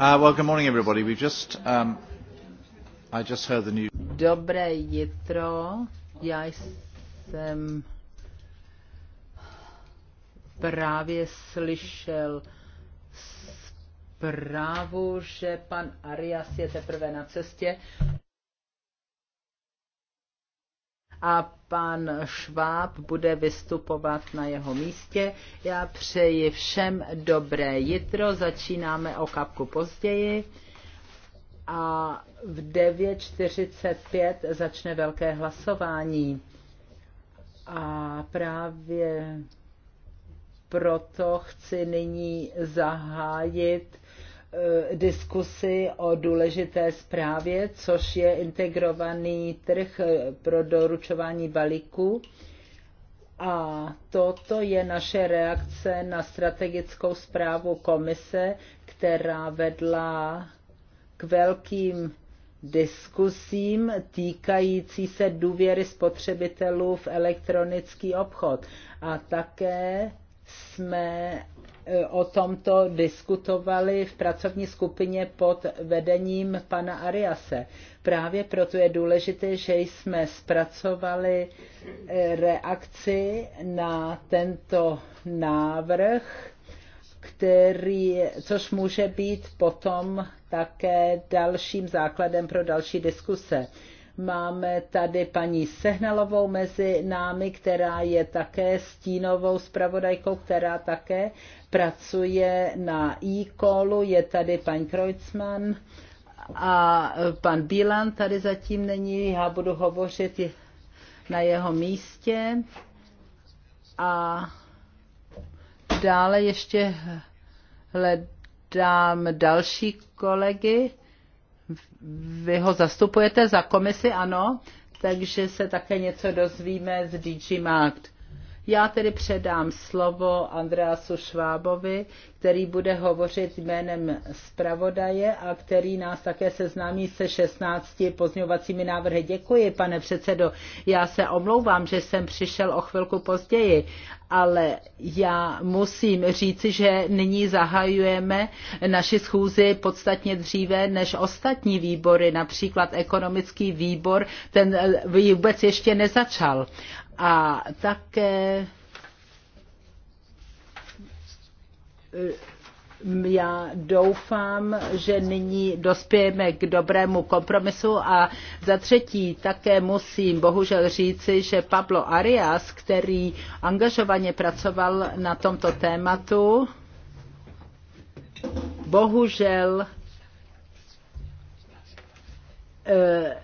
Uh, well, good morning, everybody. We've just, um, I just heard the news. Dobré jitro. Já jsem právě slyšel zprávu, že pan Arias je teprve na cestě a pan Šváb bude vystupovat na jeho místě. Já přeji všem dobré jitro, začínáme o kapku později a v 9.45 začne velké hlasování. A právě proto chci nyní zahájit Eh, diskusi o důležité zprávě, což je integrovaný trh eh, pro doručování balíků. A toto je naše reakce na strategickou zprávu komise, která vedla k velkým diskusím týkající se důvěry spotřebitelů v elektronický obchod. A také jsme E, o tomto diskutovali v pracovní skupině pod vedením pana Ariase. Právě proto je důležité, že jsme zpracovali e, reakci na tento návrh, který, což může být potom také dalším základem pro další diskuse. Máme tady paní Sehnalovou mezi námi, která je také stínovou zpravodajkou, která také pracuje na e-callu. Je tady paní Kreutzmann a pan Bílan tady zatím není. Já budu hovořit na jeho místě. A dále ještě hledám další kolegy vy ho zastupujete za komisi, ano, takže se také něco dozvíme z DG Markt. Já tedy předám slovo Andreasu Švábovi, který bude hovořit jménem zpravodaje a který nás také seznámí se 16 pozňovacími návrhy. Děkuji, pane předsedo. Já se omlouvám, že jsem přišel o chvilku později, ale já musím říci, že nyní zahajujeme naši schůzi podstatně dříve než ostatní výbory, například ekonomický výbor, ten vůbec ještě nezačal a také eh, já doufám, že nyní dospějeme k dobrému kompromisu a za třetí také musím bohužel říci, že Pablo Arias, který angažovaně pracoval na tomto tématu, bohužel eh,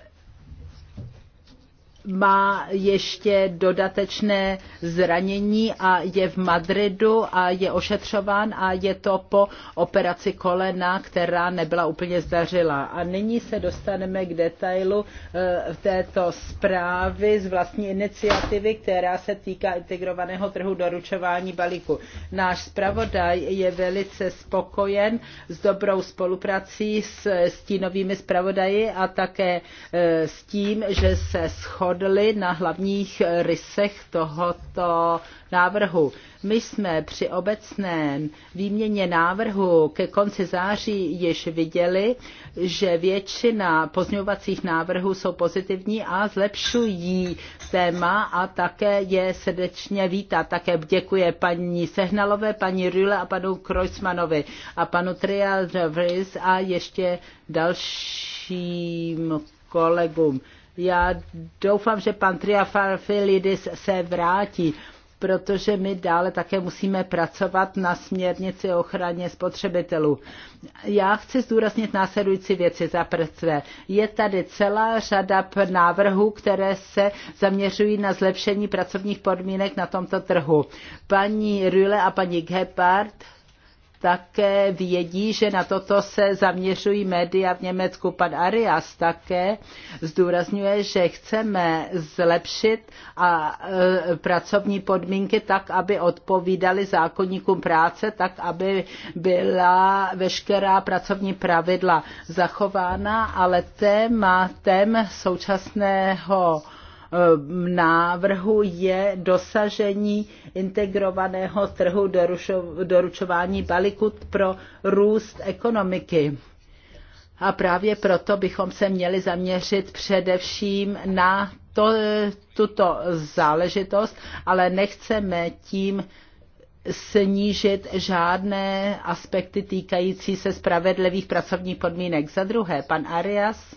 má ještě dodatečné zranění a je v Madridu a je ošetřován a je to po operaci kolena, která nebyla úplně zdařila. A nyní se dostaneme k detailu eh, této zprávy z vlastní iniciativy, která se týká integrovaného trhu doručování balíku. Náš zpravodaj je velice spokojen s dobrou spoluprací s stínovými zpravodaji a také eh, s tím, že se shodl shodli na hlavních rysech tohoto návrhu. My jsme při obecném výměně návrhu ke konci září již viděli, že většina pozňovacích návrhů jsou pozitivní a zlepšují téma a také je srdečně vítá. Také děkuje paní Sehnalové, paní Rüle a panu Kreuzmanovi a panu Trial a ještě dalším kolegům. Já doufám, že pan Triafarfilidis se vrátí, protože my dále také musíme pracovat na směrnici o ochraně spotřebitelů. Já chci zdůraznit následující věci za prvé. Je tady celá řada návrhů, které se zaměřují na zlepšení pracovních podmínek na tomto trhu. Paní Rüle a paní Gebhardt také vědí, že na toto se zaměřují média v Německu. Pan Arias také zdůrazňuje, že chceme zlepšit a e, pracovní podmínky tak, aby odpovídali zákonníkům práce, tak, aby byla veškerá pracovní pravidla zachována, ale tématem současného návrhu je dosažení integrovaného trhu doručování balíku pro růst ekonomiky. A právě proto bychom se měli zaměřit především na to, tuto záležitost, ale nechceme tím snížit žádné aspekty týkající se spravedlivých pracovních podmínek. Za druhé, pan Arias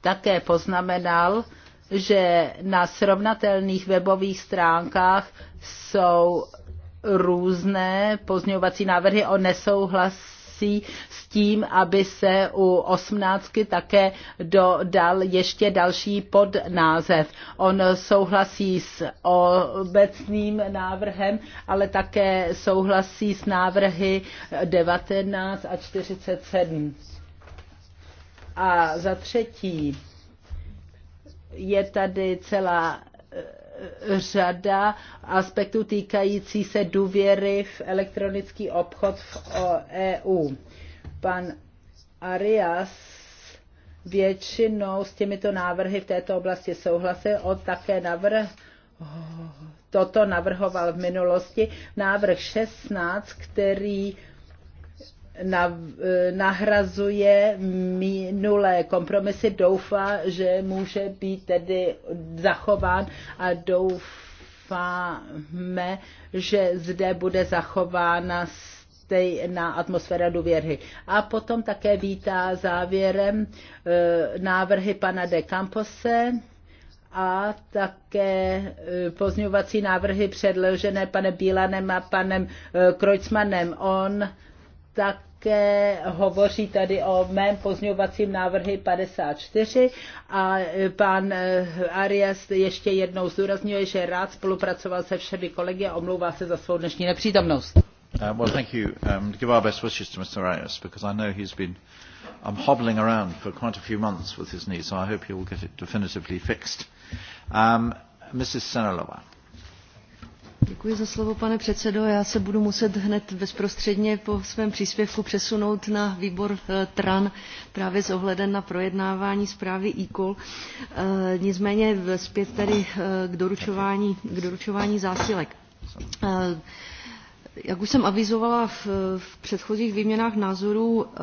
také poznamenal, že na srovnatelných webových stránkách jsou různé pozměňovací návrhy o nesouhlasí s tím, aby se u osmnáctky také dodal ještě další podnázev. On souhlasí s obecným návrhem, ale také souhlasí s návrhy 19 a 47. A za třetí je tady celá eh, řada aspektů týkající se důvěry v elektronický obchod v EU. Pan Arias většinou s těmito návrhy v této oblasti souhlasil. On také navrh, toto navrhoval v minulosti. Návrh 16, který Eh, nahrazuje minulé kompromisy, doufá, že může být tedy zachován a doufáme, že zde bude zachována stejná atmosféra důvěry. A potom také vítá závěrem eh, návrhy pana de Campose, a také eh, pozňovací návrhy předložené panem Bílanem a panem Krojcmanem. On tak také hovoří tady o mém pozňovacím návrhy 54 a pan eh, Arias ještě jednou zdůrazňuje, že rád spolupracoval se všemi kolegy a omlouvá se za svou dnešní nepřítomnost. Uh, well, thank you. Um, give our best wishes to Mr. Arias because I know he's been um, hobbling around for quite a few months with his knee, so I hope he will get it definitively fixed. Um, Mrs. Senelova. Děkuji za slovo, pane předsedo. Já se budu muset hned bezprostředně po svém příspěvku přesunout na výbor eh, TRAN právě s ohledem na projednávání zprávy e-call. Eh, nicméně zpět tedy eh, k doručování, k doručování zásilek jak už jsem avizovala v, v předchozích výměnách názorů, eh,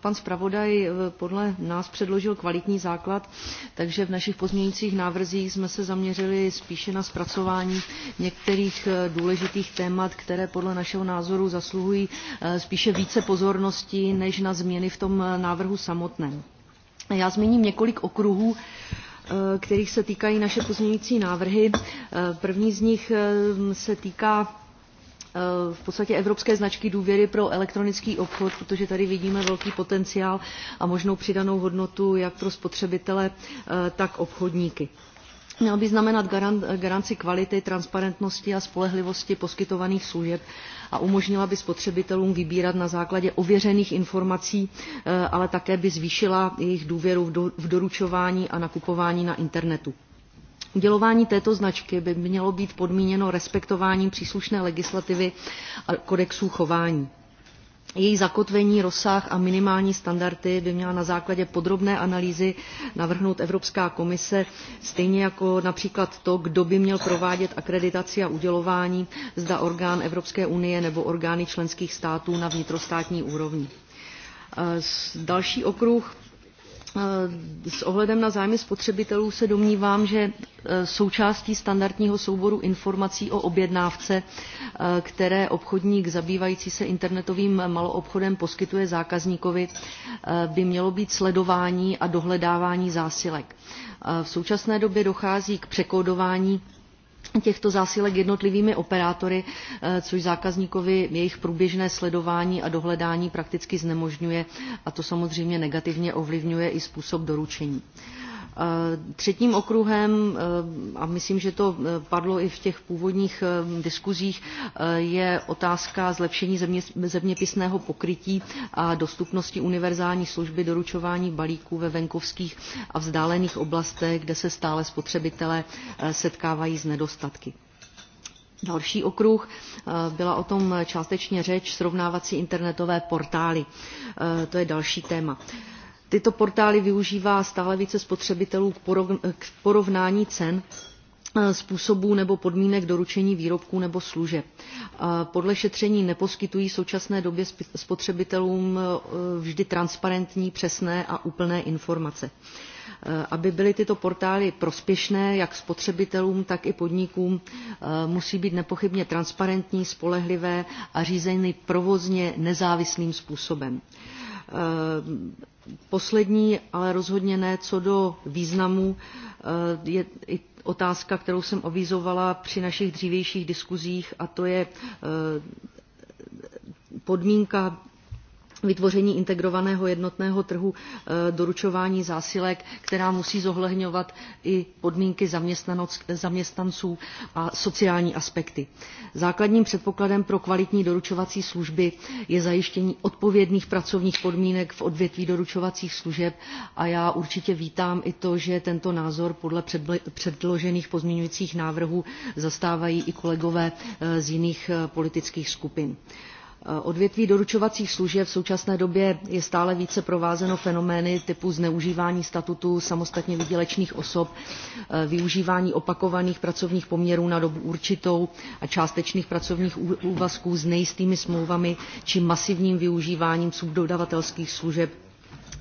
pan zpravodaj eh, podle nás předložil kvalitní základ, takže v našich pozměňujících návrzích jsme se zaměřili spíše na zpracování některých eh, důležitých témat, které podle našeho názoru zasluhují spíše více pozornosti než na změny v tom návrhu samotném. Já zmíním několik okruhů, kterých se týkají naše pozměňující návrhy. První z nich se týká Eh, v podstatě evropské značky důvěry pro elektronický obchod, protože tady vidíme velký potenciál a možnou přidanou hodnotu jak pro spotřebitele, eh, tak obchodníky měl by znamenat garanci kvality, transparentnosti a spolehlivosti poskytovaných služeb a umožnila by spotřebitelům vybírat na základě ověřených informací, eh, ale také by zvýšila jejich důvěru v doručování a nakupování na internetu Udělování této značky by mělo být podmíněno respektováním příslušné legislativy a kodexů chování. Její zakotvení, rozsah a minimální standardy by měla na základě podrobné analýzy navrhnout Evropská komise, stejně jako například to, kdo by měl provádět akreditaci a udělování, zda orgán Evropské unie nebo orgány členských států na vnitrostátní úrovni. E, další okruh Eh, s ohledem na zájmy spotřebitelů se domnívám, že eh, součástí standardního souboru informací o objednávce, eh, které obchodník zabývající se internetovým maloobchodem poskytuje zákazníkovi, by mělo být sledování a dohledávání zásilek. V současné době dochází k překódování těchto zásilek jednotlivými operátory, eh, což zákazníkovi jejich průběžné sledování a dohledání prakticky znemožňuje a to samozřejmě negativně ovlivňuje i způsob doručení. Eh, třetím okruhem, eh, a myslím, že to eh, padlo i v těch původních diskuzích, je otázka zlepšení zeměpisného pokrytí a dostupnosti univerzální služby doručování balíků ve venkovských a vzdálených oblastech, kde se stále spotřebitelé setkávají s nedostatky. Další okruh, byla o tom částečně řeč, srovnávací internetové portály. To je další téma. Tyto portály využívá stále více spotřebitelů k porovnání cen eh, způsobů nebo podmínek doručení výrobků nebo služeb. Eh, podle šetření neposkytují v současné době spotřebitelům eh, vždy transparentní, přesné a úplné informace. Aby byly tyto portály prospěšné jak spotřebitelům, tak i podnikům, musí být nepochybně transparentní, spolehlivé a řízeny provozně nezávislým způsobem Poslední, ale rozhodně ne co do významu, eh, je i otázka, kterou jsem avizovala při našich dřívějších diskuzích, a to je eh, podmínka vytvoření integrovaného jednotného trhu eh, doručování zásilek, která musí zohledňovat i podmínky zaměstnanců a sociální aspekty. Základním předpokladem pro kvalitní doručovací služby je zajištění odpovědných pracovních podmínek v odvětví doručovacích služeb a já určitě vítám i to, že tento názor podle předložených pozměňujících návrhů zastávají i kolegové eh, z jiných eh, politických skupin. Eh, odvětví doručovacích služeb v současné době je stále více provázeno fenomény typu zneužívání statutu samostatně výdělečných osob, eh, využívání opakovaných pracovních poměrů na dobu určitou a částečných pracovních úvazků s nejistými smlouvami či masivním využíváním subdodavatelských služeb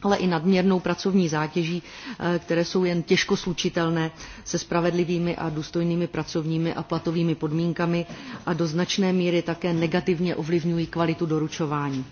ale i nadměrnou pracovní zátěží, eh, které jsou jen těžko slučitelné se spravedlivými a důstojnými pracovními a platovými podmínkami a do značné míry také negativně ovlivňují kvalitu doručování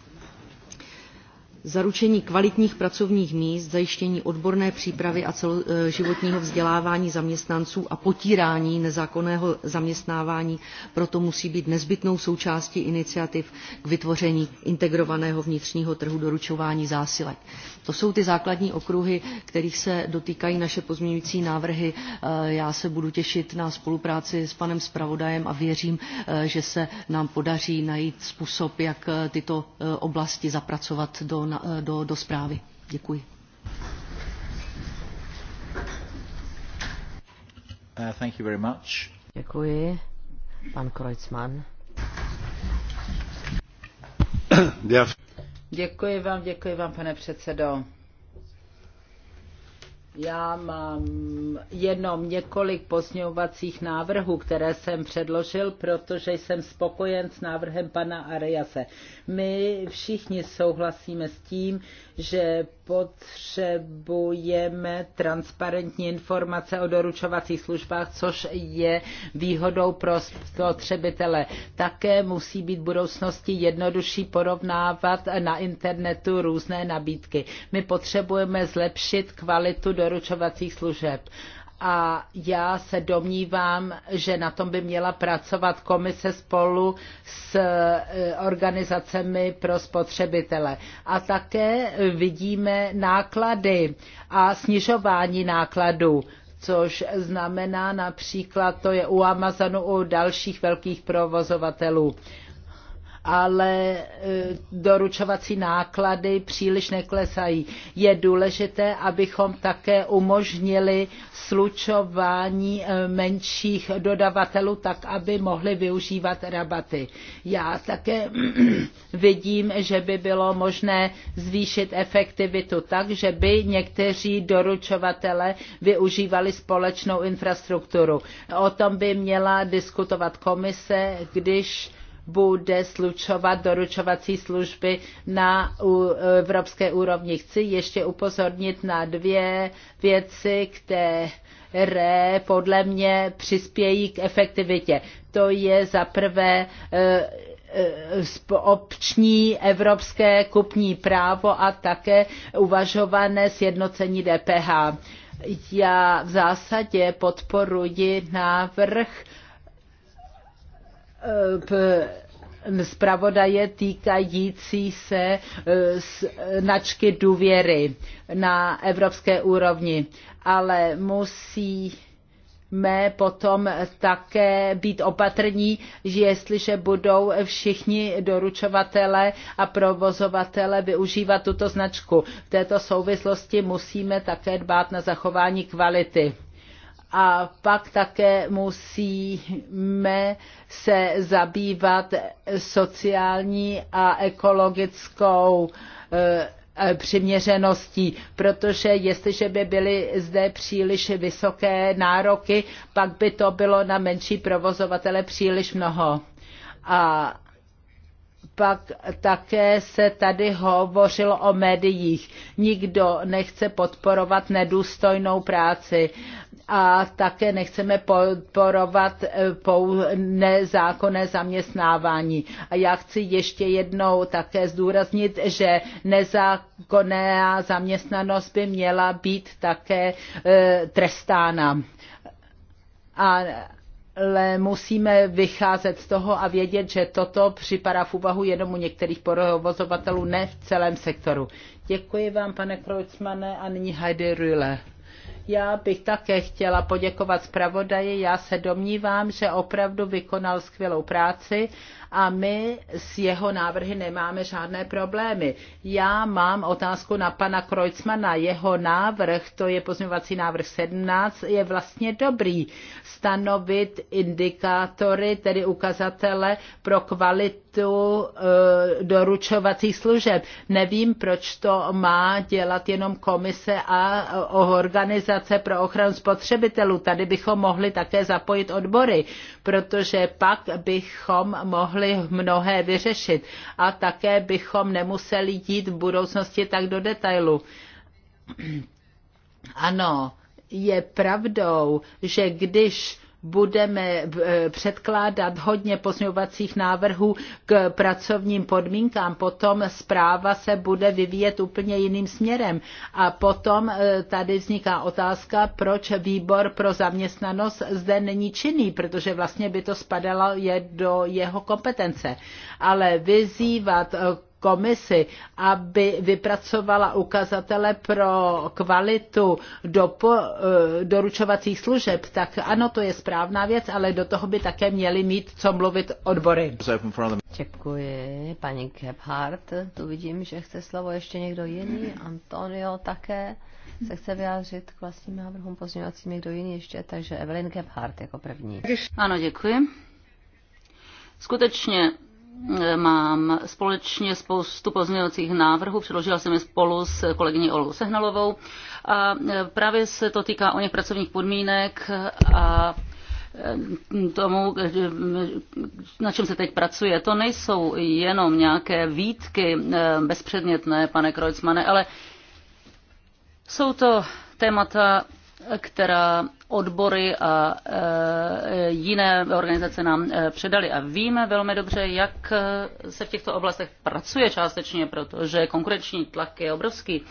zaručení kvalitních pracovních míst, zajištění odborné přípravy a celoživotního eh, vzdělávání zaměstnanců a potírání nezákonného zaměstnávání proto musí být nezbytnou součástí iniciativ k vytvoření integrovaného vnitřního trhu doručování zásilek. To jsou ty základní okruhy, kterých se dotýkají naše pozměňující návrhy. Eh, já se budu těšit na spolupráci s panem zpravodajem a věřím, eh, že se nám podaří najít způsob, jak tyto oblasti zapracovat do na, eh, do, do zprávy. Děkuji. Uh, thank you very much. Děkuji. Pan Kreuzmann. Děkuji vám, děkuji vám, pane předsedo. Já mám jenom několik posňovacích návrhů, které jsem předložil, protože jsem spokojen s návrhem pana Ariase. My všichni souhlasíme s tím, že potřebujeme transparentní informace o doručovacích službách, což je výhodou pro spotřebitele. Také musí být v budoucnosti jednodušší porovnávat na internetu různé nabídky. My potřebujeme zlepšit kvalitu doručovacích služeb a já se domnívám, že na tom by měla pracovat komise spolu s e, organizacemi pro spotřebitele. A také vidíme náklady a snižování nákladů což znamená například, to je u Amazonu, u dalších velkých provozovatelů ale e, doručovací náklady příliš neklesají. Je důležité, abychom také umožnili slučování e, menších dodavatelů tak, aby mohli využívat rabaty. Já také vidím, že by bylo možné zvýšit efektivitu tak, že by někteří doručovatele využívali společnou infrastrukturu. O tom by měla diskutovat komise, když bude slučovat doručovací služby na evropské úrovni. Chci ještě upozornit na dvě věci, které podle mě přispějí k efektivitě. To je za prvé e, e, obční evropské kupní právo a také uvažované sjednocení DPH. Já v zásadě podporuji návrh zpravodaje týkající se e, značky důvěry na evropské úrovni, ale musí jsme potom také být opatrní, že jestliže budou všichni doručovatele a provozovatele využívat tuto značku. V této souvislosti musíme také dbát na zachování kvality a pak také musíme se zabývat sociální a ekologickou eh, přiměřeností, protože jestliže by byly zde příliš vysoké nároky, pak by to bylo na menší provozovatele příliš mnoho. A pak také se tady hovořilo o médiích. Nikdo nechce podporovat nedůstojnou práci a také nechceme podporovat eh, nezákonné zaměstnávání. A já chci ještě jednou také zdůraznit, že nezákonná zaměstnanost by měla být také eh, trestána. A ale musíme vycházet z toho a vědět, že toto připadá v úvahu jenom u některých provozovatelů, ne v celém sektoru. Děkuji vám, pane Kreutzmane, a nyní Heidi Rühle. Já bych také chtěla poděkovat zpravodaji. Já se domnívám, že opravdu vykonal skvělou práci a my s jeho návrhy nemáme žádné problémy. Já mám otázku na pana Krojcmana. Jeho návrh, to je pozměvací návrh 17, je vlastně dobrý. Stanovit indikátory, tedy ukazatele pro kvalitu kvalitu eh, doručovací služeb. Nevím, proč to má dělat jenom komise a eh, organizace pro ochranu spotřebitelů. Tady bychom mohli také zapojit odbory, protože pak bychom mohli mnohé vyřešit a také bychom nemuseli jít v budoucnosti tak do detailu. Ano, je pravdou, že když budeme eh, předkládat hodně pozměňovacích návrhů k pracovním podmínkám, potom zpráva se bude vyvíjet úplně jiným směrem. A potom eh, tady vzniká otázka, proč výbor pro zaměstnanost zde není činný, protože vlastně by to spadalo je do jeho kompetence. Ale vyzývat eh, komisi, aby vypracovala ukazatele pro kvalitu po, eh, doručovacích služeb, tak ano, to je správná věc, ale do toho by také měli mít co mluvit odbory. Děkuji, paní Gebhardt. Tu vidím, že chce slovo ještě někdo jiný. Antonio také se chce vyjádřit k vlastním návrhům pozměňovacím někdo jiný ještě, takže Evelyn Gebhardt jako první. Ano, děkuji. Skutečně mám společně spoustu pozměňovacích návrhů, předložila jsem je spolu s kolegyní Olou Sehnalovou. A e, právě se to týká o něch pracovních podmínek a e, tomu, e, na čem se teď pracuje. To nejsou jenom nějaké výtky bezpředmětné, pane Kreutzmane, ale jsou to témata, která odbory a eh, jiné organizace nám eh, předali. A víme velmi dobře, jak eh, se v těchto oblastech pracuje částečně, protože konkurenční tlak je obrovský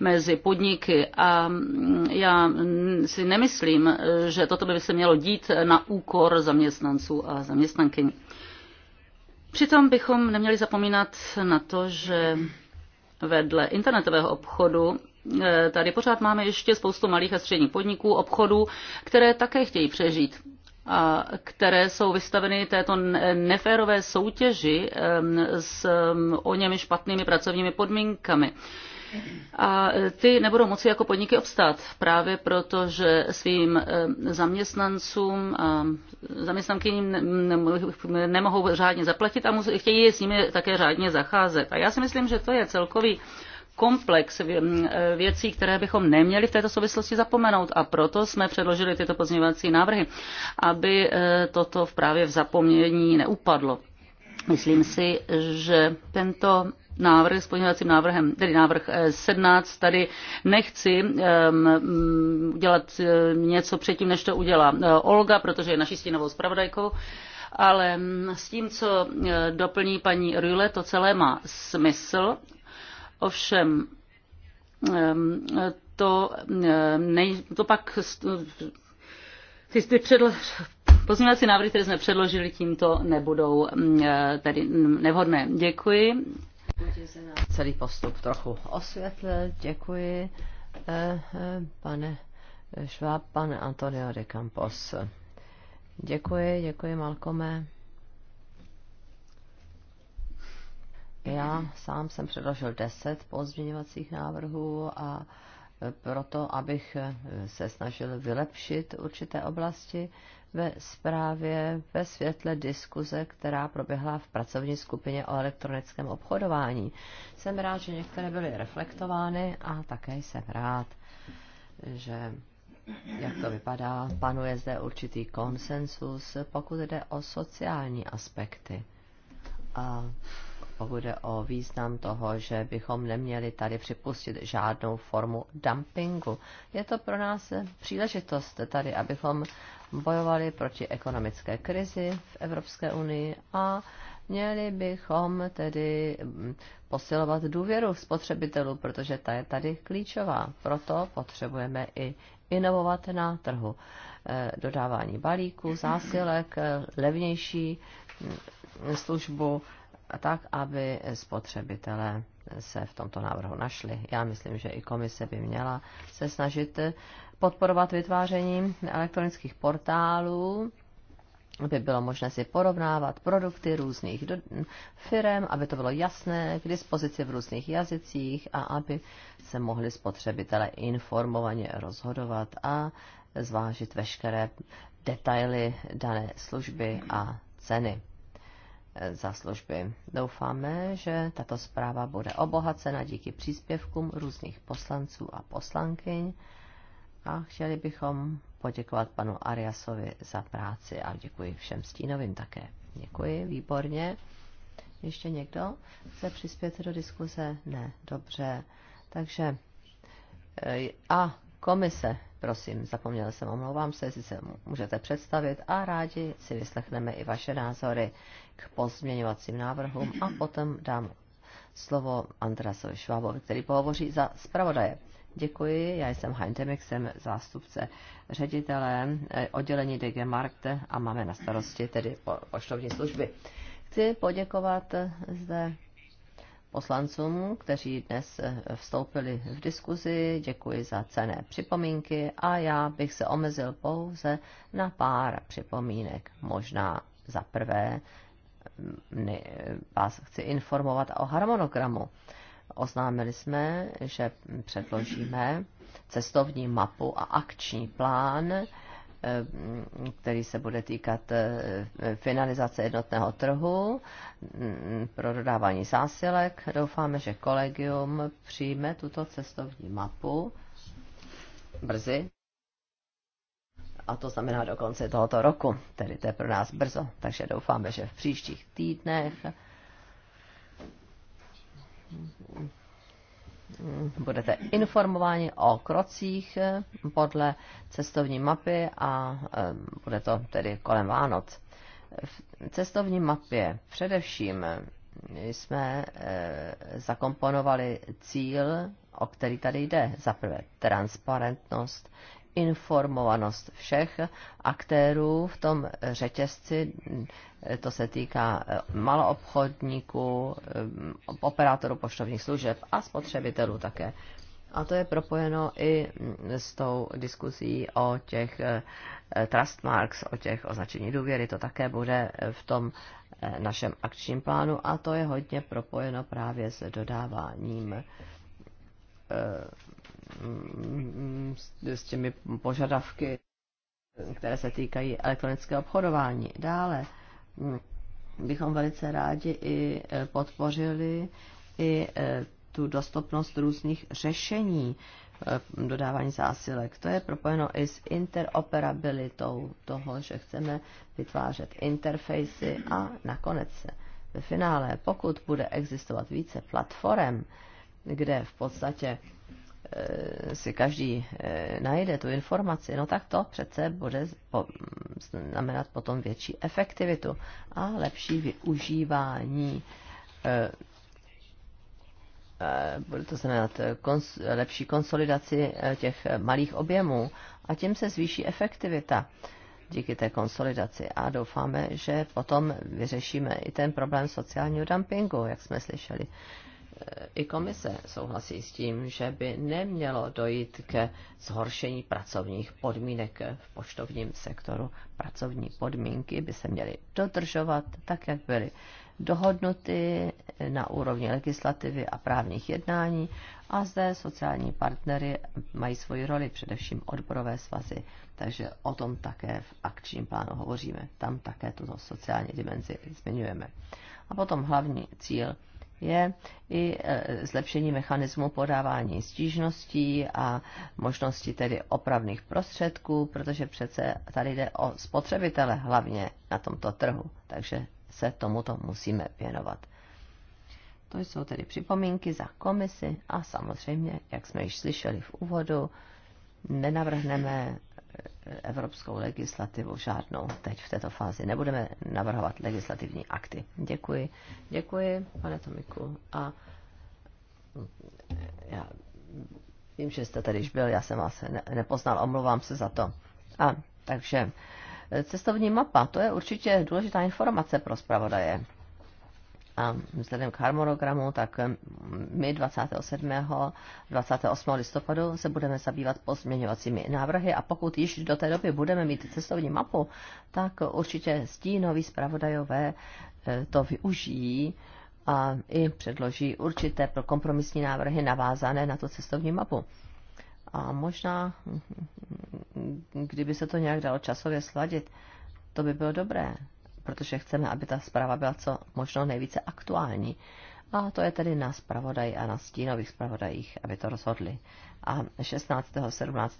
mezi podniky a mm, já si nemyslím, že toto by se mělo dít na úkor zaměstnanců a zaměstnankyň. Přitom bychom neměli zapomínat na to, že vedle internetového obchodu Eh, tady pořád máme ještě spoustu malých a středních podniků, obchodů, které také chtějí přežít a které jsou vystaveny této neférové soutěži ehm, s ehm, o němi špatnými pracovními podmínkami. A eh, ty nebudou moci jako podniky obstát právě proto, že svým ehm, zaměstnancům a zaměstnankyním nemohou řádně zaplatit a chtějí s nimi také řádně zacházet. A já si myslím, že to je celkový komplex e, věcí, které bychom neměli v této souvislosti zapomenout a proto jsme předložili tyto pozměňovací návrhy, aby e, toto v právě v zapomnění neupadlo. Myslím si, že tento návrh s pozměňovacím návrhem, tedy návrh 17, e, tady nechci um, dělat něco předtím, než to udělá Olga, protože je naší stínovou zpravodajkou ale s tím, co doplní paní Rule, to celé má smysl Ovšem, ehm, to, ehm, nej, to pak ty, ty předlo, pozměňovací návrhy, které jsme předložili, tímto nebudou mm, eh, tedy nevhodné. Děkuji. Celý postup trochu osvětlil. Děkuji, eh, eh, pane Šváb, pane Antonio de Campos. Děkuji, děkuji, Malkome. Já sám jsem předložil deset pozměňovacích návrhů a proto, abych se snažil vylepšit určité oblasti ve zprávě ve světle diskuze, která proběhla v pracovní skupině o elektronickém obchodování. Jsem rád, že některé byly reflektovány a také jsem rád, že jak to vypadá, panuje zde určitý konsensus, pokud jde o sociální aspekty. A pokud jde o význam toho, že bychom neměli tady připustit žádnou formu dumpingu. Je to pro nás příležitost tady, abychom bojovali proti ekonomické krizi v Evropské unii a měli bychom tedy mm, posilovat důvěru spotřebitelů, protože ta je tady klíčová. Proto potřebujeme i inovovat na trhu. Eh, dodávání balíků, zásilek, eh, levnější mm, službu tak, aby spotřebitelé se v tomto návrhu našli. Já myslím, že i komise by měla se snažit podporovat vytváření elektronických portálů, aby bylo možné si porovnávat produkty různých firm, aby to bylo jasné, k dispozici v různých jazycích a aby se mohli spotřebitelé informovaně rozhodovat a zvážit veškeré detaily dané služby a ceny za služby. Doufáme, že tato zpráva bude obohacena díky příspěvkům různých poslanců a poslankyň a chtěli bychom poděkovat panu Ariasovi za práci a děkuji všem stínovým také. Děkuji, výborně. Ještě někdo chce přispět do diskuze? Ne, dobře. Takže e, a Komise, prosím, zapomněl jsem, omlouvám se, jestli se můžete představit a rádi si vyslechneme i vaše názory k pozměňovacím návrhům a potom dám slovo Andrasovi Švábovi, který pohovoří za zpravodaje. Děkuji, já jsem Demik, jsem zástupce ředitele eh, oddělení DG Markt a máme na starosti tedy poštovní služby. Chci poděkovat eh, zde poslancům, kteří dnes eh, vstoupili v diskuzi. Děkuji za cené připomínky a já bych se omezil pouze na pár připomínek. Možná za prvé mm, vás chci informovat o harmonogramu. Oznámili jsme, že předložíme cestovní mapu a akční plán Eh, který se bude týkat eh, finalizace jednotného trhu mm, pro dodávání zásilek. Doufáme, že kolegium přijme tuto cestovní mapu brzy. A to znamená do konce tohoto roku, tedy to je pro nás brzo. Takže doufáme, že v příštích týdnech budete informováni o krocích eh, podle cestovní mapy a eh, bude to tedy kolem Vánoc. V cestovní mapě především eh, jsme zakomponovali cíl, o který tady jde. Za prvé transparentnost, informovanost všech aktérů v tom řetězci. To se týká eh, maloobchodníků, eh, operátorů poštovních služeb a spotřebitelů také. A to je propojeno i mm, s tou diskusí o těch eh, trust marks, o těch označení důvěry. To také bude v tom našem akčním plánu a to je hodně propojeno právě s dodáváním Mm, s těmi požadavky, které se týkají elektronického obchodování. Dále mm, bychom velice rádi i e, podpořili i e, tu dostupnost různých řešení e, dodávání zásilek. To je propojeno i s interoperabilitou toho, že chceme vytvářet interfejsy a nakonec ve finále, pokud bude existovat více platform, kde v podstatě Eh, si každý eh, najde tu informaci, no tak to přece bude znamenat potom větší efektivitu a lepší využívání. Eh, bude to znamenat kons- lepší konsolidaci těch malých objemů a tím se zvýší efektivita díky té konsolidaci a doufáme, že potom vyřešíme i ten problém sociálního dumpingu, jak jsme slyšeli i komise souhlasí s tím, že by nemělo dojít ke zhoršení pracovních podmínek v poštovním sektoru. Pracovní podmínky by se měly dodržovat tak, jak byly dohodnuty na úrovni legislativy a právních jednání a zde sociální partnery mají svoji roli, především odborové svazy. Takže o tom také v akčním plánu hovoříme. Tam také tuto sociální dimenzi zmiňujeme. A potom hlavní cíl je i e, zlepšení mechanismu podávání stížností a možnosti tedy opravných prostředků, protože přece tady jde o spotřebitele hlavně na tomto trhu, takže se tomuto musíme věnovat. To jsou tedy připomínky za komisi a samozřejmě, jak jsme již slyšeli v úvodu, nenavrhneme evropskou legislativu žádnou teď v této fázi. Nebudeme navrhovat legislativní akty. Děkuji. Děkuji, pane Tomiku. A já vím, že jste tady již byl, já jsem vás nepoznal, omlouvám se za to. A takže e, cestovní mapa, to je určitě důležitá informace pro zpravodaje a vzhledem k harmonogramu, tak my 27. 28. listopadu se budeme zabývat pozměňovacími návrhy a pokud již do té doby budeme mít cestovní mapu, tak určitě stínoví zpravodajové e, to využijí a i předloží určité kompromisní návrhy navázané na tu cestovní mapu. A možná, kdyby se to nějak dalo časově sladit, to by bylo dobré protože chceme, aby ta zpráva byla co možno nejvíce aktuální. A to je tedy na zpravodaji a na stínových zpravodajích, aby to rozhodli. A 16. 17.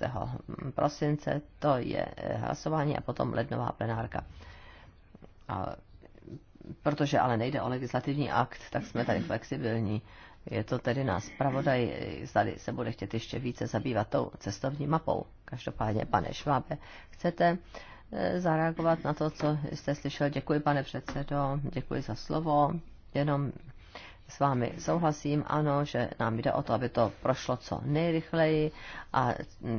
prosince to je eh, hlasování a potom lednová plenárka. A protože ale nejde o legislativní akt, tak jsme tady flexibilní. Je to tedy na zpravodaj, eh, zdali se bude chtět ještě více zabývat tou cestovní mapou. Každopádně, pane Švábe, chcete E, zareagovat na to, co jste slyšel. Děkuji, pane předsedo, děkuji za slovo. Jenom s vámi souhlasím, ano, že nám jde o to, aby to prošlo co nejrychleji a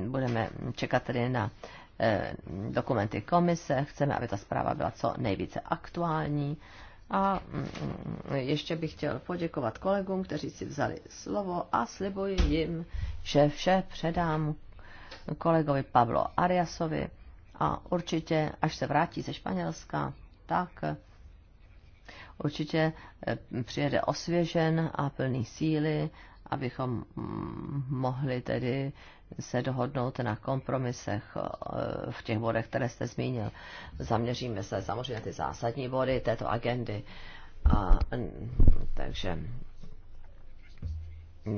budeme čekat tedy na e, dokumenty komise. Chceme, aby ta zpráva byla co nejvíce aktuální. A ještě bych chtěl poděkovat kolegům, kteří si vzali slovo a slibuji jim, že vše předám kolegovi Pavlo Ariasovi a určitě, až se vrátí ze Španělska, tak určitě eh, přijede osvěžen a plný síly, abychom mm, mohli tedy se dohodnout na kompromisech eh, v těch bodech, které jste zmínil. Zaměříme se samozřejmě na ty zásadní body této agendy. A, takže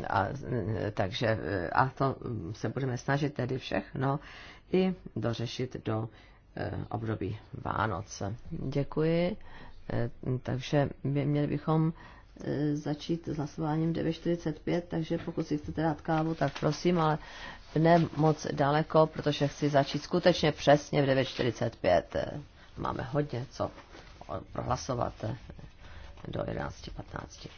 a, takže eh, a to mm, se budeme snažit tedy všechno i dořešit do eh, období Vánoc. Děkuji. Eh, takže měli bychom eh, začít s hlasováním 9.45, takže pokud si chcete dát kávu, tak prosím, ale ne moc daleko, protože chci začít skutečně přesně v 9.45. Máme hodně co prohlasovat do 11.15.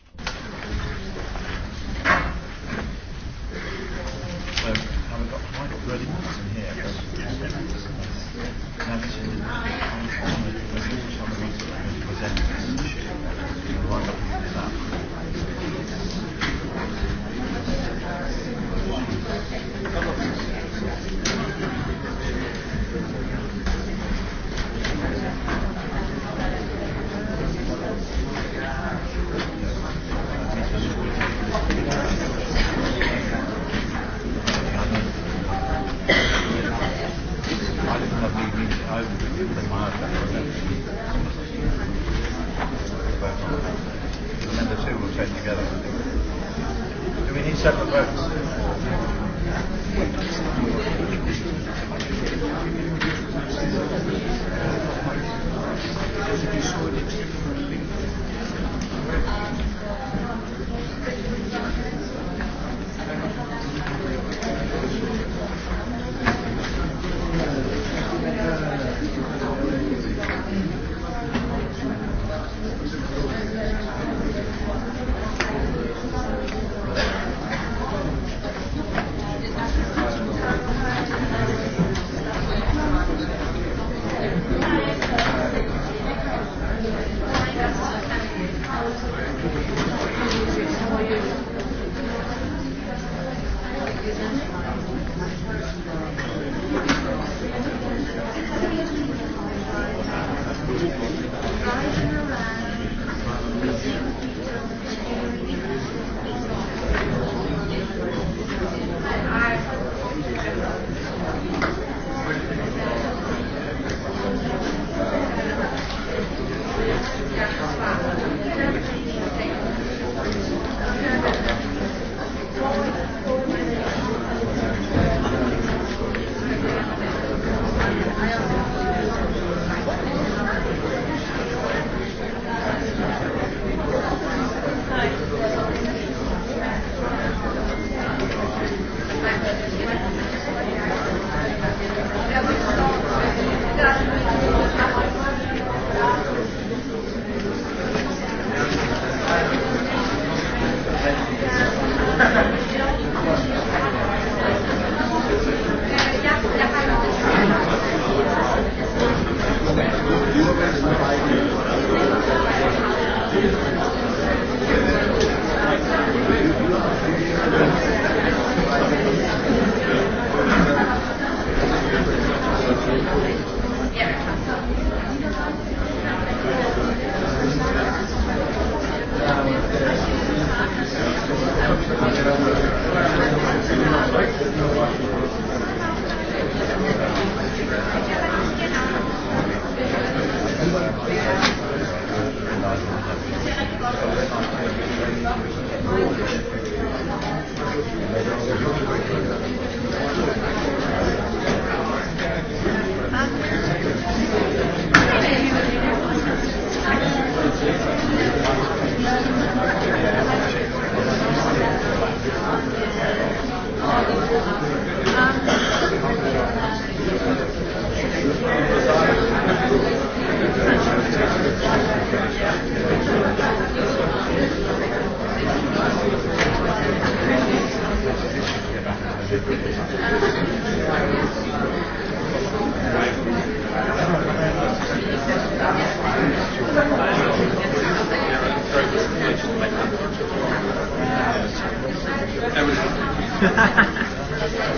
Probably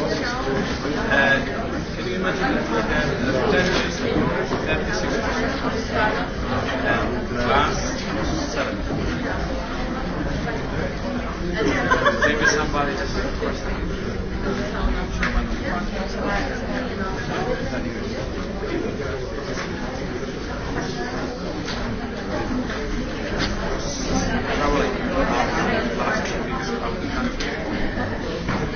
the last two weeks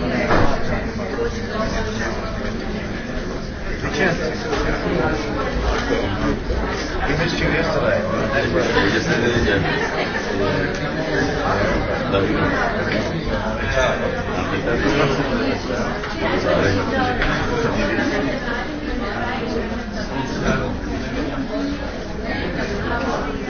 Richard, we missed you yesterday. We just had it again. Love you. Sorry.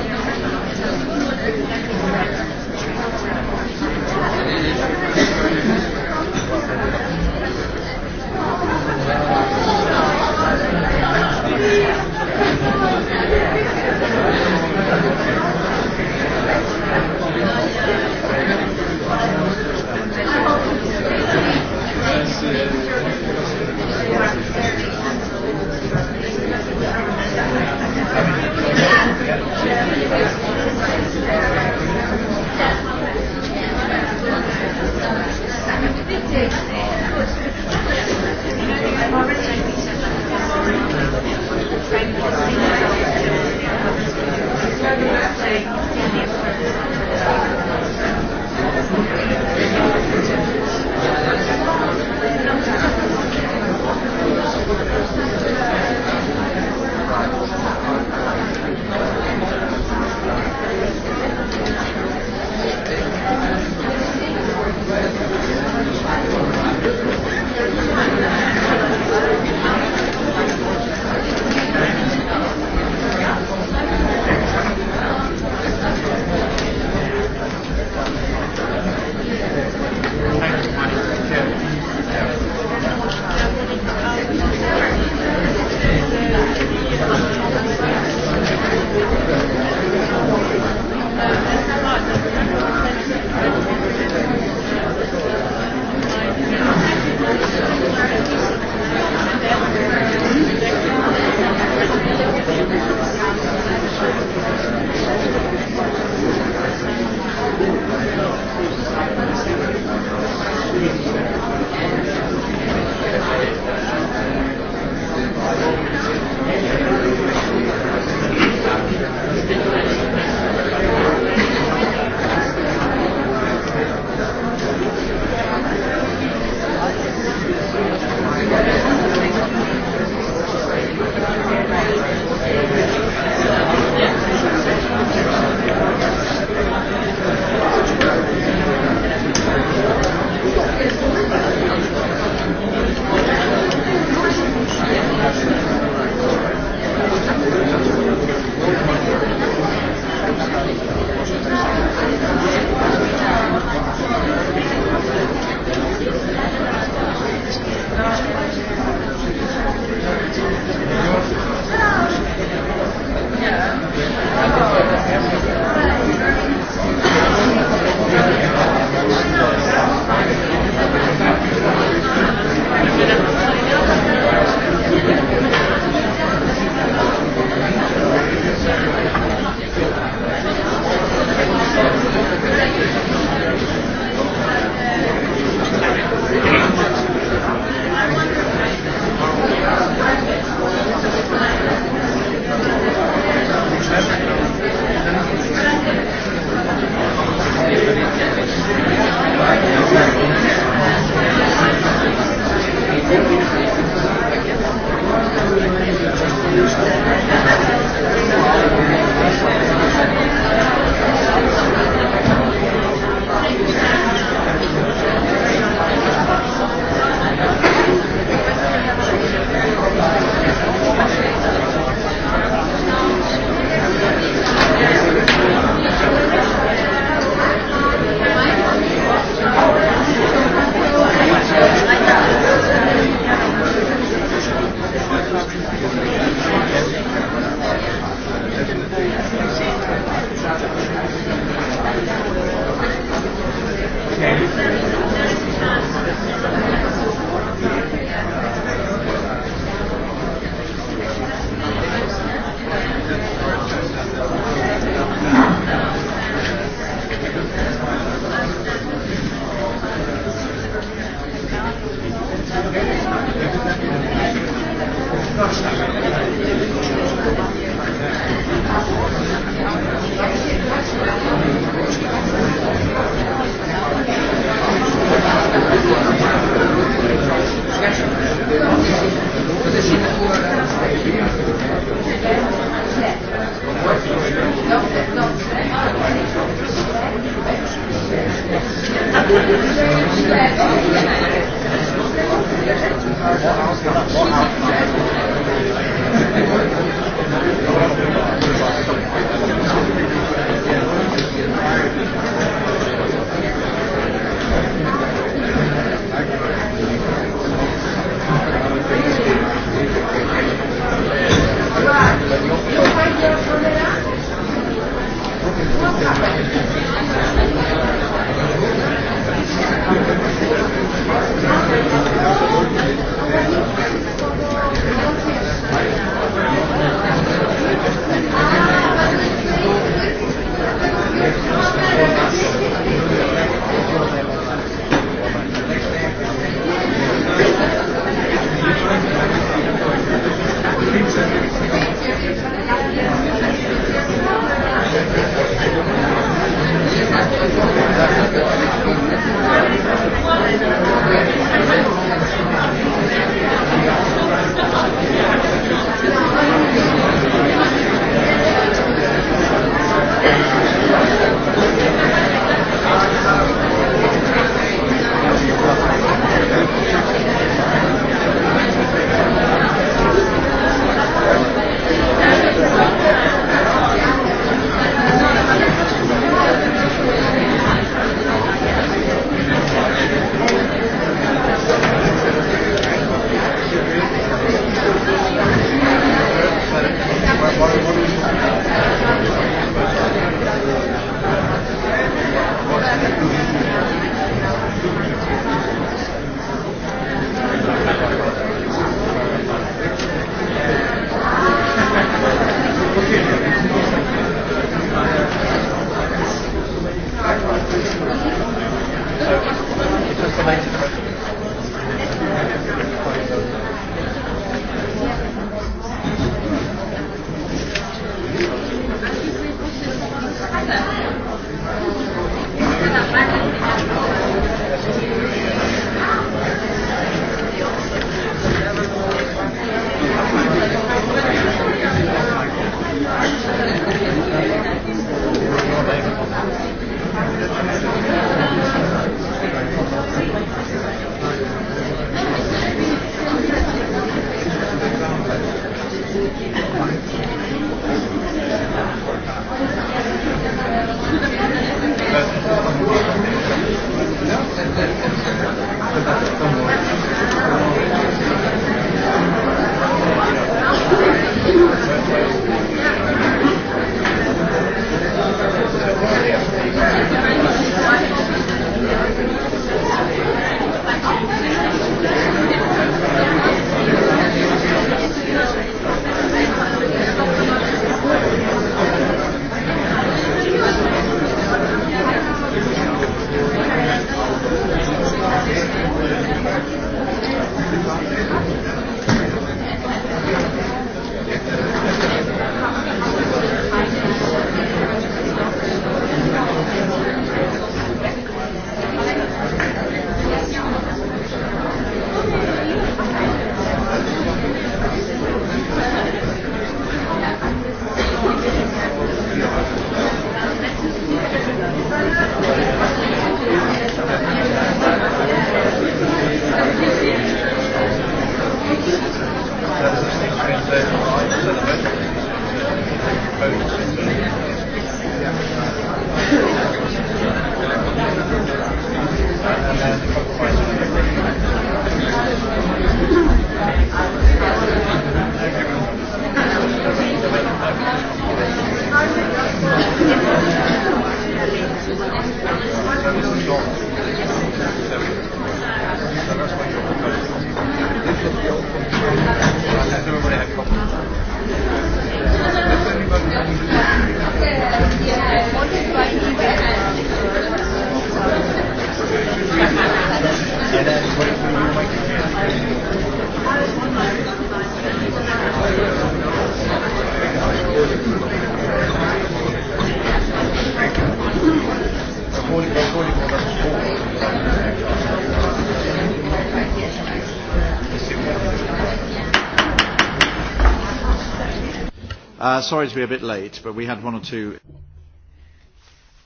Uh, sorry to be a bit late, but we had one or two...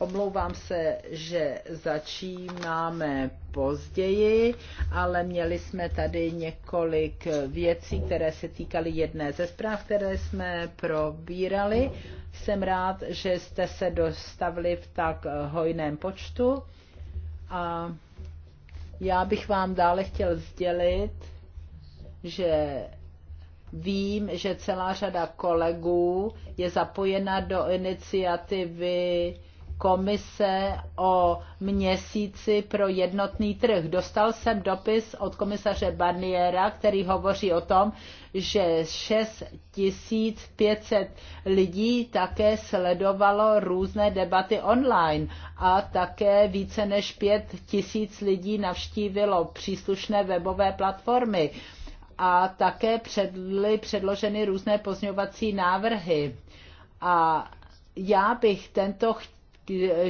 Omlouvám se, že začínáme později, ale měli jsme tady několik věcí, které se týkaly jedné ze zpráv, které jsme probírali. Jsem rád, že jste se dostavili v tak hojném počtu a já bych vám dále chtěl sdělit, že Vím, že celá řada kolegů je zapojena do iniciativy komise o měsíci pro jednotný trh. Dostal jsem dopis od komisaře Barniera, který hovoří o tom, že 6500 lidí také sledovalo různé debaty online a také více než 5000 lidí navštívilo příslušné webové platformy a také předly předloženy různé pozňovací návrhy. A já bych tento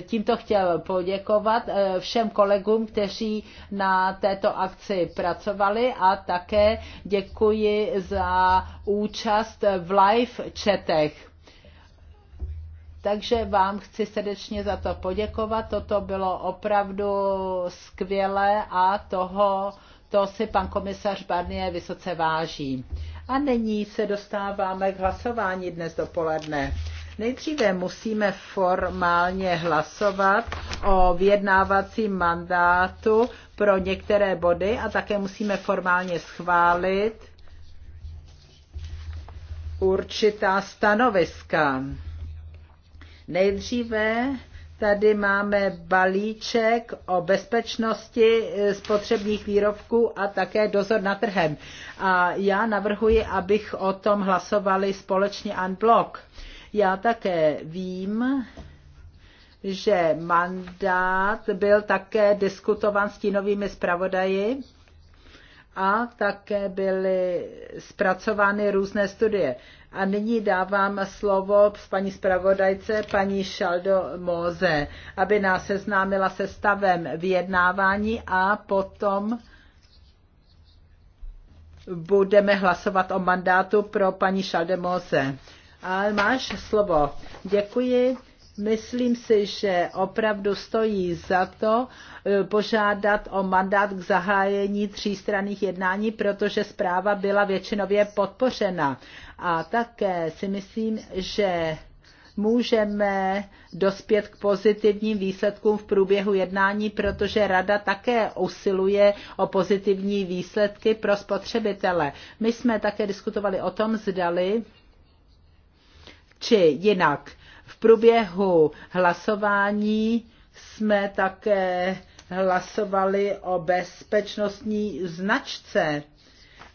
tímto chtěl poděkovat eh, všem kolegům, kteří na této akci pracovali a také děkuji za účast v live chatech. Takže vám chci srdečně za to poděkovat. Toto bylo opravdu skvělé a toho to si pan komisař Barnier vysoce váží. A nyní se dostáváme k hlasování dnes dopoledne. Nejdříve musíme formálně hlasovat o vyjednávacím mandátu pro některé body a také musíme formálně schválit určitá stanoviska. Nejdříve Tady máme balíček o bezpečnosti eh, spotřebních výrobků a také dozor na trhem. A já navrhuji, abych o tom hlasovali společně unblock. Já také vím, že mandát byl také diskutován s tínovými zpravodaji a také byly zpracovány různé studie. A nyní dávám slovo s paní zpravodajce, paní Šaldo Moze, aby nás seznámila se stavem vyjednávání a potom budeme hlasovat o mandátu pro paní Šaldo Móze. A máš slovo. Děkuji. Myslím si, že opravdu stojí za to eh, požádat o mandát k zahájení třístranných jednání, protože zpráva byla většinově podpořena. A také si myslím, že můžeme dospět k pozitivním výsledkům v průběhu jednání, protože Rada také usiluje o pozitivní výsledky pro spotřebitele. My jsme také diskutovali o tom, zdali či jinak v průběhu hlasování jsme také hlasovali o bezpečnostní značce.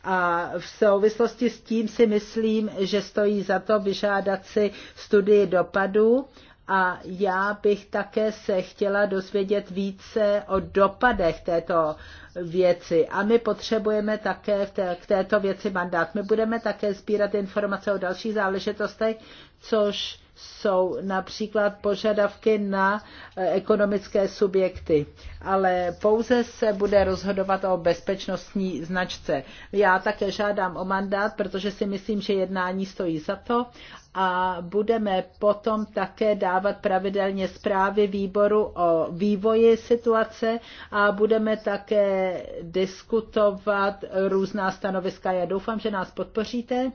A v souvislosti s tím si myslím, že stojí za to vyžádat si studii dopadu a já bych také se chtěla dozvědět více o dopadech této věci. A my potřebujeme také v té, k této věci mandát. My budeme také sbírat informace o dalších záležitostech, což jsou například požadavky na eh, ekonomické subjekty, ale pouze se bude rozhodovat o bezpečnostní značce. Já také žádám o mandát, protože si myslím, že jednání stojí za to a budeme potom také dávat pravidelně zprávy výboru o vývoji situace a budeme také diskutovat různá stanoviska. Já doufám, že nás podpoříte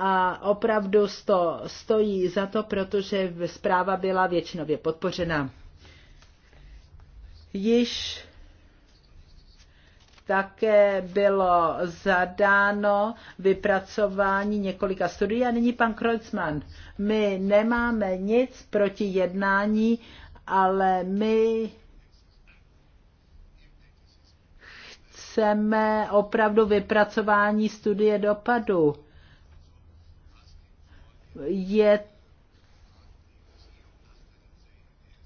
a opravdu sto, stojí za to, protože zpráva byla většinově podpořena. Již také bylo zadáno vypracování několika studií a nyní pan Kreuzmann. My nemáme nic proti jednání, ale my chceme opravdu vypracování studie dopadu je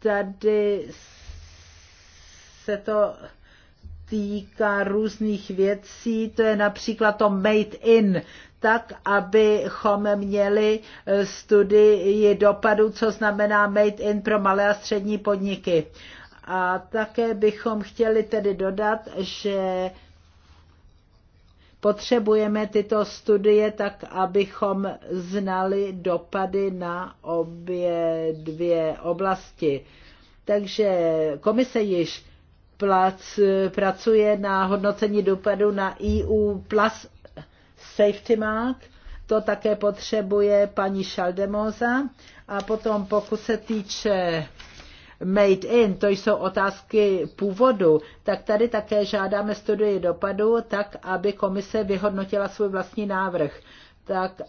tady se to týká různých věcí, to je například to made in, tak, abychom měli studii dopadu, co znamená made in pro malé a střední podniky. A také bychom chtěli tedy dodat, že Potřebujeme tyto studie tak, abychom znali dopady na obě dvě oblasti. Takže komise již plac, pracuje na hodnocení dopadu na EU plus safety mark. To také potřebuje paní Šaldemoza. A potom, pokud se týče made in, to jsou otázky původu, tak tady také žádáme studii dopadu, tak aby komise vyhodnotila svůj vlastní návrh. Tak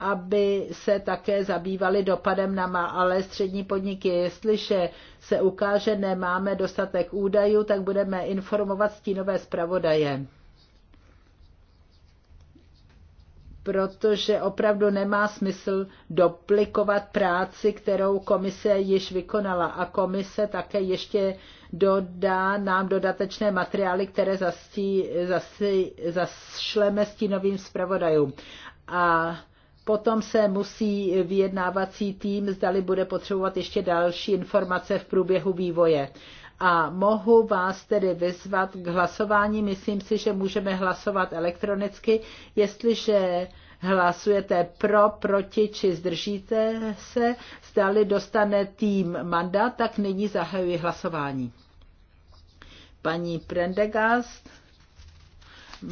aby se také zabývali dopadem na malé střední podniky. Jestliže se ukáže, nemáme dostatek údajů, tak budeme informovat stínové zpravodaje. protože opravdu nemá smysl doplikovat práci, kterou komise již vykonala. A komise také ještě dodá nám dodatečné materiály, které zastí, zasi, zašleme stínovým zpravodajům. A potom se musí vyjednávací tým, zdali bude potřebovat ještě další informace v průběhu vývoje a mohu vás tedy vyzvat k hlasování. Myslím si, že můžeme hlasovat elektronicky. Jestliže hlasujete pro, proti či zdržíte se, zdali dostane tým mandát, tak nyní zahajuji hlasování. Paní Prendegast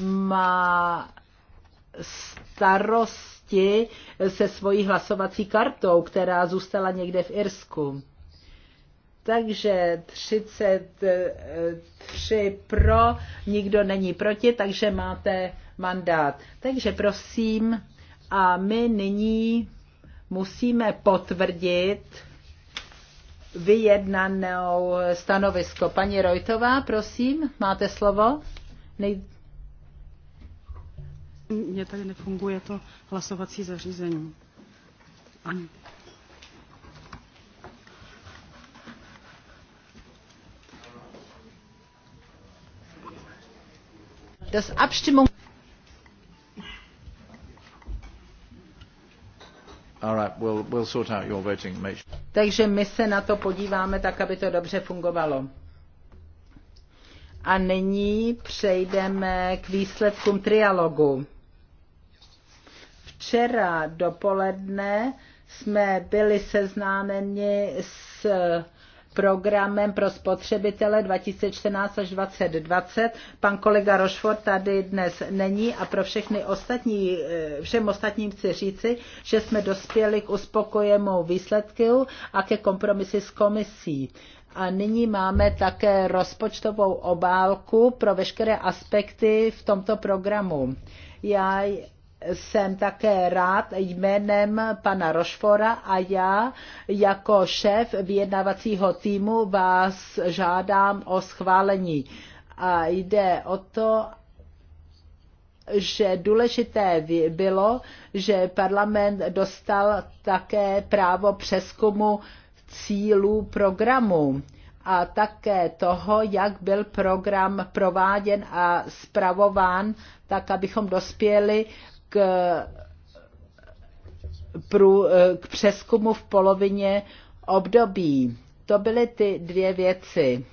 má starosti se svojí hlasovací kartou, která zůstala někde v Irsku. Takže 33 pro, nikdo není proti, takže máte mandát. Takže prosím, a my nyní musíme potvrdit vyjednanou stanovisko. Paní Rojtová, prosím, máte slovo. Nej... Mně tady nefunguje to hlasovací zařízení. Ani. das Abstimmung. Takže my se na to podíváme tak, aby to dobře fungovalo. A nyní přejdeme k výsledkům trialogu. Včera dopoledne jsme byli seznámeni s programem pro spotřebitele 2014 až 2020. Pan kolega Rošford tady dnes není a pro všechny ostatní, eh, všem ostatním chci říci, že jsme dospěli k uspokojenému výsledku a ke kompromisu s komisí. A nyní máme také rozpočtovou obálku pro veškeré aspekty v tomto programu. Já jsem také rád jménem pana Rošfora a já jako šéf vyjednavacího týmu vás žádám o schválení. A jde o to, že důležité bylo, že parlament dostal také právo přeskumu cílů programu a také toho, jak byl program prováděn a zpravován, tak abychom dospěli k, prů, k přeskumu v polovině období. To byly ty dvě věci.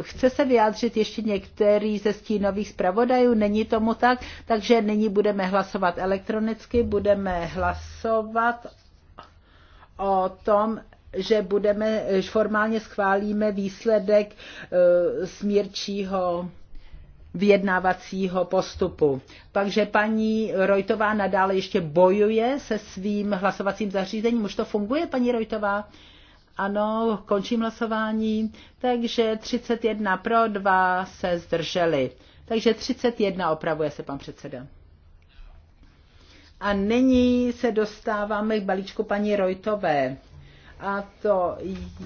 Chce se vyjádřit ještě některý ze stínových zpravodajů? Není tomu tak, takže nyní budeme hlasovat elektronicky, budeme hlasovat o tom, že budeme, že formálně schválíme výsledek e, smírčího vyjednávacího postupu. Takže paní Rojtová nadále ještě bojuje se svým hlasovacím zařízením. Už to funguje, paní Rojtová? Ano, končím hlasování. Takže 31 pro, 2 se zdrželi. Takže 31 opravuje se pan předseda. A nyní se dostáváme k balíčku paní Rojtové a to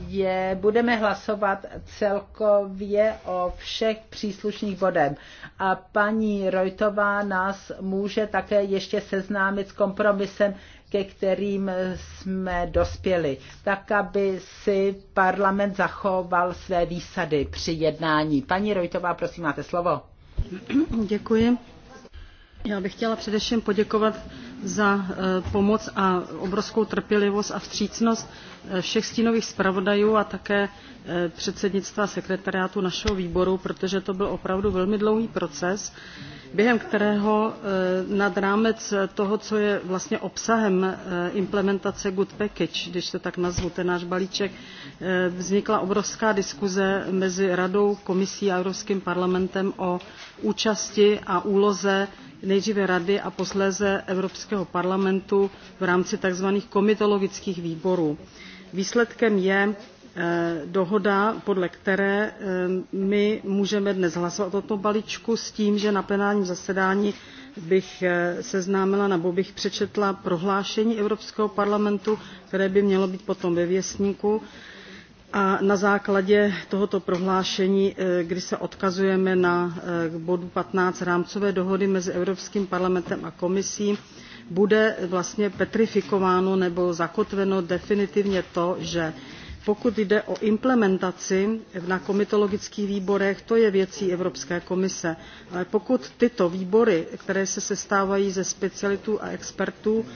je, budeme hlasovat celkově o všech příslušných bodem. A paní Rojtová nás může také ještě seznámit s kompromisem, ke kterým jsme dospěli, tak aby si parlament zachoval své výsady při jednání. Paní Rojtová, prosím, máte slovo. Děkuji. Já bych chtěla především poděkovat za eh, pomoc a obrovskou trpělivost a vstřícnost eh, všech stínových zpravodajů a také eh, předsednictva sekretariátu našeho výboru, protože to byl opravdu velmi dlouhý proces, během kterého nad rámec toho, co je vlastně obsahem implementace Good Package, když se tak nazvu, ten náš balíček, vznikla obrovská diskuze mezi Radou, Komisí a Evropským parlamentem o účasti a úloze nejdříve Rady a posléze Evropské Evropského parlamentu v rámci tzv. komitologických výborů. Výsledkem je eh, dohoda, podle které eh, my můžeme dnes hlasovat o tom balíčku s tím, že na plenárním zasedání bych eh, seznámila nebo bych přečetla prohlášení Evropského parlamentu, které by mělo být potom ve věstníku. A na základě tohoto prohlášení, kdy se odkazujeme na bodu 15 rámcové dohody mezi Evropským parlamentem a komisí, bude vlastně petrifikováno nebo zakotveno definitivně to, že pokud jde o implementaci na komitologických výborech, to je věcí Evropské komise. Ale pokud tyto výbory, které se sestávají ze specialitů a expertů,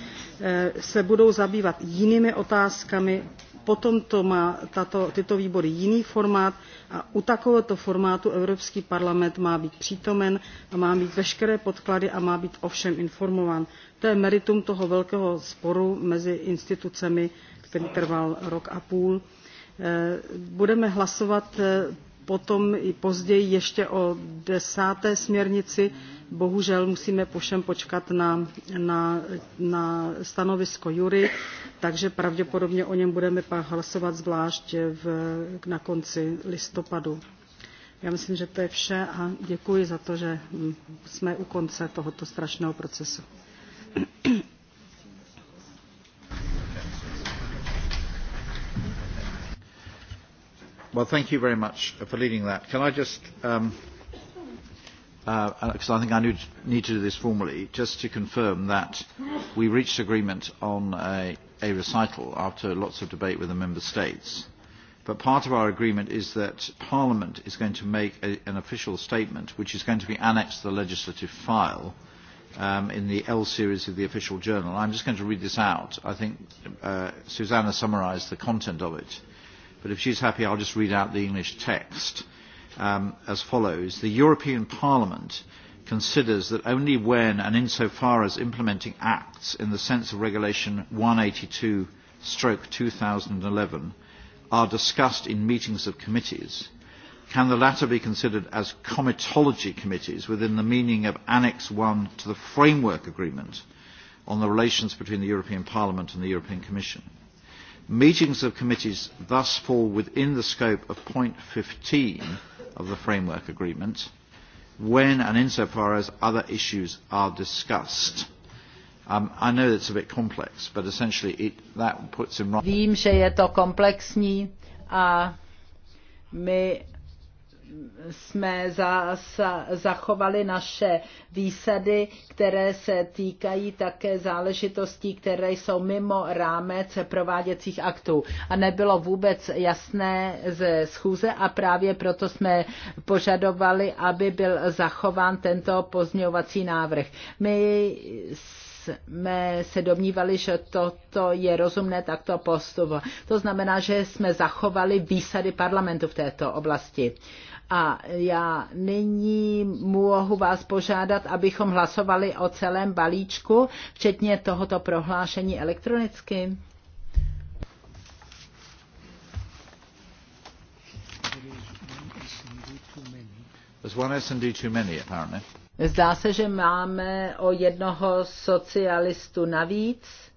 eh, se budou zabývat jinými otázkami, potom to má tato, tyto výbory jiný formát a u takovéhoto formátu Evropský parlament má být přítomen a má mít veškeré podklady a má být ovšem informován. To je meritum toho velkého sporu mezi institucemi, který trval rok a půl. Eh, budeme hlasovat eh, potom i později ještě o desáté směrnici. Bohužel musíme pošem počkat na, na, na stanovisko Jury, takže pravděpodobně o něm budeme pak hlasovat zvlášť v, na konci listopadu. Já myslím, že to je vše a děkuji za to, že jsme u konce tohoto strašného procesu. Well, thank you very much for leading that. Can I just, because um, uh, uh I think I need to do this formally, just to confirm that we reached agreement on a, a recital after lots of debate with the member states. But part of our agreement is that Parliament is going to make a, an official statement, which is going to be annexed to the legislative file um, in the L series of the official journal. I'm just going to read this out. I think uh, Susanna summarised the content of it but if she's happy, I'll just read out the English text um, as follows. The European Parliament considers that only when and insofar as implementing acts in the sense of Regulation 182 stroke 2011 are discussed in meetings of committees, can the latter be considered as comitology committees within the meaning of Annex 1 to the Framework Agreement on the relations between the European Parliament and the European Commission? Meetings of committees thus fall within the scope of point 15 of the framework agreement when and insofar as other issues are discussed. Um, I know it's a bit complex, but essentially it, that puts him right. Vím, že je to komplexní a my jsme za, za, zachovali naše výsady, které se týkají také záležitostí, které jsou mimo rámec prováděcích aktů. A nebylo vůbec jasné ze schůze a právě proto jsme požadovali, aby byl zachován tento pozměňovací návrh. My jsme se domnívali, že toto je rozumné takto postup. To znamená, že jsme zachovali výsady parlamentu v této oblasti. A já nyní mohu vás požádat, abychom hlasovali o celém balíčku, včetně tohoto prohlášení elektronicky. Zdá se, že máme o jednoho socialistu navíc.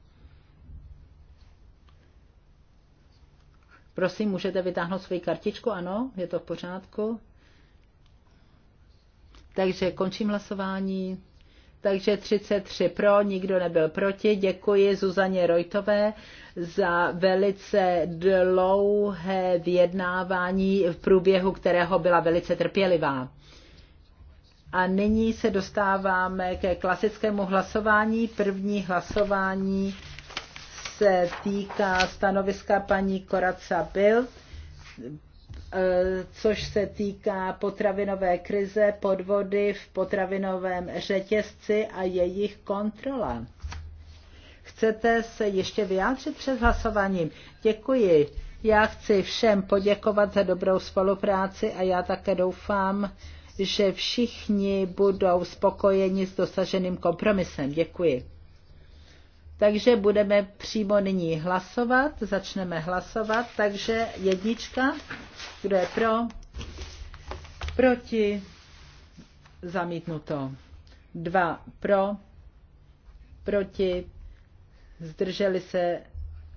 Prosím, můžete vytáhnout svoji kartičku? Ano, je to v pořádku. Takže končím hlasování. Takže 33 pro, nikdo nebyl proti. Děkuji Zuzaně Rojtové za velice dlouhé vyjednávání v průběhu, kterého byla velice trpělivá. A nyní se dostáváme ke klasickému hlasování. První hlasování se týká stanoviska paní Koraca Bild, eh, což se týká potravinové krize, podvody v potravinovém řetězci a jejich kontrola. Chcete se ještě vyjádřit před hlasováním? Děkuji. Já chci všem poděkovat za dobrou spolupráci a já také doufám, že všichni budou spokojeni s dosaženým kompromisem. Děkuji. Takže budeme přímo nyní hlasovat, začneme hlasovat, takže jednička, kdo je pro, proti, zamítnuto, dva pro, proti, zdrželi se,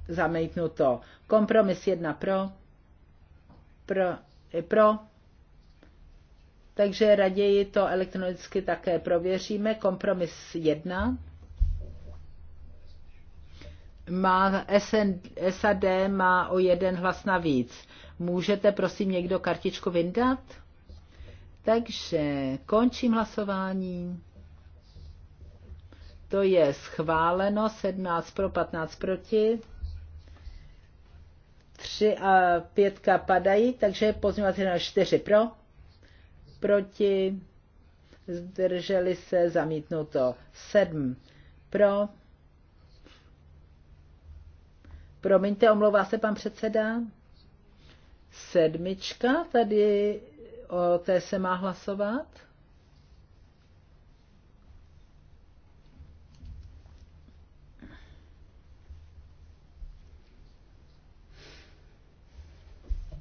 zamítnuto, kompromis jedna pro, pro, pro, takže raději to elektronicky také prověříme, kompromis jedna, má SN, SAD má o jeden hlas navíc. Můžete prosím někdo kartičku vyndat? Takže končím hlasování. To je schváleno 17 pro 15 proti. 3 a 5 padají, takže pozměňovací na 4 pro, proti, zdrželi se, zamítnuto 7 pro, Promiňte, omlouvá se pan předseda. Sedmička, tady o té se má hlasovat.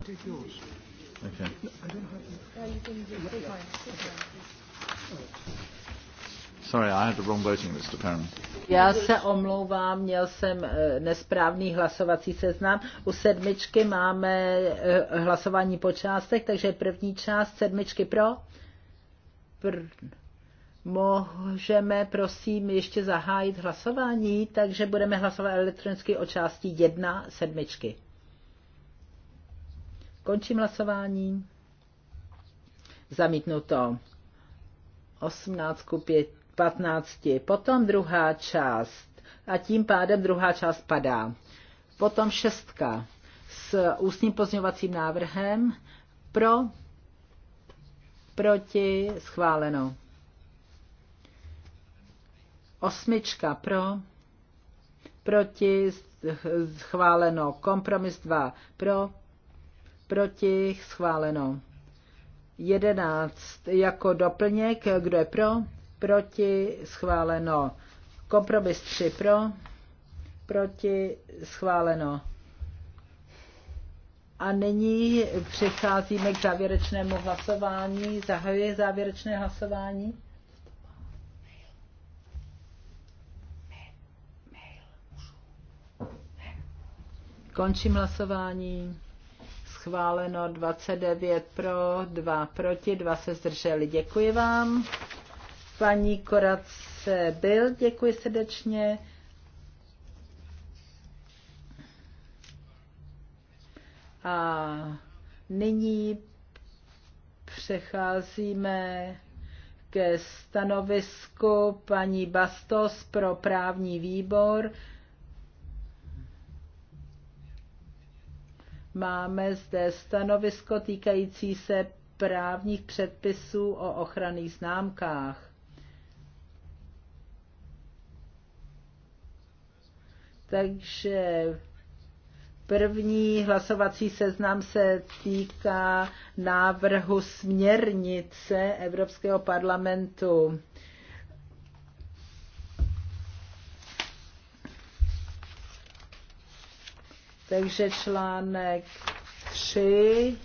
Okay. No, I don't have. Yeah, you can do it. Okay. Fine. Sorry, I had the wrong voting list apparently. Já se omlouvám, měl jsem eh, nesprávný hlasovací seznam. U sedmičky máme eh, hlasování po částech, takže první část sedmičky pro. Pr- Můžeme, prosím, ještě zahájit hlasování, takže budeme hlasovat elektronicky o části 1 sedmičky. Končím hlasování. Zamítnuto. 18 ku 5 15. Potom druhá část. A tím pádem druhá část padá. Potom šestka s ústním pozňovacím návrhem pro, proti, schváleno. Osmička pro, proti, schváleno. Kompromis 2 pro, proti, schváleno. 11 jako doplněk, kdo je pro, proti, schváleno. Kompromis 3 pro, proti, schváleno. A nyní přecházíme k závěrečnému hlasování. Zahajuji závěrečné hlasování. Končím hlasování. Schváleno 29 pro, 2 proti, 2 se zdrželi. Děkuji vám paní Korace Byl, děkuji srdečně. A nyní přecházíme ke stanovisku paní Bastos pro právní výbor. Máme zde stanovisko týkající se právních předpisů o ochranných známkách. Takže první hlasovací seznam se týká návrhu směrnice Evropského parlamentu. Takže článek 3.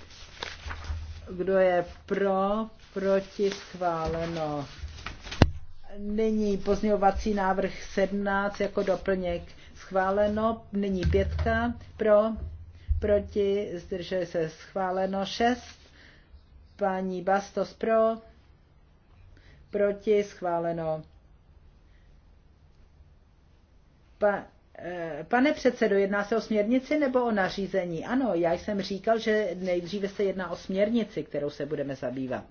Kdo je pro, proti schváleno. Nyní pozměňovací návrh 17 jako doplněk schváleno, nyní pětka, pro, proti, zdrželi se schváleno, šest, paní Bastos pro, proti, schváleno. Pa, eh, Pane předsedo, jedná se o směrnici nebo o nařízení? Ano, já jsem říkal, že nejdříve se jedná o směrnici, kterou se budeme zabývat.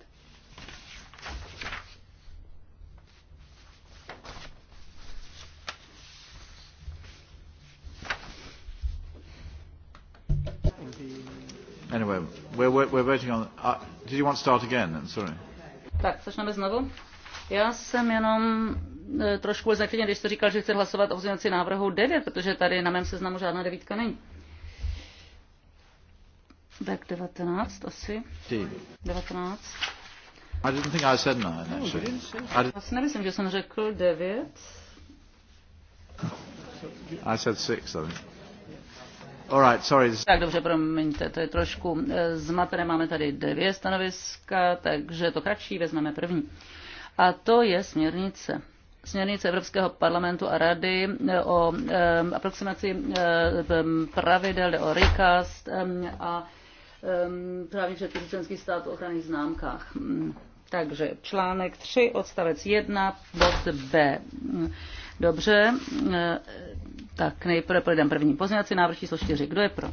We're, we're voting on... Uh, did you want to start again? I'm sorry. Tak, začneme znovu. Já jsem jenom e, trošku zneklidněn, když jste říkal, že chci hlasovat o pozměňovací návrhu 9, protože tady na mém seznamu žádná devítka není. Tak 19 asi. 19. I didn't think I said nine, no, actually. No, I Asi nemyslím, že jsem řekl 9. I said six, I think. Tak dobře, promiňte, to je trošku eh, zmatené. Máme tady dvě stanoviska, takže to kratší vezmeme první. A to je směrnice směrnice Evropského parlamentu a rady eh, o um, aproximaci e, pravidel, o recast um, a um, právě předpisů členských států o ochranných známkách. Hmm, takže článek 3, odstavec 1, bod B. Hmm, dobře, tak nejprve projdeme první pozměňovací návrh číslo 4. Kdo je pro?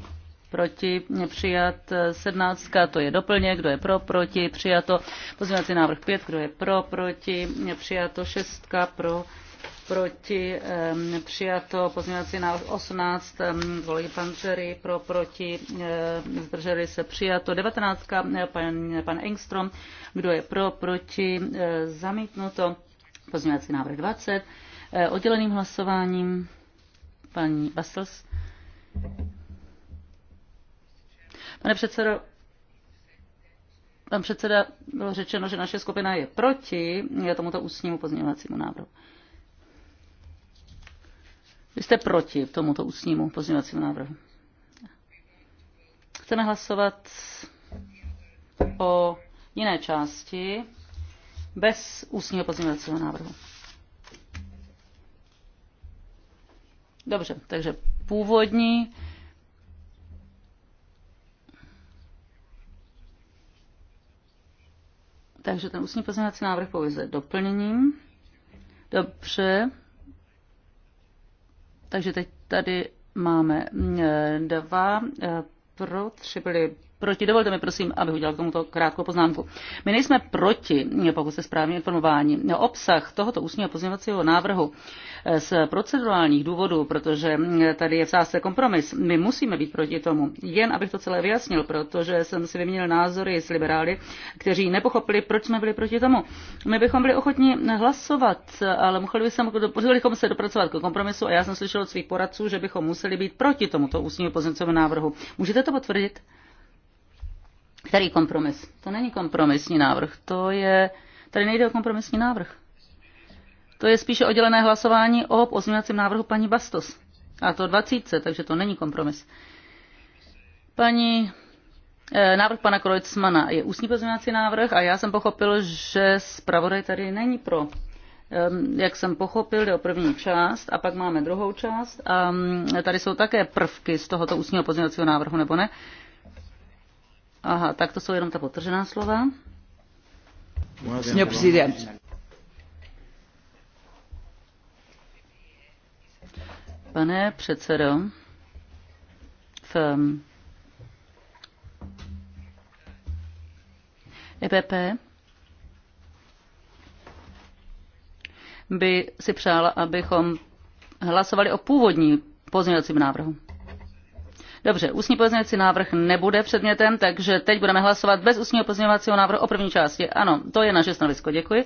Proti přijat 17, eh, to je doplně, kdo je pro, proti, přijato pozměňovací návrh 5, kdo je pro, proti, přijato 6, pro, proti, přijato pozměňovací návrh 18, pan Pančery, pro, proti, zdrželi se přijato 19, eh, pan, pan Engstrom, kdo je pro, proti, eh, zamítnuto, pozměňovací návrh 20, odděleným hlasováním, paní Bastels. Pane předsedo, pan předseda bylo řečeno, že naše skupina je proti tomuto ústnímu pozměňovacímu návrhu. Vy jste proti tomuto ústnímu pozměňovacímu návrhu. Chceme hlasovat o jiné části bez ústního pozměňovacího návrhu. Dobře, takže původní Takže ten ústní pozměňovací návrh pověze doplněním. Dobře. Takže teď tady máme eh, dva eh, pro, tři byly proti, dovolte mi prosím, abych udělal k tomuto krátkou poznámku. My nejsme proti, pokud se správně informování. Obsah tohoto ústního pozměňovacího návrhu eh, z procedurálních důvodů, protože eh, tady je v sázce kompromis, my musíme být proti tomu. Jen abych to celé vyjasnil, protože jsem si vyměnil názory s liberály, kteří nepochopili, proč jsme byli proti tomu. My bychom byli ochotni hlasovat, ale museli bychom, se dopracovat k kompromisu a já jsem slyšel od svých poradců, že bychom museli být proti tomuto ústního pozměňovacímu návrhu. Můžete to potvrdit? Který kompromis? To není kompromisní návrh, to je... Tady nejde o kompromisní návrh. To je spíše oddělené hlasování o pozměňovacím návrhu paní Bastos. A to 20, takže to není kompromis. Paní eh, Návrh pana Kreutzmana je ústní pozměňovací návrh a já jsem pochopil, že zpravodaj tady není pro. Ehm, jak jsem pochopil, jde o první část a pak máme druhou část a ehm, tady jsou také prvky z tohoto ústního pozměňovacího návrhu, nebo ne? Aha, tak to jsou jenom ta potržená slova. Senhor Presidente. Pane předsedo, v um, EPP by si přála, abychom hlasovali o původní pozměňovacím návrhu. Dobře, ústní pozměňovací návrh nebude předmětem, takže teď budeme hlasovat bez ústního pozměňovacího návrhu o první části. Ano, to je naše stanovisko, děkuji.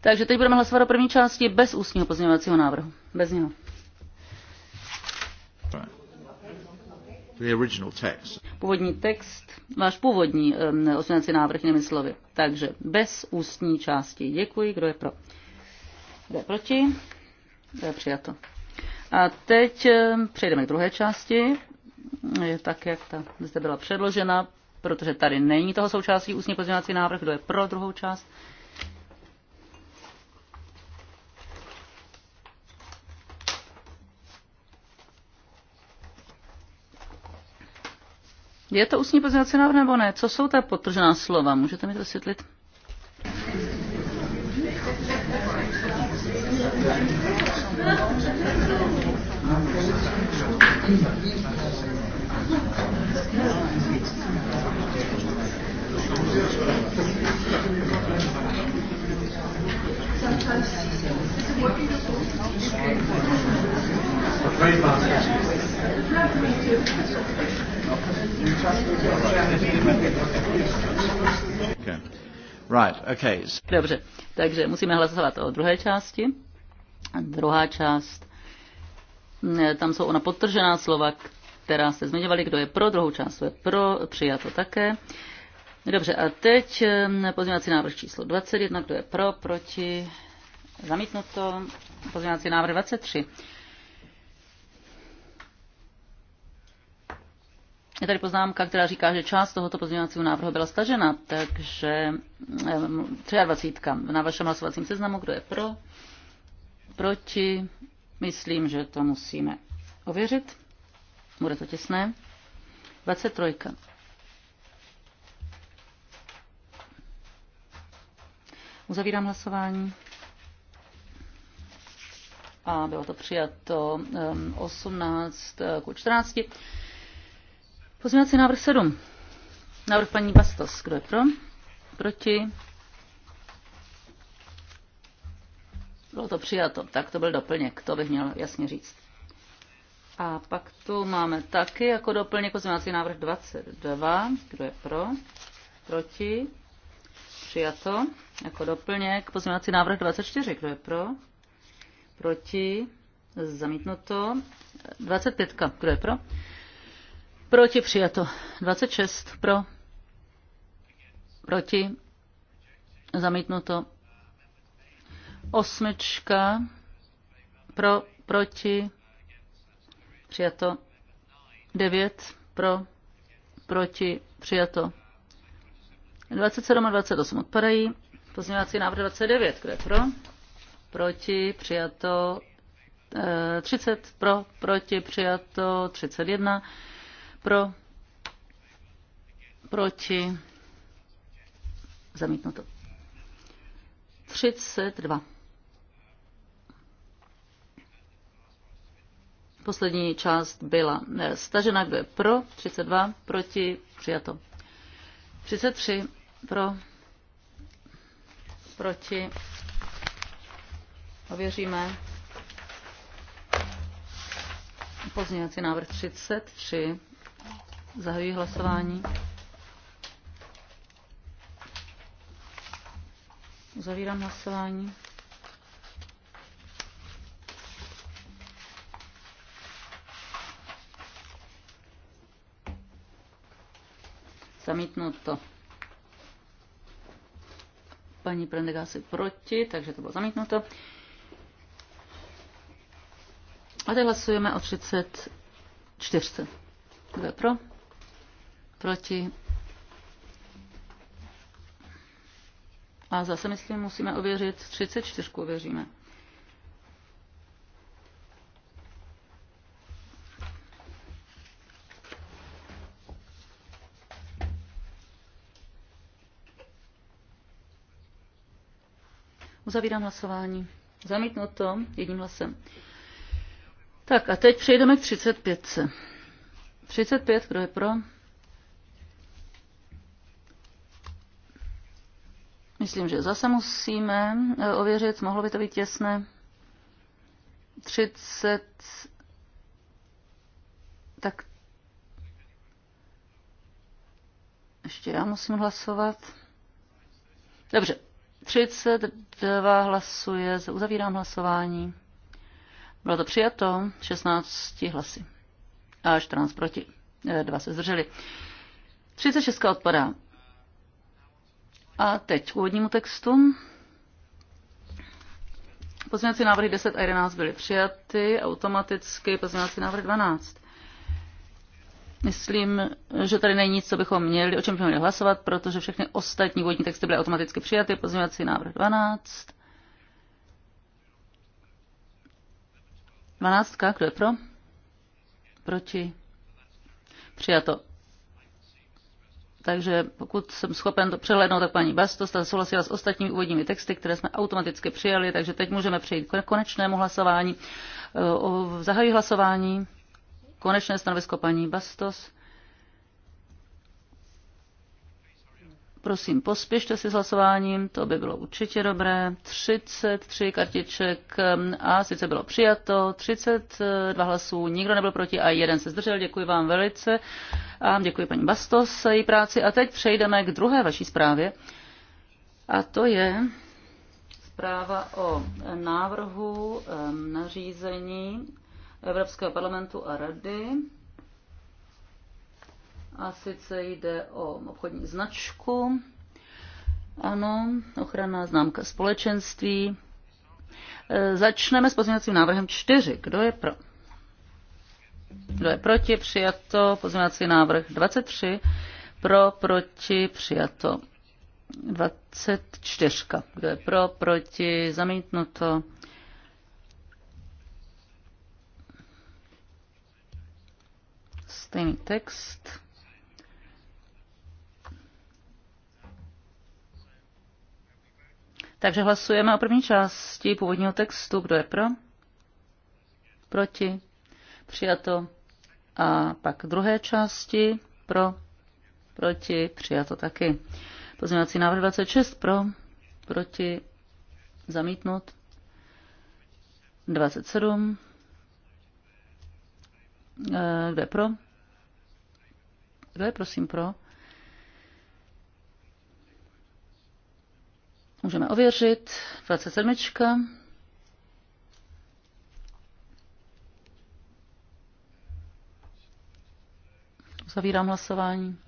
Takže teď budeme hlasovat o první části bez ústního pozměňovacího návrhu. Bez něho. The original text. Původní text, váš původní um, návrh, jinými slovy. Takže bez ústní části. Děkuji, kdo je pro. Kdo je proti? Kdo je přijato. A teď um, přejdeme k druhé části tak jak ta zde byla předložena, protože tady není toho součástí ústní pozměňovací návrh, kdo je pro druhou část. Je to ústní pozměňovací návrh nebo ne? Co jsou ta potržená slova? Můžete mi to vysvětlit? Thank you. Right, okay. Dobře, takže musíme hlasovat o druhé části. Druhá část, mm, tam jsou ona podtržená slova, která se zmiňovaly, kdo je pro druhou část, kdo je pro, přijato také. Dobře, a teď mm, pozměňovací návrh číslo 21, kdo je pro, proti, Zamítnuto. Pozměňovací návrh 23. Je tady poznámka, která říká, že část tohoto pozměňovacího návrhu byla stažena, takže 23. na vašem hlasovacím seznamu, kdo je pro, proti, myslím, že to musíme ověřit. Bude to těsné. 23. Uzavírám hlasování a bylo to přijato 18 k 14. Pozměňovací návrh 7. Návrh paní Bastos. Kdo je pro? Proti? Bylo to přijato. Tak to byl doplněk. To bych měl jasně říct. A pak tu máme taky jako doplněk pozměňovací návrh 22. Kdo je pro? Proti? Přijato. Jako doplněk pozměňovací návrh 24. Kdo je pro? Proti? Zamítnuto. 25. Kdo je pro? Proti přijato. 26. Pro? Proti? Zamítnuto. Osmička. Pro? Proti? Přijato. 9. Pro? Proti? Přijato. 27 a 28 odpadají. Pozměňovací návrh 29. Kdo je pro? proti, přijato 30 eh, pro, proti, přijato 31 pro, proti, zamítnuto. 32. Poslední část byla eh, stažena, kdo je pro, 32, proti, přijato. 33 pro, proti, Ověříme. Pozměňovací návrh 33. Zahajuji hlasování. Zavírám hlasování. Zamítnuto. Paní Prendegás je proti, takže to bylo zamítnuto. A teď hlasujeme o 34. Kdo je pro? Proti? A zase myslím, musíme ověřit, 34 ověříme. Uzavírám hlasování. to jedním hlasem. Tak a teď přejdeme k 35. 35, kdo je pro? Myslím, že zase musíme eh, ověřit, mohlo by to být těsné. 30, tak ještě já musím hlasovat. Dobře, 32 hlasuje, uzavírám hlasování. Bylo to přijato 16 hlasy a 14 proti. Eh, dva se zdrželi. 36 odpadá. A teď k úvodnímu textu. Pozměňovací návrhy 10 a 11 byly přijaty, automaticky pozměňovací návrh 12. Myslím, že tady není nic, co bychom měli, o čem bychom měli hlasovat, protože všechny ostatní vodní texty byly automaticky přijaty, pozměňovací návrh 12. Dvanáctka, kdo je pro? Proti? Přijato. Takže pokud jsem schopen to přehlédnout, tak paní Bastos ta souhlasila s ostatními úvodními texty, které jsme automaticky přijali, takže teď můžeme přejít k konečnému hlasování. Eh, zahají hlasování. Konečné stanovisko paní Bastos. Prosím, pospěšte si s hlasováním, to by bylo určitě dobré. 33 kartiček um, a sice bylo přijato, 32 hlasů, nikdo nebyl proti a jeden se zdržel. Děkuji vám velice a děkuji paní Bastos za její práci. A teď přejdeme k druhé vaší zprávě. A to je zpráva o návrhu um, nařízení Evropského parlamentu a rady a sice jde o obchodní značku. Ano, ochranná známka společenství. E, začneme s pozměňovacím návrhem 4. Kdo je pro? Kdo je proti? Přijato. Pozměňovací návrh 23. Pro, proti, přijato. 24. Kdo je pro, proti, zamítnuto. Stejný text. Takže hlasujeme o první části původního textu. Kdo je pro? Proti? Přijato. A pak druhé části pro? Proti? Přijato taky. Pozměňovací návrh 26 pro? Proti? Zamítnut. 27. Eh, kdo je pro? Kdo je prosím pro? Můžeme ověřit. 27. Zavírám hlasování.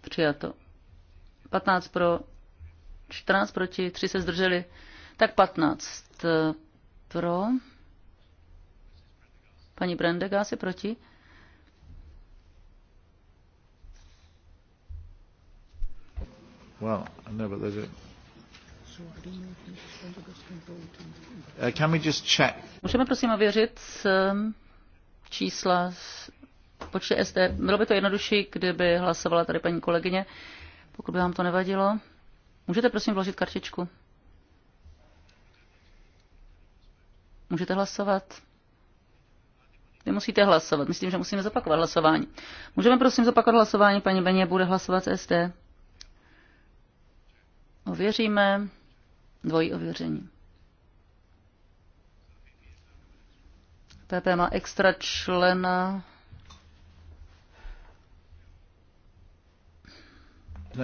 Přijato. 15 pro, 14 proti, 3 se zdrželi. Tak 15 eh, pro. Paní Brendegás je proti. Well, I know, but there's a... Uh, can we just check? Můžeme prosím ověřit um, čísla počty SD. Bylo by to jednodušší, kdyby hlasovala tady paní kolegyně, pokud by vám to nevadilo. Můžete prosím vložit kartičku? Můžete hlasovat? Vy musíte hlasovat. Myslím, že musíme zopakovat hlasování. Můžeme prosím zopakovat hlasování. Paní Beně bude hlasovat SD. Ověříme dvojí ověření. PP má extra člena.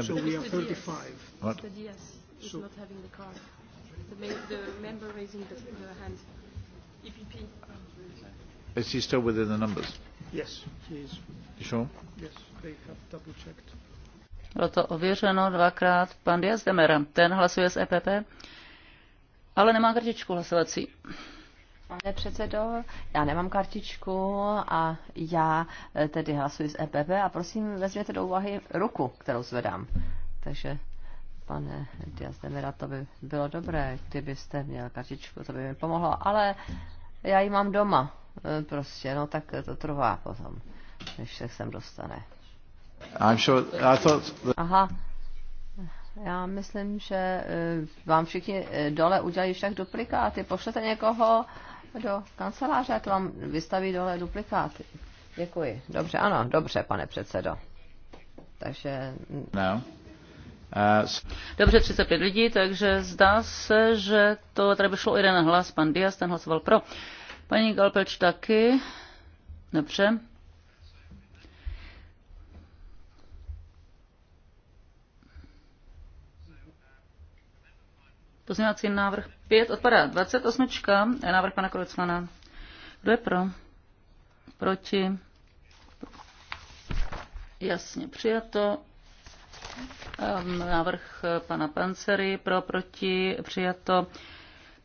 So we are 35. E is he still within the numbers? Yes, he is. You sure? Yes, they have double checked. Bylo to ověřeno dvakrát pan Diaz Demera. Ten hlasuje z EPP, ale nemá kartičku hlasovací. Pane předsedo, já nemám kartičku a já eh, tedy hlasuji z EPP a prosím, vezměte do úvahy ruku, kterou zvedám. Takže, pane Diaz Demera, to by bylo dobré, kdybyste měl kartičku, to by mi pomohlo, ale já ji mám doma, eh, prostě, no tak to trvá potom, než se sem dostane. I'm sure, I thought that... Aha, já myslím, že eh, vám všichni eh, dole udělají však duplikáty. Pošlete někoho do kanceláře, ať vám vystaví dole duplikáty. Děkuji. Dobře, ano, dobře, pane předsedo. Takže... Mm. No. Eh, dobře, 35 lidí, takže zdá se, že to tady by šlo jeden hlas. Pan Dias, ten hlasoval pro. Paní Galpeč taky. Dobře. Pozměňovací návrh 5 odpadá 28. Eh, návrh pana Krocmana. Kdo je pro? Proti? Jasně přijato. Ehm, návrh eh, pana Pancery pro, proti, přijato.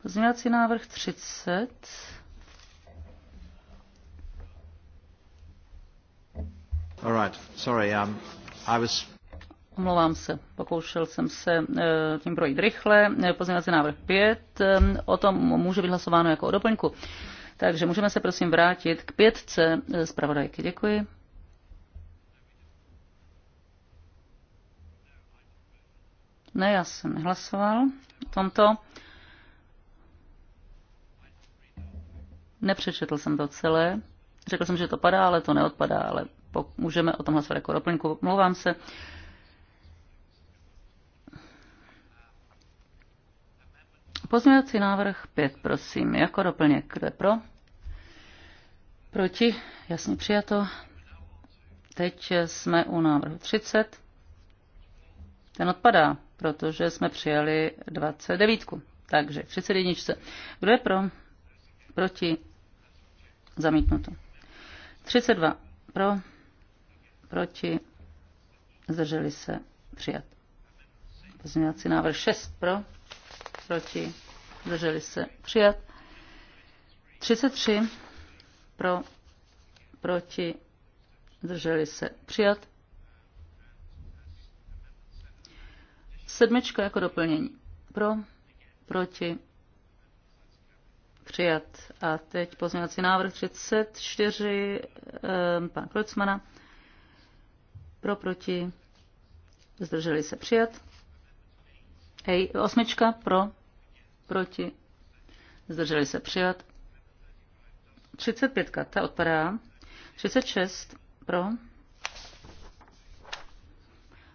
Pozměňovací návrh 30. All right. Sorry, um, I was Omlouvám se, pokoušel jsem se e, tím projít rychle. E, pozměňovací návrh 5, e, o tom může být hlasováno jako o doplňku. Takže můžeme se prosím vrátit k pětce zpravodajky. Děkuji. Ne, já jsem nehlasoval o tomto. Nepřečetl jsem to celé. Řekl jsem, že to padá, ale to neodpadá, ale můžeme o tom hlasovat jako doplňku. Mluvám se. Pozměňovací návrh 5, prosím, jako doplněk. Kde pro? Proti? Jasně přijato. Teď jsme u návrhu 30. Ten odpadá, protože jsme přijali 29. Takže 31. Kdo je pro? Proti? Zamítnuto. 32. Pro? Proti? Zdrželi se přijat. Pozměňovací návrh 6 pro? proti, zdrželi se přijat. 33 pro, proti, zdrželi se přijat. Sedmička jako doplnění. Pro, proti, přijat. A teď pozměňovací návrh 34, um, pan Krocmana. Pro, proti, zdrželi se přijat. Hej, osmička pro, proti, zdrželi se přijat. 35, ta odpadá. 36 pro.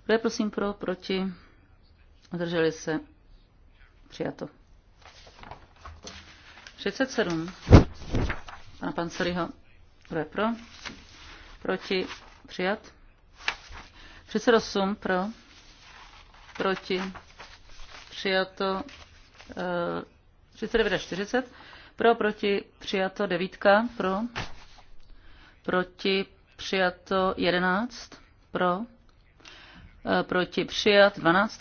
Kdo je prosím pro, proti, zdrželi se přijato. 37 pana Panceriho, kdo je pro, proti, přijat. 38 pro, proti, přijato 40. Eh, pro, proti, přijato, devítka, pro, proti, přijato, 11, pro, eh, proti, přijat, 12,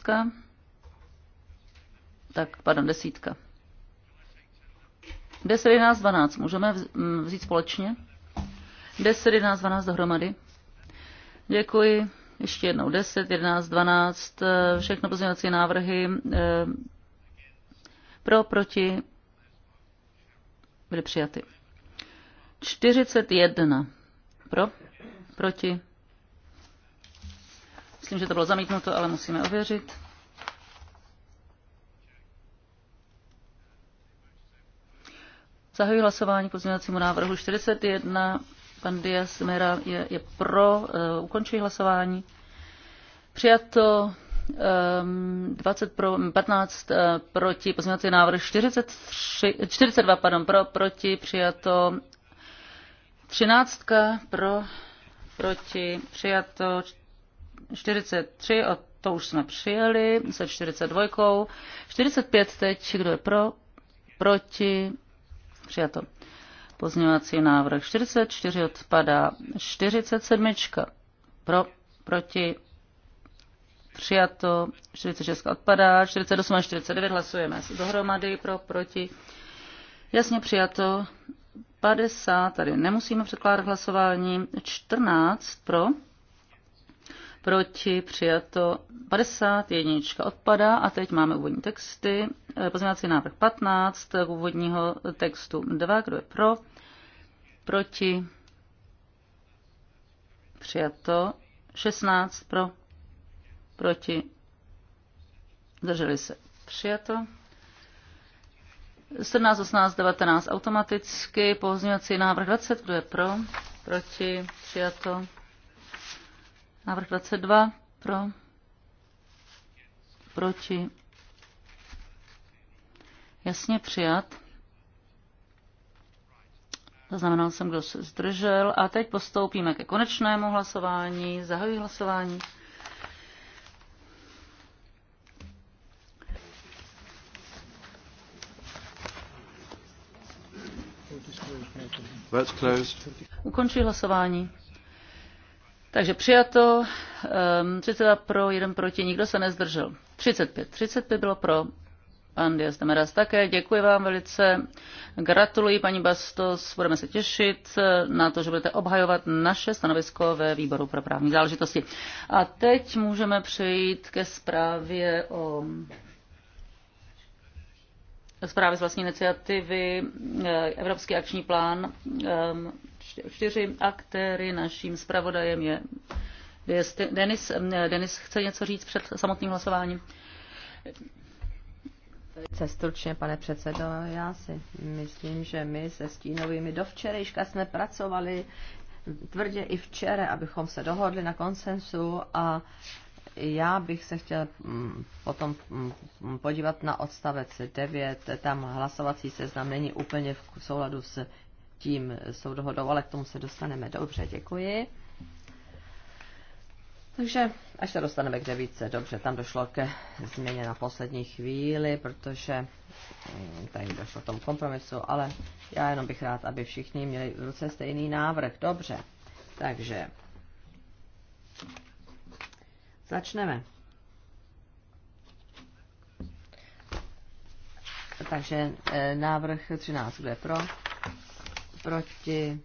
tak, pardon, desítka. 10, 11, 12, můžeme mm, vzít společně? 10, 11, 12 dohromady. Děkuji. Ještě jednou 10, 11, 12, všechno pozměňovací návrhy eh, pro, proti, byly přijaty. 41. Pro, proti. Myslím, že to bylo zamítnuto, ale musíme ověřit. Zahajuji hlasování k pozměňovacímu návrhu 41. Pan Diaz Mera je, je pro. Uh, ukončuji hlasování. Přijato 20 ehm, pro, 15 eh, proti, pozměňovací návrh 43, 42 pardon, pro, proti, přijato 13 pro, proti, přijato 43, o to už jsme přijeli se 42. 45 teď, kdo je pro, proti, přijato. Pozměňovací návrh 44 odpadá, 47 pro, proti, přijato, 46 odpadá, 48 a 49 hlasujeme dohromady pro, proti, jasně přijato, 50, tady nemusíme předkládat hlasování, 14 pro, proti, přijato, 50, jednička odpadá a teď máme úvodní texty, eh, pozměňovací návrh 15, úvodního textu 2, kdo je pro, proti, přijato, 16 pro, proti, zdrželi se, přijato. 17, 18, 19 automaticky, pozměňovací návrh 20, kdo je pro, proti, přijato. Návrh 22, pro, proti, jasně přijat. Zaznamenal jsem, kdo se zdržel. A teď postoupíme ke konečnému hlasování. Zahajuji hlasování. Ukončuji hlasování. Takže přijato, 30 ehm, pro, 1 proti, nikdo se nezdržel. 35. 35 bylo pro, pan Diaz Temeras také. Děkuji vám velice. Gratuluji, paní Bastos. Budeme se těšit eh, na to, že budete obhajovat naše stanovisko ve výboru pro právní záležitosti. A teď můžeme přejít ke zprávě o zprávy z vlastní iniciativy, eh, Evropský akční plán, eh, čtyři aktéry, naším zpravodajem je Denis. Eh, Denis chce něco říct před samotným hlasováním? Velice stručně, pane předsedo, já si myslím, že my se Stínovými do včerejška jsme pracovali tvrdě i včere, abychom se dohodli na konsensu a já bych se chtěl mm, potom mm, podívat na odstavec 9. Tam hlasovací seznam není úplně v souladu s tím soudohodou, ale k tomu se dostaneme. Dobře, děkuji. Takže až se dostaneme k devíce, dobře, tam došlo ke změně na poslední chvíli, protože mm, tady došlo k tomu kompromisu, ale já jenom bych rád, aby všichni měli v ruce stejný návrh. Dobře, takže Začneme. Takže e, návrh 13, kdo je pro? Proti?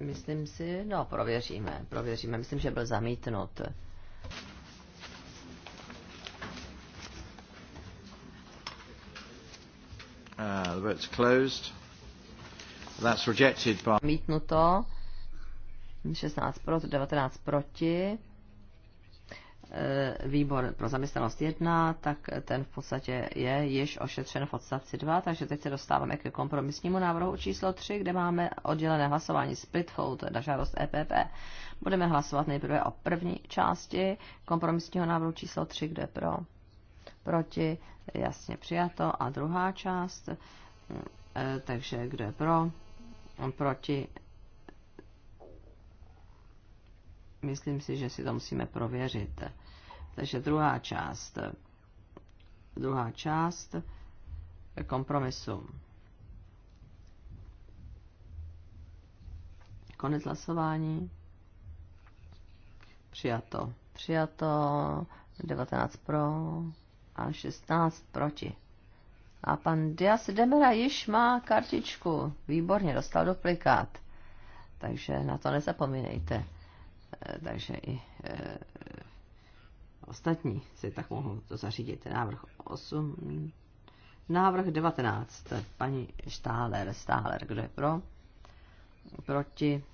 Myslím si, no prověříme, prověříme. Myslím, že byl zamítnut. Uh, the vote's closed. That's rejected by... Zamítnuto. 16 pro, 19 proti. Eh, výbor pro zaměstnanost 1, tak ten v podstatě je již ošetřen v odstavci 2, takže teď se dostáváme ke kompromisnímu návrhu číslo 3, kde máme oddělené hlasování split vote na žádost EPP. Budeme hlasovat nejprve o první části kompromisního návrhu číslo 3, kde pro, proti, jasně přijato, a druhá část, eh, takže kde pro, proti, myslím si, že si to musíme prověřit. Takže druhá část. Druhá část kompromisu. Konec hlasování. Přijato. Přijato. 19 pro a 16 proti. A pan Dias Demera již má kartičku. Výborně, dostal duplikát. Takže na to nezapomínejte. Eh, takže i eh, Ostatní si tak mohou to zařídit. Návrh 8. Návrh 19. Paní Štáler, Stáler, kdo je pro? Proti?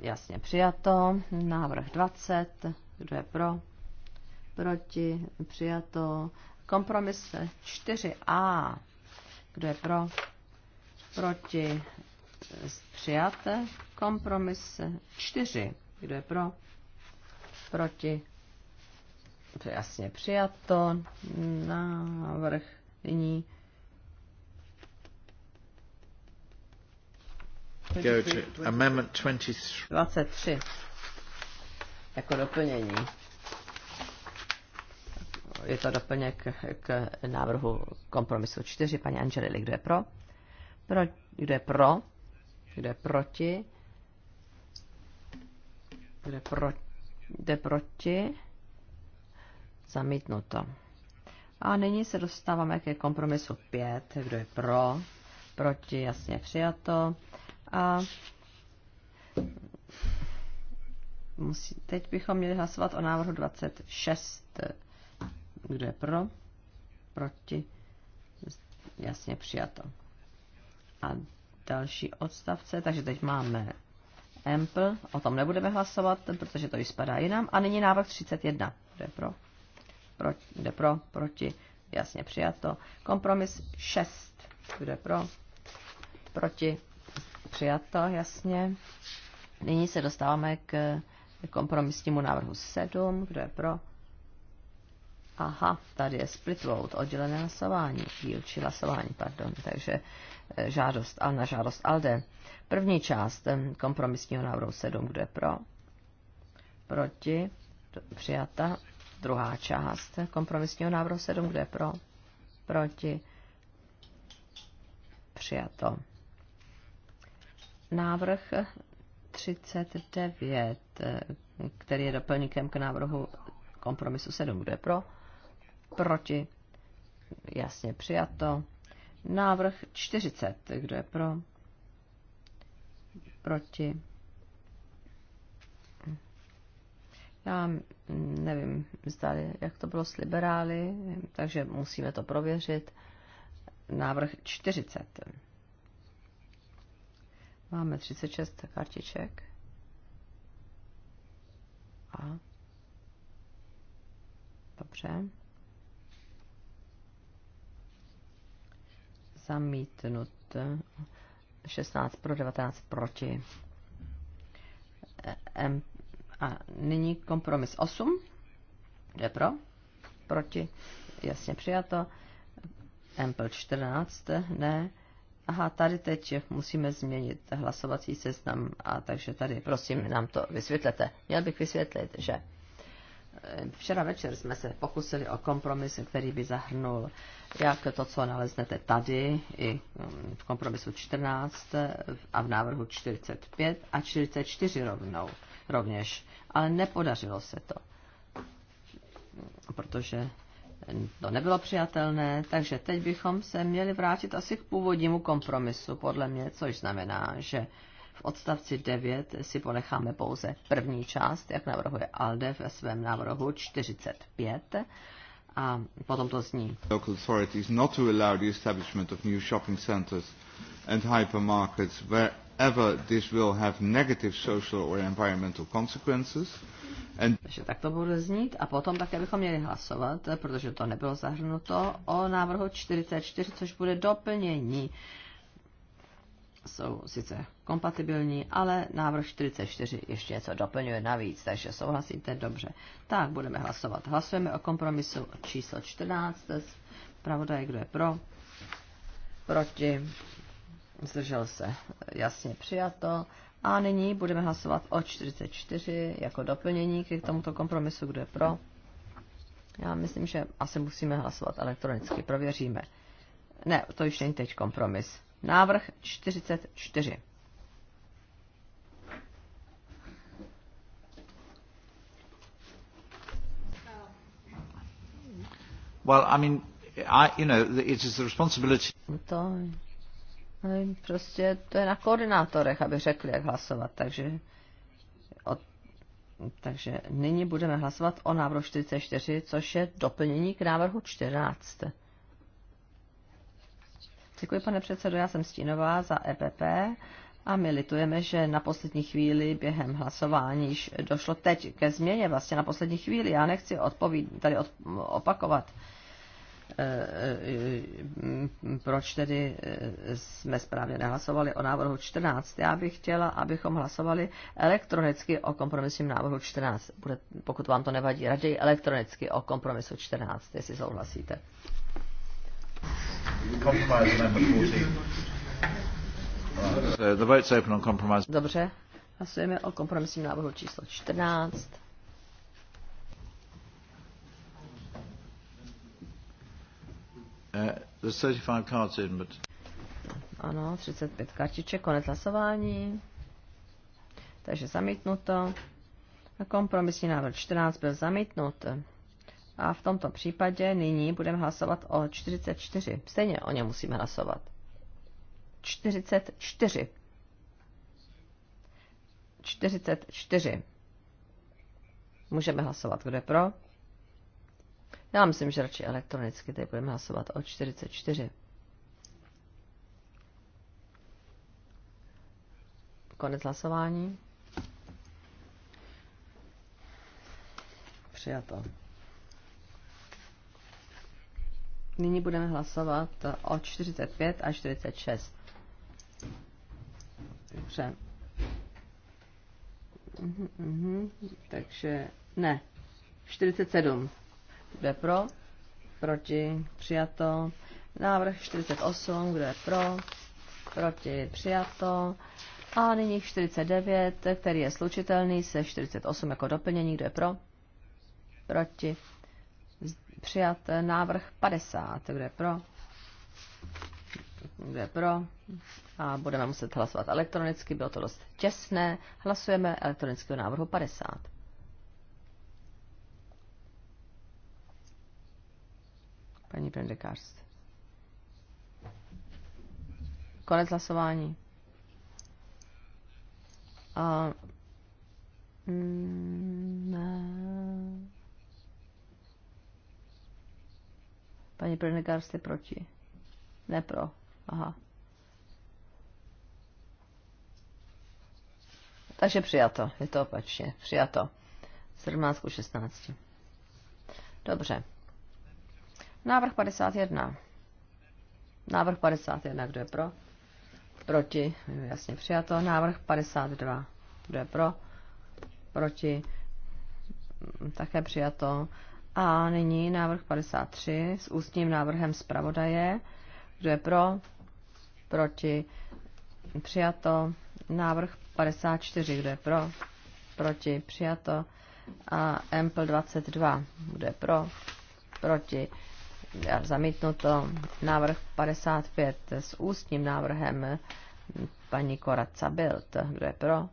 Jasně přijato. Návrh 20. Kdo je pro? Proti? Přijato. Kompromis 4a. Kdo je pro? Proti? Přijat. Kompromis 4. Kdo je pro? Proti? To je jasně přijato. Návrh nyní. Go to amendment 23. 23. Jako doplnění. Je to doplněk k návrhu kompromisu 4. Paní Angelili, kdo je pro? pro? Kdo je pro? Kdo je proti? Kdo je, pro, kdo je proti? Zamítnuto. A nyní se dostáváme ke kompromisu 5. Kdo je pro? Proti? Jasně přijato. A musí, teď bychom měli hlasovat o návrhu 26. Kdo je pro? Proti? Jasně přijato. A další odstavce, takže teď máme Ample, o tom nebudeme hlasovat, protože to již spadá jinam. A nyní návrh 31. Kdo je pro? proč, kde pro, proti, jasně přijato. Kompromis 6, kde pro, proti, přijato, jasně. Nyní se dostáváme k kompromisnímu návrhu 7, kde pro. Aha, tady je split vote, oddělené hlasování, dílčí hlasování, pardon, takže eh, žádost a na žádost ALDE. První část eh, kompromisního návrhu 7, kde pro, proti, přijata. Druhá část kompromisního návrhu 7, kde pro, proti, přijato. Návrh 39, který je doplníkem k návrhu kompromisu 7, kde je pro, proti, jasně přijato. Návrh 40, kdo je pro, proti, Já mm, nevím, zdali, jak to bylo s liberály, takže musíme to prověřit. Návrh 40. Máme 36 kartiček. A. Dobře. Zamítnut. 16 pro 19 proti. E, M a nyní kompromis 8. Je pro? Proti? Jasně přijato. Ample 14, ne. Aha, tady teď musíme změnit hlasovací seznam, a takže tady prosím nám to vysvětlete. Měl bych vysvětlit, že eh, včera večer jsme se pokusili o kompromis, který by zahrnul jak to, co naleznete tady, i mm, v kompromisu 14 eh, a v návrhu 45 a 44 rovnou rovněž, ale nepodařilo se to, protože to nebylo přijatelné, takže teď bychom se měli vrátit asi k původnímu kompromisu, podle mě, což znamená, že v odstavci 9 si ponecháme pouze první část, jak navrhuje ALDE ve svém návrhu 45, a potom to zní. Local authorities not to allow the establishment of new shopping centers and hypermarkets where ever this will have negative social or environmental consequences. And Takže tak to bude znít a potom také bychom měli hlasovat, protože to nebylo zahrnuto, o návrhu 44, což bude doplnění. Jsou sice kompatibilní, ale návrh 44 ještě něco doplňuje navíc, takže souhlasíte dobře. Tak, budeme hlasovat. Hlasujeme o kompromisu číslo 14. je, kdo je pro? Proti? zdržel se, jasně přijato. A nyní budeme hlasovat o 44 jako doplnění k tomuto kompromisu, kdo je pro. Já myslím, že asi musíme hlasovat elektronicky, prověříme. Ne, to již není teď kompromis. Návrh 44. Well, I mean, I, you know, it is the responsibility. To No, prostě to je na koordinátorech, aby řekli, jak hlasovat. Takže, o, takže nyní budeme hlasovat o návrhu 44, což je doplnění k návrhu 14. Děkuji, pane předsedo, já jsem Stínová za EPP a my litujeme, že na poslední chvíli během hlasování již došlo teď ke změně, vlastně na poslední chvíli. Já nechci odpovíd, tady od, opakovat Eh, eh, proč tedy eh, jsme správně nehlasovali o návrhu 14. Já bych chtěla, abychom hlasovali elektronicky o kompromisním návrhu 14. Bude, pokud vám to nevadí, raději elektronicky o kompromisu 14, jestli souhlasíte. Dobře, hlasujeme o kompromisním návrhu číslo 14. Uh, ano, 35 kartiček, konec hlasování. Takže zamítnuto. Kompromisní návrh 14 byl zamítnut. A v tomto případě nyní budeme hlasovat o 44. Stejně o něm musíme hlasovat. 44. 44. Můžeme hlasovat. Kdo je pro? Já myslím, že radši elektronicky, tady budeme hlasovat o 44. Konec hlasování. Přijato. Nyní budeme hlasovat o 45 a 46. Dobře. Mhm, mhm. Takže ne. 47 kdo je pro, proti, přijato. Návrh 48, kdo je pro, proti, přijato. A nyní 49, který je slučitelný se 48 jako doplnění, kdo je pro, proti, přijat návrh 50, kdo je pro, kdo je pro. A budeme muset hlasovat elektronicky, bylo to dost těsné. Hlasujeme elektronického návrhu 50. paní Prendekářst. Konec hlasování. A, mm, ne. Paní Prendekář jste proti. Ne pro. Aha. Takže přijato. Je to opačně. Přijato. 17 16. Dobře. Návrh 51. Návrh 51, kdo je pro? Proti, jasně přijato. Návrh 52, kdo je pro? Proti, mm, také přijato. A nyní návrh 53 s ústním návrhem zpravodaje. Kdo je pro? Proti, přijato. Návrh 54, kdo je pro? Proti, přijato. A MPL 22, kdo je pro? Proti, zamítnuto návrh 55 s ústním návrhem paní Koraca Bild. Kdo je pro?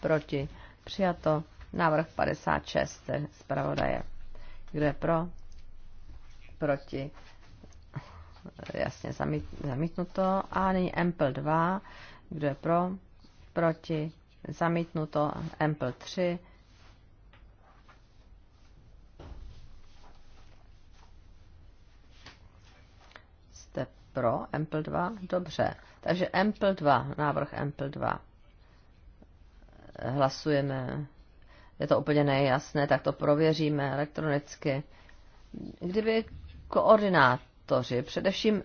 Proti? Přijato. Návrh 56 zpravodaje. Kdo je pro? Proti? Jasně zamítnuto. A nyní Ample 2. Kdo je pro? Proti? Zamítnuto. Ample 3. pro Ample 2? Dobře. Takže Ample 2, návrh Ample 2. Hlasujeme. Je to úplně nejasné, tak to prověříme elektronicky. Kdyby koordinátoři, především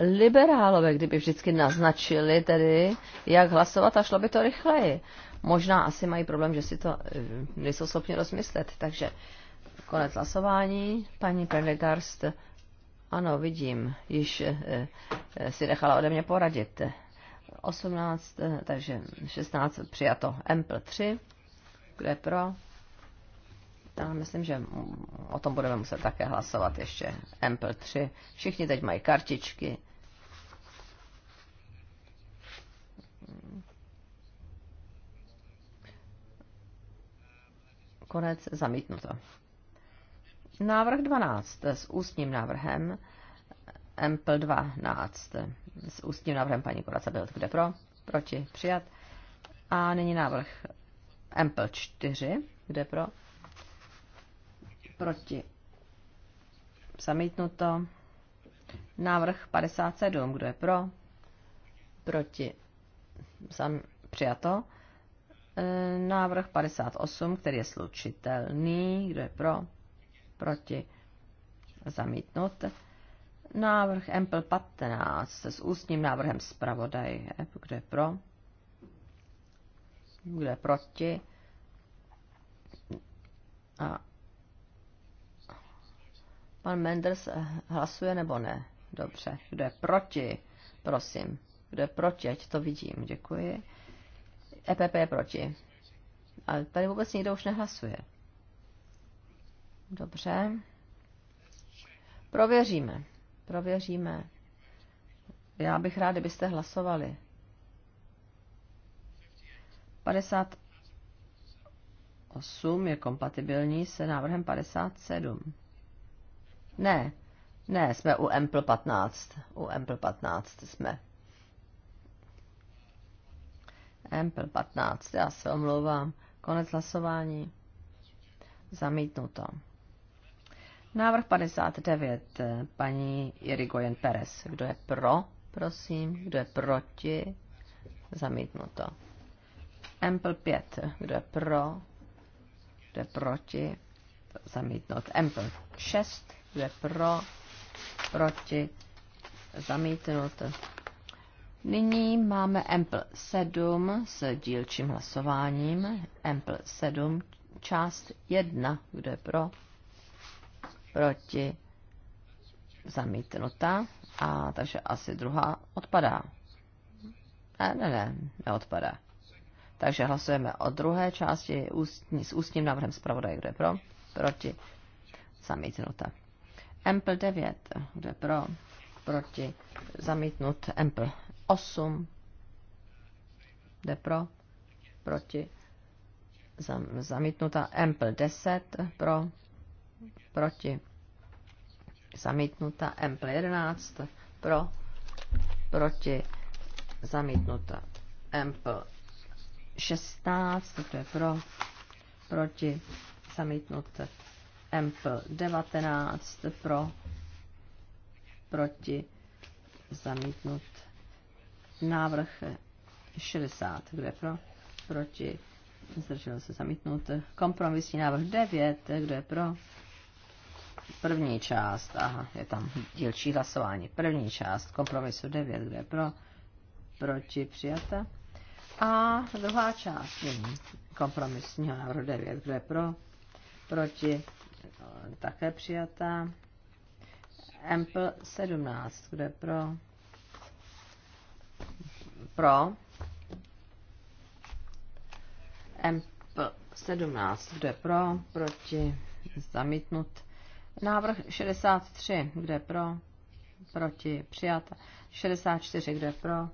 liberálové, kdyby vždycky naznačili tedy, jak hlasovat a šlo by to rychleji. Možná asi mají problém, že si to eh, nejsou schopni rozmyslet. Takže konec hlasování. Paní Prendergast ano, vidím, již eh, eh, si nechala ode mě poradit. 18, eh, takže 16 přijato. MPL 3, kde pro? Já myslím, že o tom budeme muset také hlasovat ještě. MPL 3, všichni teď mají kartičky. Konec zamítnuto. Návrh 12 s ústním návrhem MPL 12 s ústním návrhem paní Koraca byl kde pro, proti, přijat. A nyní návrh MPL 4, kde pro, proti, zamítnuto. Návrh 57, kdo je pro, proti, zam, přijato. E, návrh 58, který je slučitelný, kdo je pro, proti, zamítnut. Návrh Empl 15 s ústním návrhem zpravodaj. kdo je pro, kdo je proti. A pan Menders hlasuje nebo ne? Dobře, kdo je proti, prosím. Kdo je proti, ať to vidím, děkuji. EPP je proti. Ale tady vůbec nikdo už nehlasuje. Dobře. Prověříme. Prověříme. Já bych rád, kdybyste hlasovali. 58 je kompatibilní se návrhem 57. Ne, ne, jsme u Ample 15. U Ample 15 jsme. Ample 15, já se omlouvám. Konec hlasování. Zamítnuto. to. Návrh 59, paní Irigoyen Perez. Kdo je pro, prosím? Kdo je proti? Zamítnuto. Ample 5. Kdo je pro? Kdo je proti? Zamítnout. Ample 6. Kdo je pro? Proti? Zamítnout. Nyní máme Ample 7 s dílčím hlasováním. Ample 7, část 1. Kdo je pro? proti, zamítnuta. A takže asi druhá odpadá. Ne, ne, ne, neodpadá. Takže hlasujeme o druhé části ústní, s ústním návrhem zpravodaje, kde pro, proti, zamítnuta. Empl 9, kde pro, proti, zamítnut. Empl 8, kde pro, proti, zam, zamítnuta. Empl 10, pro, proti, zamítnuta, m 11 pro, proti, zamítnuta, m 16, to je pro, proti, Zamítnuta m 19 pro, proti, zamítnut, návrh 60, kdo je pro, proti, zdržel se zamítnut, kompromisní návrh 9, kdo je pro, První část, aha, je tam dílčí hlasování. První část kompromisu 9, kde je pro, proti přijata. A druhá část kompromisního návrhu 9, kde je pro, proti také přijata. Ample 17, kde je pro, pro, Ample 17, kde je pro, proti zamítnut Návrh 63, kde pro, proti, přijat. 64, kde pro,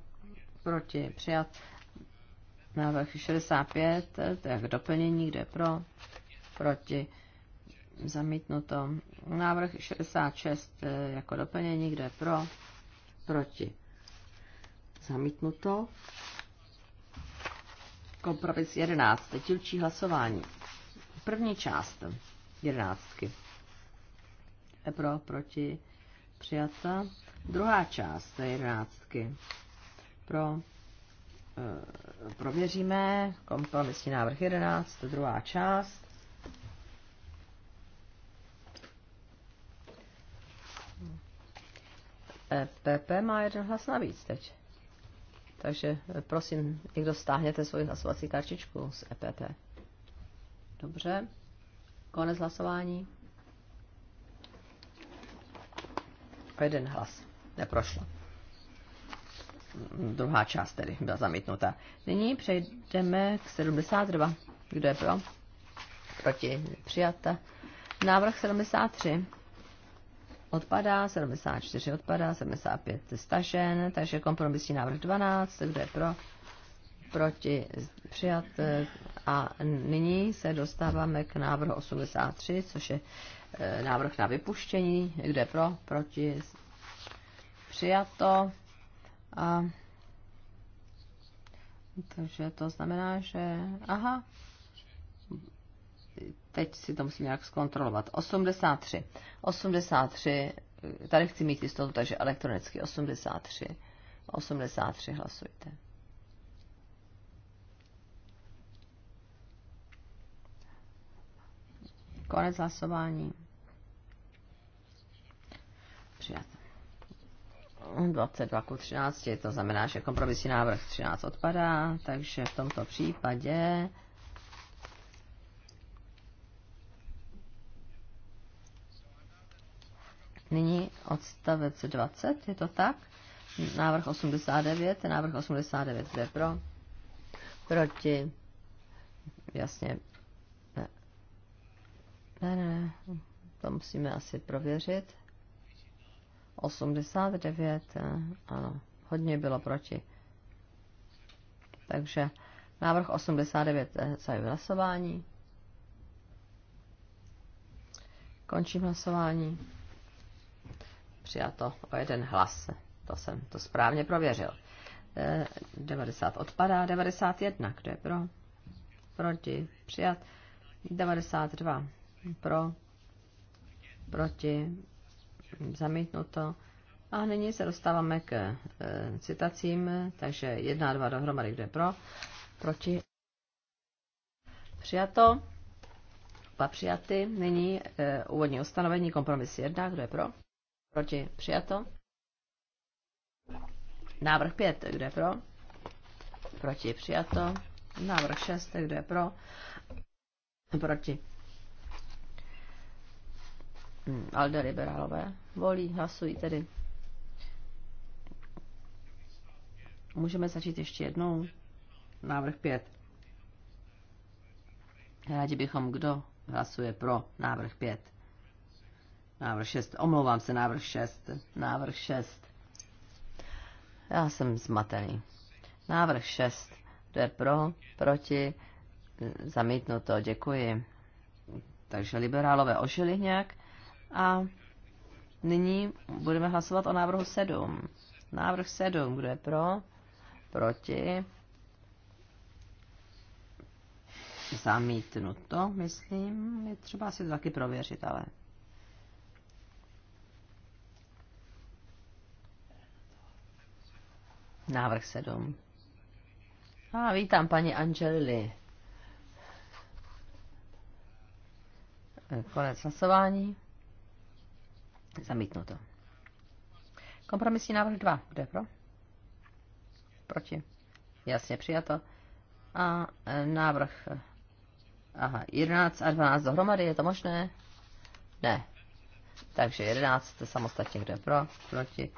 proti, přijat. Návrh 65, to je k doplnění, kde pro, proti, zamítnuto. Návrh 66 eh, jako doplnění, kde pro, proti, zamítnuto. Kompromis 11, dílčí hlasování. První část jedenáctky pro, proti, přijata. Druhá část té jedenáctky. Pro, e, prověříme kompromisní návrh 11, druhá část. EPP má jeden hlas navíc teď. Takže eh, prosím, někdo stáhněte svoji hlasovací kartičku z EPP. Dobře. Konec hlasování. O jeden hlas. Neprošlo. Druhá část tedy byla zamítnuta. Nyní přejdeme k 72. Kdo je pro? Proti. Přijata. Návrh 73 odpadá, 74 odpadá, 75 stažen, takže kompromisní návrh 12, kdo je pro, proti přijat. A nyní se dostáváme k návrhu 83, což je Eh, návrh na vypuštění, kde pro, proti, přijato. A, takže to znamená, že... Aha, teď si to musím nějak zkontrolovat. 83. 83, eh, tady chci mít jistotu, takže elektronicky 83. 83 hlasujte. Konec hlasování přijat. 22 ku 13, to znamená, že kompromisní návrh 13 odpadá, takže v tomto případě Nyní odstavec 20, je to tak? Návrh 89, návrh 89, kde pro? Proti. Jasně. Ne. ne, ne, to musíme asi prověřit. 89, eh, ano, hodně bylo proti. Takže návrh 89 eh, zahajuji hlasování. Končím hlasování. Přijato o jeden hlas. To jsem to správně prověřil. 90 eh, odpadá, 91, kdo je pro? Proti, přijat. 92 pro, proti, zamítnuto. A nyní se dostáváme k e, citacím, takže jedna a dva dohromady, kde pro, proti. Přijato, pa přijaty, nyní e, úvodní ustanovení, kompromis jedna, kdo je pro, proti, přijato. Návrh pět, kde je pro, proti, přijato. Návrh šest, kde je pro, proti, Hmm, Alde liberálové volí, hlasují tedy. Můžeme začít ještě jednou. Návrh 5. Rádi bychom, kdo hlasuje pro návrh 5. Návrh 6. Omlouvám se, návrh 6. Návrh 6. Já jsem zmatený. Návrh 6. To je pro, proti, zamítnuto, děkuji. Takže liberálové ožili nějak. A nyní budeme hlasovat o návrhu 7. Návrh 7, kdo je pro? Proti? Zamítnuto, myslím. Je třeba si to taky prověřit, ale... Návrh 7. A ah, vítám paní Angelili. Konec hlasování. Zamítnuto. Kompromisní návrh 2. Kdo je pro? Proti. Jasně přijato. A e, návrh Aha, 11 a 12 dohromady, je to možné? Ne. Takže 11 samostatně, kdo je pro, proti.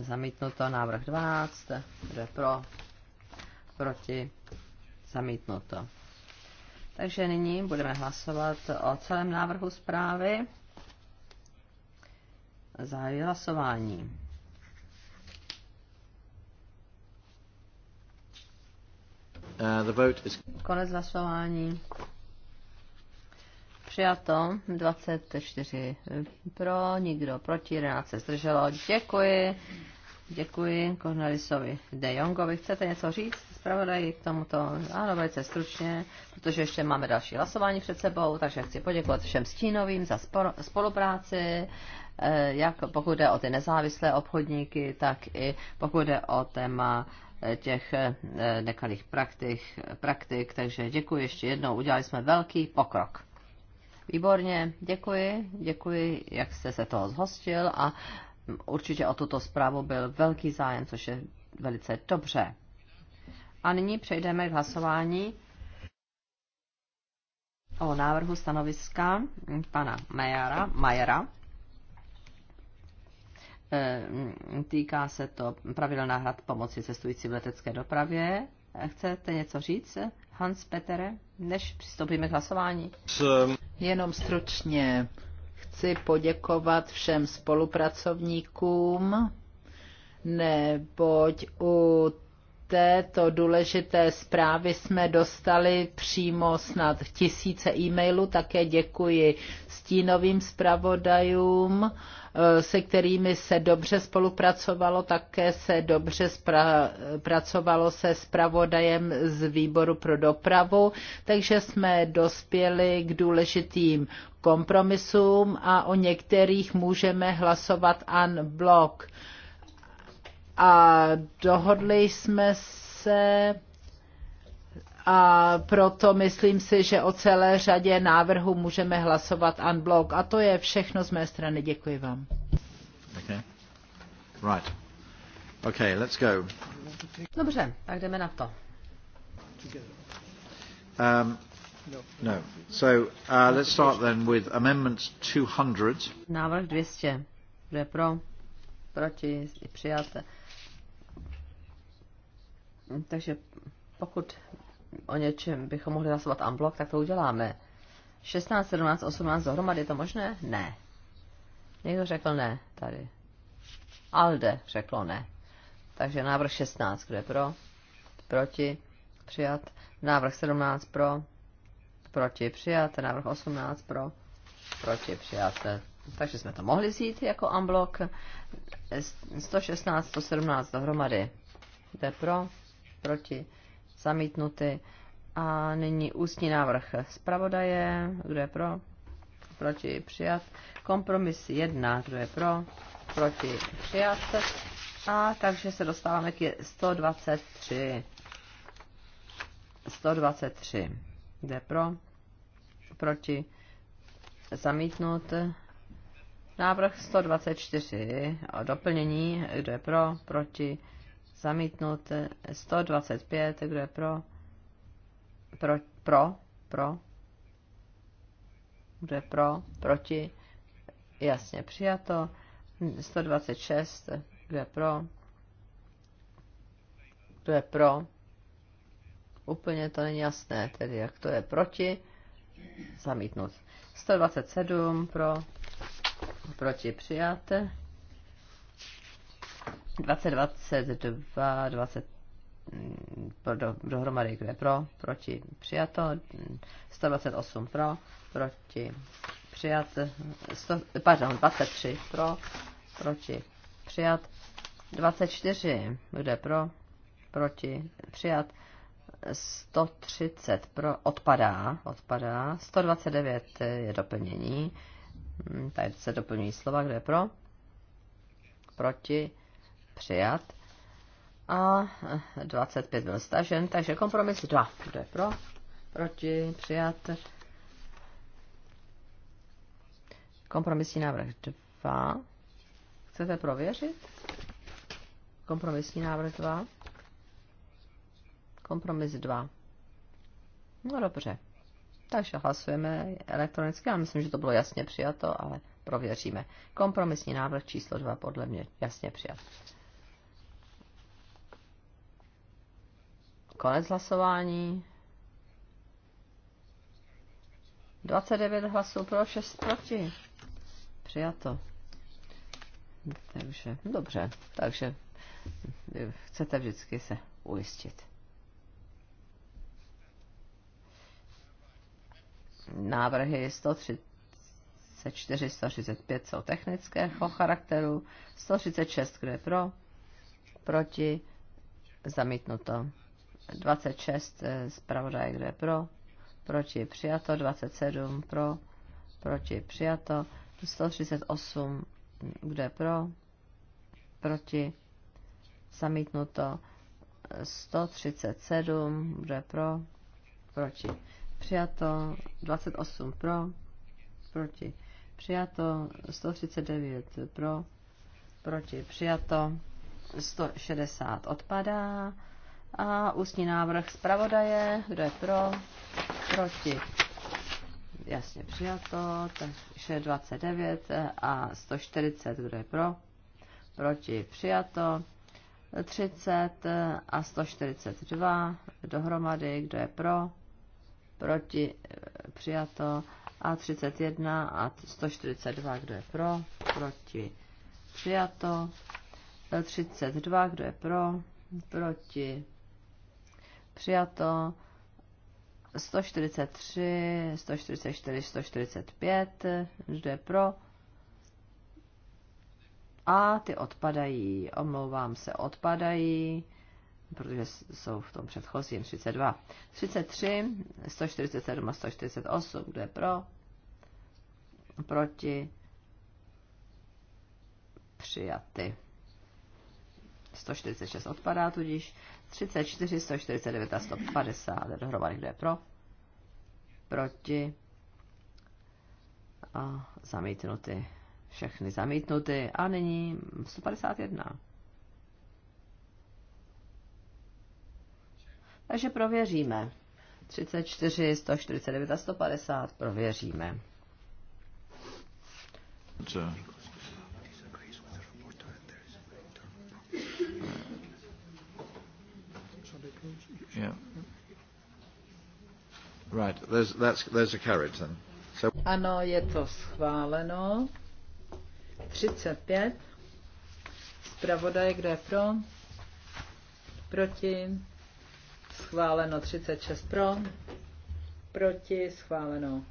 Zamítnuto, návrh 12, kdo je pro, proti, zamítnuto. Takže nyní budeme hlasovat o celém návrhu zprávy. Zahajuji hlasování. Uh, the vote is... Konec hlasování. Přijato 24 pro, nikdo proti, 11 se zdrželo. Děkuji. Děkuji Cornelisovi de Jongovi. Chcete něco říct? zpravodaji k tomuto. Ano, velice stručně, protože ještě máme další hlasování před sebou, takže chci poděkovat všem stínovým za spolupráci, eh, jak pokud jde o ty nezávislé obchodníky, tak i pokud jde o téma eh, těch eh, nekalých praktik, praktik. Takže děkuji ještě jednou, udělali jsme velký pokrok. Výborně, děkuji, děkuji, jak jste se toho zhostil a určitě o tuto zprávu byl velký zájem, což je velice dobře. A nyní přejdeme k hlasování o návrhu stanoviska pana Majera. Majera. E, týká se to pravidel náhrad pomoci cestující v letecké dopravě. Chcete něco říct, Hans Petere, než přistoupíme k hlasování? Jenom stručně chci poděkovat všem spolupracovníkům, neboť u této důležité zprávy jsme dostali přímo snad tisíce e-mailů. Také děkuji stínovým zpravodajům, e, se kterými se dobře spolupracovalo. Také se dobře pracovalo se zpravodajem z výboru pro dopravu, takže jsme dospěli k důležitým kompromisům a o některých můžeme hlasovat an blok a dohodli jsme se a proto myslím si, že o celé řadě návrhů můžeme hlasovat unblock. A to je všechno z mé strany. Děkuji vám. Okay. Right. Okay, let's go. Dobře, tak jdeme na to. Um, no. So uh, let's start then with amendment 200. Návrh 200. Kdo pro? Proti? Přijáte? Takže pokud o něčem bychom mohli hlasovat unblock, tak to uděláme. 16, 17, 18 dohromady, je to možné? Ne. Někdo řekl ne tady. Alde řeklo ne. Takže návrh 16, kde pro? Proti? Přijat. Návrh 17 pro? Proti? Přijat. Návrh 18 pro? Proti? Přijat. Takže jsme to mohli vzít jako unblock. 116, 117 dohromady. Jde pro? proti, zamítnuty. A nyní ústní návrh zpravodaje, kdo je pro, proti, přijat. Kompromis 1, kdo je pro, proti, přijat. A takže se dostáváme k 123. 123. je pro, proti, zamítnut. Návrh 124 o doplnění, kdo je pro, proti, zamítnut 125, kdo je pro, pro, pro, pro, kdo je pro, proti, jasně přijato, 126, kdo je pro, kdo je pro, úplně to není jasné, tedy jak to je proti, zamítnut. 127 pro, proti přijat, 2022, 20, mm, pro, do, dohromady kde pro, proti přijato, 128 pro, proti přijat, 100, pardon, 23 pro, proti přijat, 24 kde pro, proti přijat, 130 pro, odpadá, odpadá, 129 je doplnění, mm, tady se doplňují slova, kde pro, proti, přijat a 25 byl stažen, takže kompromis 2. Kdo je pro? Proti? Přijat. Kompromisní návrh 2. Chcete prověřit? Kompromisní návrh 2. Kompromis 2. No dobře. Takže hlasujeme elektronicky. Já myslím, že to bylo jasně přijato, ale prověříme. Kompromisní návrh číslo 2 podle mě jasně přijat. Konec hlasování. 29 hlasů pro, 6 proti. Přijato. Takže, dobře, takže eh, chcete vždycky se ujistit. Návrhy 134, 135 jsou technického charakteru, 136 kde pro, proti, zamítnuto. 26 eh, zpravodaj, kdo je pro, proti přijato, 27 pro, proti přijato, 138 kdo je pro, proti zamítnuto, 137 kdo je pro, proti přijato, 28 pro, proti přijato, 139 pro, proti přijato, 160 odpadá, a ústní návrh zpravodaje, kdo je pro, proti, jasně přijato, takže 29 a 140, kdo je pro, proti, přijato, 30 a 142 dohromady, kdo je pro, proti, eh, přijato, a 31 a 142, kdo je pro, proti, přijato, 32, kdo je pro, proti, přijato 143, 144, 145, vždy je pro. A ty odpadají, omlouvám se, odpadají, protože jsou v tom předchozím 32. 33, 147 a 148, kde je pro, proti, přijaty. 146 odpadá, tudíž 34, 149 a 150 dohromady, kdo je pro, proti a zamítnuty, všechny zamítnuty a nyní 151. Takže prověříme. 34, 149 a 150 prověříme. Yeah. Right. There's, that's, there's a carriage then. So... Ano, je to schváleno. 35. Zpravodaj, kdo je pro? Proti. Schváleno 36 pro. Proti. Schváleno.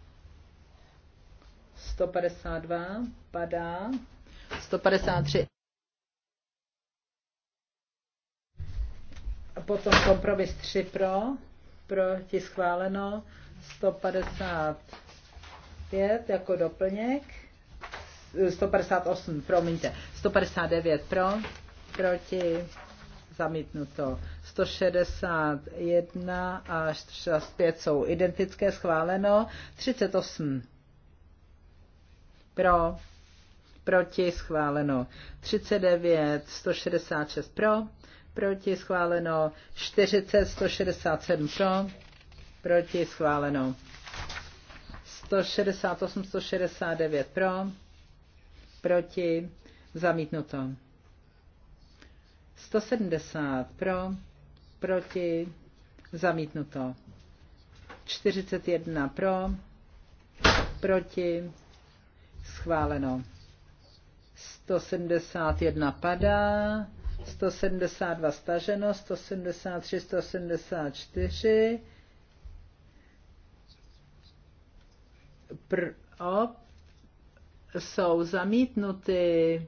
152 padá. 153 Potom kompromis 3 pro, proti schváleno 155 jako doplněk. 158, promiňte, 159 pro, proti zamítnuto. 161 až 165 jsou identické, schváleno. 38 pro, proti schváleno. 39, 166 pro, proti schváleno 40, 167 pro, proti schváleno 168, 169 pro, proti zamítnuto 170 pro, proti zamítnuto 41 pro, proti schváleno 171 padá, 172 staženo, 173, 174. Pr- jsou zamítnuty,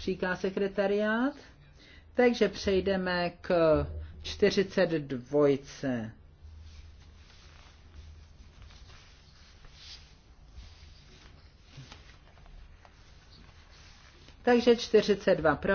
říká sekretariát. Takže přejdeme k 42. Takže 42 pro,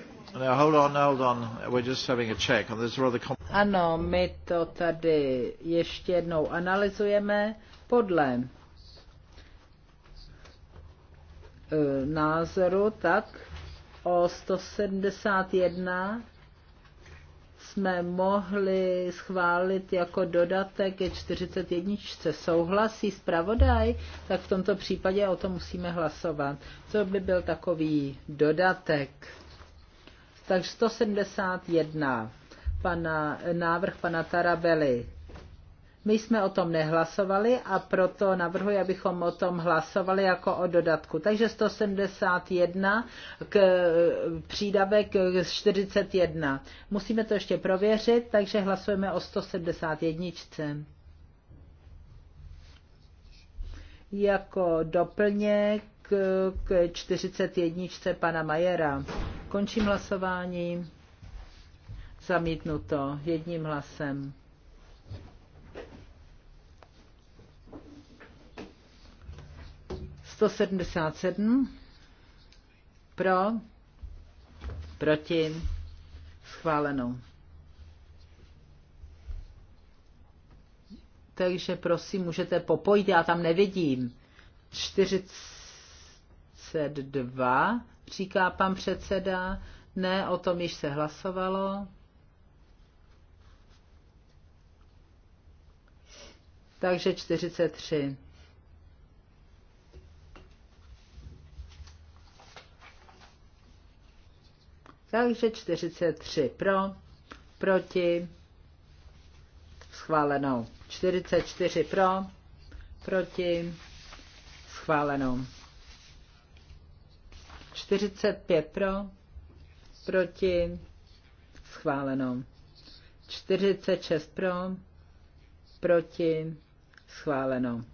hold on, hold on. We're just having a check. And rather... Ano, my to tady ještě jednou analyzujeme podle eh, názoru, tak o 171 jsme mohli schválit jako dodatek ke 41. Souhlasí zpravodaj, tak v tomto případě o tom musíme hlasovat. Co by byl takový dodatek? Takže 171, pana, návrh pana Tarabely. My jsme o tom nehlasovali a proto navrhuji, abychom o tom hlasovali jako o dodatku. Takže 171 k přídavek 41. Musíme to ještě prověřit, takže hlasujeme o 171. Jako doplněk k 41. pana Majera. Končím hlasování. Zamítnuto jedním hlasem. Sto sedmdesát sedm. Pro. Proti. Schváleno. Takže prosím, můžete popojit, já tam nevidím. 40 32, říká pan předseda. Ne, o tom již se hlasovalo. Takže 43. Takže 43 pro, proti, schválenou. 44 pro, proti, schválenou. 45 pro, proti, schváleno. 46 pro, proti, schváleno.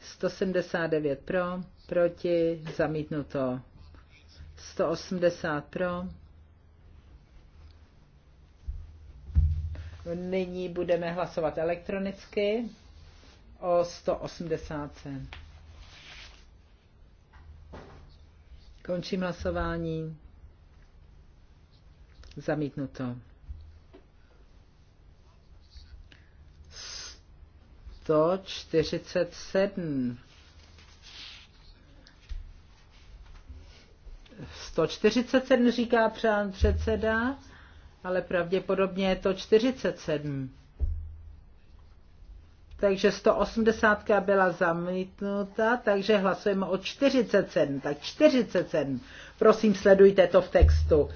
179 pro, proti, zamítnuto. 180 pro. Nyní budeme hlasovat elektronicky o 180. Končím hlasování. Zamítnuto. 147. 147 říká přán předseda, ale pravděpodobně je to 47 takže 180 byla zamítnuta, takže hlasujeme o 47. Tak 47. Prosím, sledujte to v textu.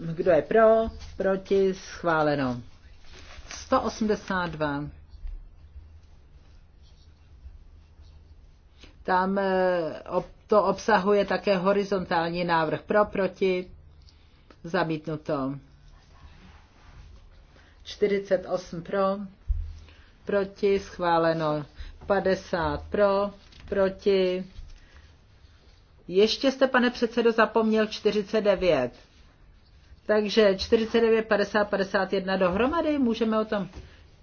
Kdo je pro, proti, schváleno. 182. Tam eh, to obsahuje také horizontální návrh pro, proti, zamítnuto. 48 pro, proti, schváleno 50 pro, proti. Ještě jste, pane předsedo, zapomněl 49. Takže 49, 50, 51 dohromady, můžeme o tom.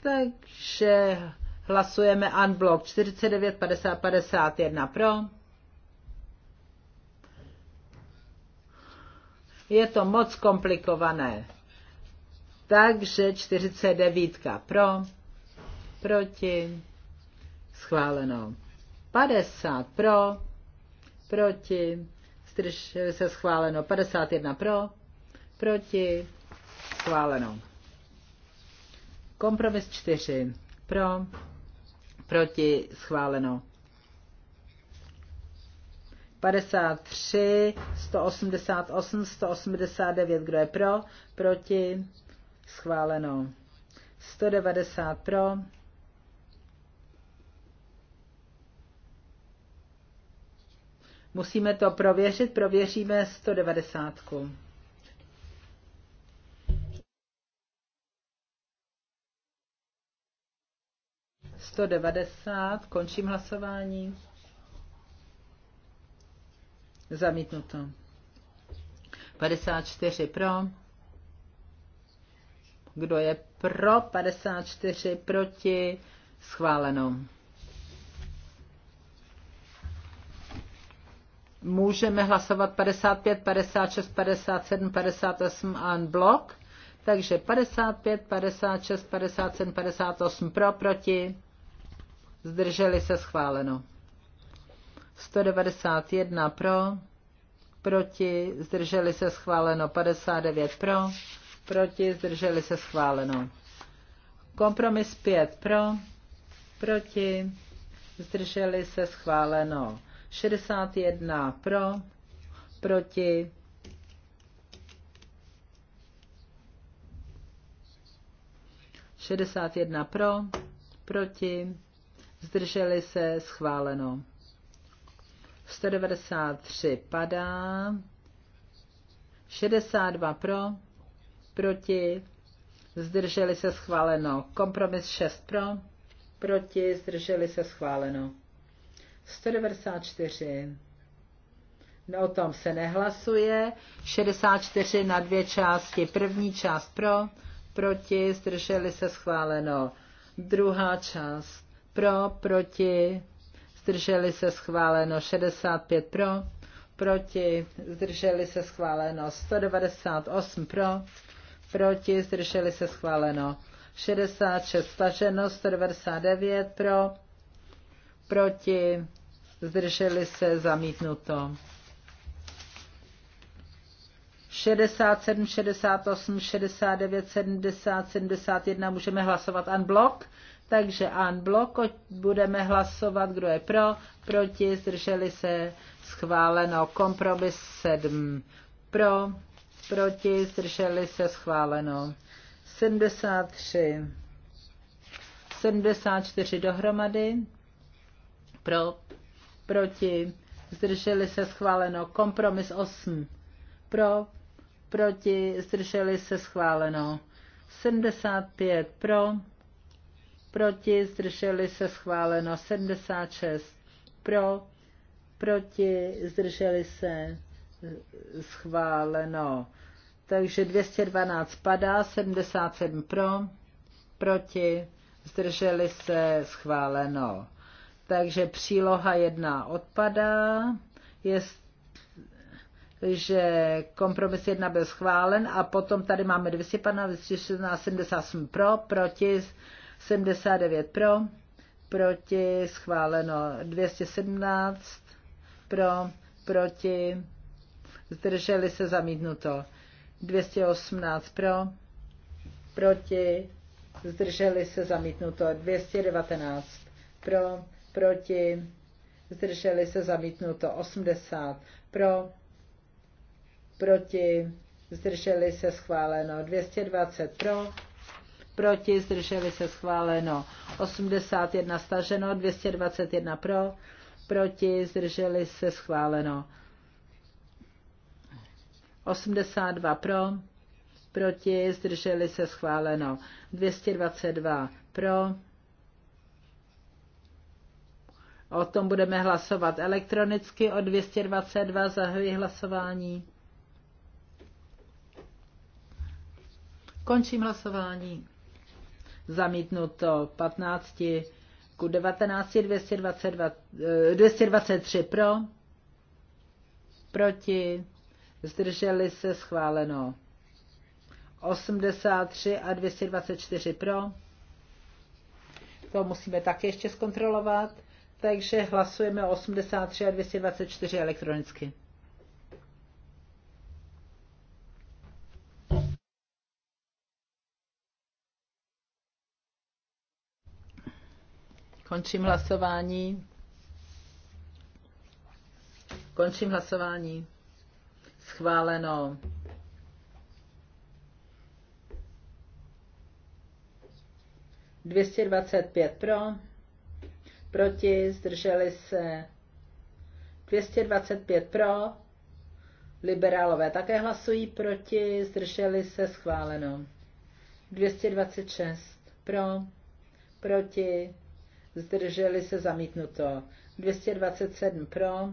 Takže hlasujeme unblock 49, 50, 51 pro. Je to moc komplikované. Takže 49 pro proti, schváleno. 50 pro, proti, zdrželi se schváleno. 51 pro, proti, schváleno. Kompromis 4 pro, proti, schváleno. 53, 188, 189, kdo je pro, proti, schváleno. 190 pro, Musíme to prověřit, prověříme 190. Sto devadesát, končím hlasování. Zamítnuto. 54 pro. Kdo je pro? 54 proti. Schváleno. můžeme hlasovat 55, 56, 57, 58 en blok. Takže 55, 56, 57, 58 pro, proti. Zdrželi se schváleno. 191 pro, proti, zdrželi se schváleno. 59 pro, proti, zdrželi se schváleno. Kompromis 5 pro, proti, zdrželi se schváleno. 61 pro, proti, šedesát jedna pro, proti, zdrželi se, schváleno. 193 padá, 62 pro, proti, zdrželi se, schváleno. Kompromis 6 pro, proti, zdrželi se, schváleno. 194. No, o tom se nehlasuje. 64 na dvě části. První část pro, proti, zdrželi se schváleno. Druhá část pro, proti, zdrželi se schváleno. 65 pro, proti, zdrželi se schváleno. 198 pro, proti, zdrželi se schváleno. 66 staženo, 199 pro, proti, zdrželi se, zamítnuto. 67, 68, 69, 70, 71 můžeme hlasovat unblock. Takže unblock budeme hlasovat, kdo je pro, proti, zdrželi se, schváleno. Kompromis 7, pro, proti, zdrželi se, schváleno. 73, 74 dohromady, pro, proti, zdrželi se schváleno. Kompromis 8 pro, proti, zdrželi se schváleno. 75 pro, proti, zdrželi se schváleno. 76 eh, pro, proti, zdrželi se schváleno. Takže 212 padá, 77 pro, proti, zdrželi se schváleno. Takže příloha jedna odpadá, že kompromis jedna byl schválen a potom tady máme 216, 78 pro, proti 79 pro, proti schváleno 217 pro, proti zdrželi se zamítnuto 218 pro, proti zdrželi se zamítnuto 219 pro, proti, zdrželi se zamítnuto 80 pro, proti, zdrželi se schváleno 220 pro, proti, zdrželi se schváleno 81 staženo, 221 pro, proti, zdrželi se schváleno 82 pro, proti, zdrželi se schváleno 222 pro, O tom budeme hlasovat elektronicky o 222. Zahajuji hlasování. Končím hlasování. Zamítnuto 15 ku 19 222, 223 pro, proti, zdrželi se schváleno 83 a 224 pro. To musíme také ještě zkontrolovat. Takže hlasujeme 83 a 224 elektronicky. Končím hlasování. Končím hlasování. Schváleno. Dvěstě dvacet pět pro proti, zdrželi se 225 pro, liberálové také hlasují proti, zdrželi se schváleno. 226 pro, proti, zdrželi se zamítnuto. 227 pro,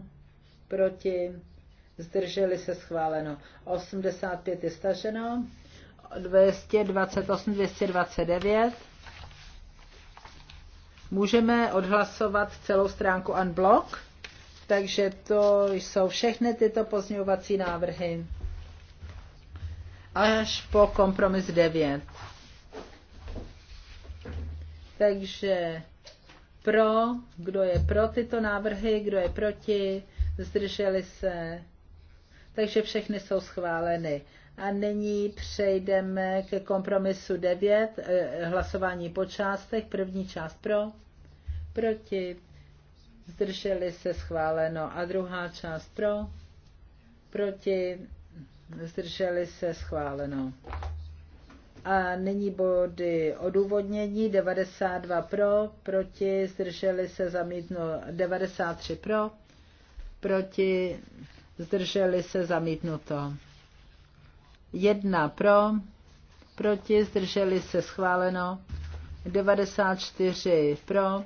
proti, zdrželi se schváleno. 85 je staženo, 228, 229 Můžeme odhlasovat celou stránku unblock, takže to jsou všechny tyto pozměňovací návrhy. Až po kompromis 9. Takže pro, kdo je pro tyto návrhy, kdo je proti, zdrželi se. Takže všechny jsou schváleny. A nyní přejdeme ke kompromisu 9, eh, hlasování po částech. První část pro, proti, zdrželi se schváleno. A druhá část pro, proti, zdrželi se schváleno. A nyní body odůvodnění 92 pro, proti, zdrželi se zamítno 93 pro, proti, zdrželi se zamítnuto. 1 pro, proti, zdrželi se schváleno, 94 pro.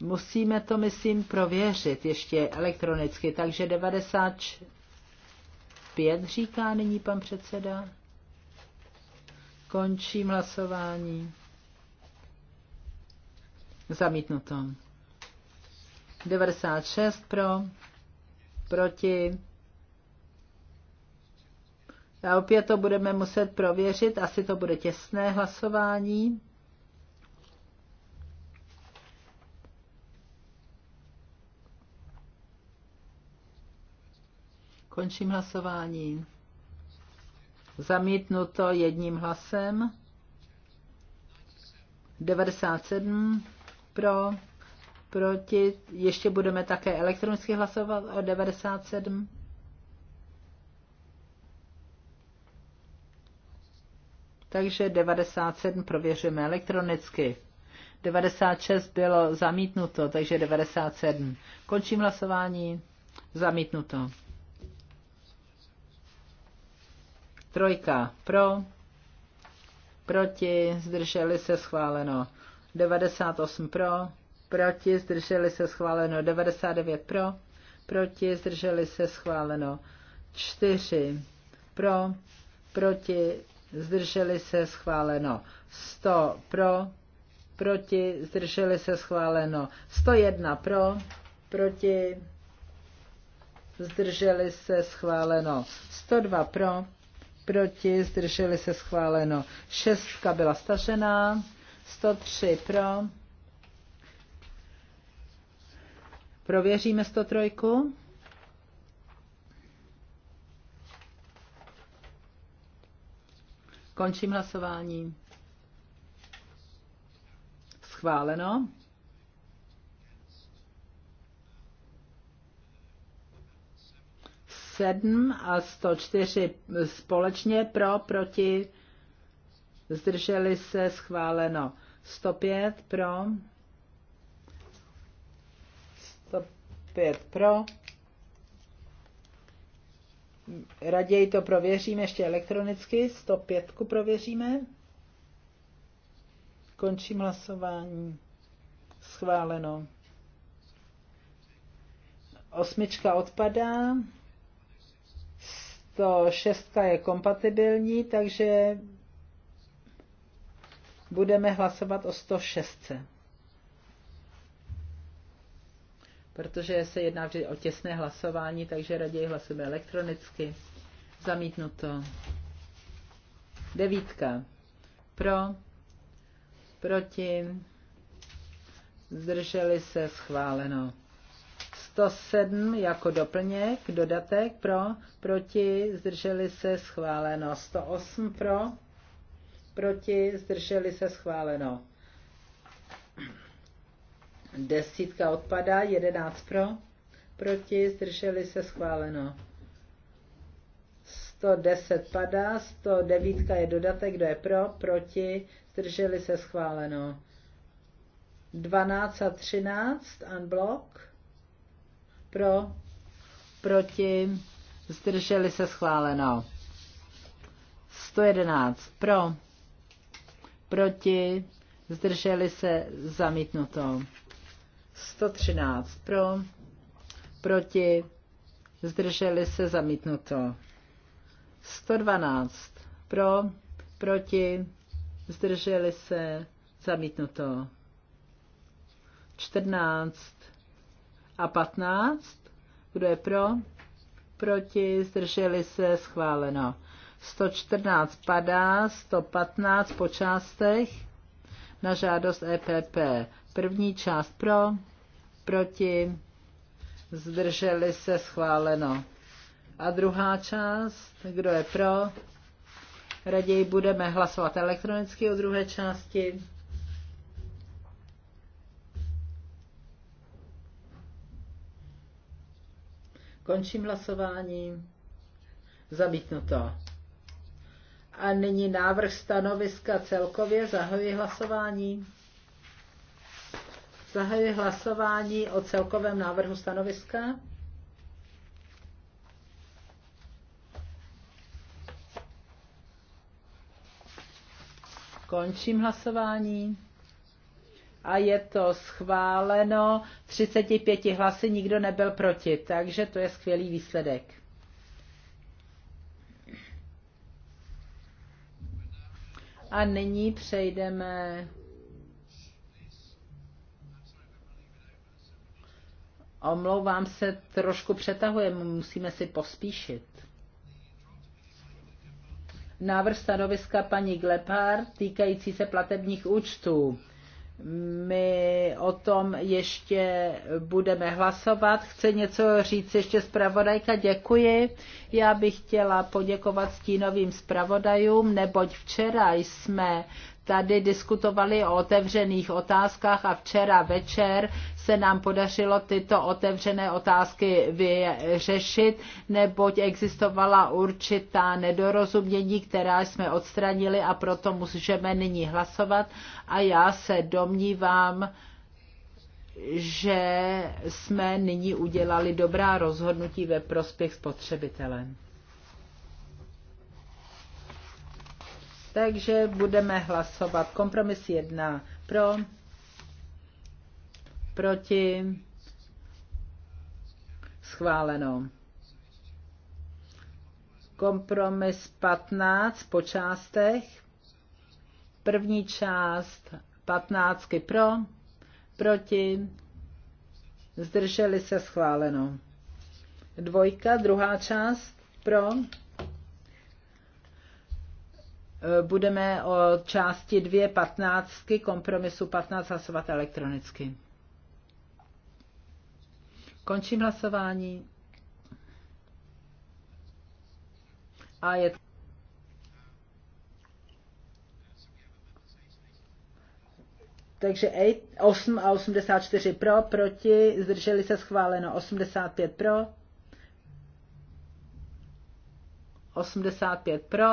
Musíme to, myslím, prověřit ještě elektronicky, takže 95 říká nyní pan předseda. Končím hlasování. Zamítnuto. 96 pro proti. A opět to budeme muset prověřit, asi to bude těsné hlasování. Končím hlasování. Zamítnuto jedním hlasem. 97 pro proti, ještě budeme také elektronicky hlasovat o 97. Takže 97 prověříme elektronicky. 96 bylo zamítnuto, takže 97. Končím hlasování. Zamítnuto. Trojka pro, proti, zdrželi se schváleno. 98 pro, proti, zdrželi se schváleno 99 pro, proti, zdrželi se schváleno 4 pro, proti, zdrželi se schváleno 100 pro, proti, zdrželi se schváleno 101 pro, proti, zdrželi se schváleno 102 pro, proti, zdrželi se schváleno 6 byla stažená, 103 pro, Prověříme 103. Končím hlasování. Schváleno. Sedm a 104 společně pro, proti, zdrželi se, schváleno. 105 pro, 5 pro. Raději to prověříme ještě elektronicky. 105 prověříme. Končím hlasování. Schváleno. Osmička odpadá. 106 je kompatibilní, takže budeme hlasovat o 106. protože se jedná vždy o těsné hlasování, takže raději hlasujeme elektronicky. Zamítnuto. Devítka. Pro, proti, zdrželi se, schváleno. 107 jako doplněk, dodatek pro, proti, zdrželi se, schváleno. 108 pro, proti, zdrželi se, schváleno. Desítka odpadá, jedenáct pro, proti, zdrželi se schváleno. 110 padá, 109 je dodatek, kdo je pro, proti, zdrželi se schváleno. 12 a 13 unblock, pro, proti, zdrželi se schváleno. 111 pro, proti, zdrželi se zamítnuto. 113 pro, proti, zdrželi se zamítnuto. 112 pro, proti, zdrželi se zamítnuto. 14 a 15, kdo je pro, proti, zdrželi se schváleno. 114 padá, 115 po částech na žádost EPP. První část pro, proti, zdrželi se schváleno. A druhá část, kdo je pro, raději budeme hlasovat elektronicky o druhé části. Končím hlasování. Zamítnuto. A nyní návrh stanoviska celkově. Zahajuji hlasování. Zahajuji hlasování o celkovém návrhu stanoviska. Končím hlasování. A je to schváleno 35 hlasy, nikdo nebyl proti, takže to je skvělý výsledek. A nyní přejdeme Omlouvám se, trošku přetahujeme, musíme si pospíšit. Návrh stanoviska paní Glepár týkající se platebních účtů. My o tom ještě budeme hlasovat. Chce něco říct ještě zpravodajka? Děkuji. Já bych chtěla poděkovat stínovým zpravodajům, neboť včera jsme tady diskutovali o otevřených otázkách a včera večer se nám podařilo tyto otevřené otázky vyřešit, neboť existovala určitá nedorozumění, která jsme odstranili a proto můžeme nyní hlasovat. A já se domnívám, že jsme nyní udělali dobrá rozhodnutí ve prospěch spotřebitele. Takže budeme hlasovat. Kompromis jedna pro proti, schváleno. Kompromis 15 po částech. První část 15 pro, proti, zdrželi se schváleno. Dvojka, druhá část pro. Budeme o části 2.15 kompromisu 15 hlasovat elektronicky. Končím hlasování. A je Takže 8 a 84 pro, proti, zdrželi se schváleno 85 pro, 85 pro.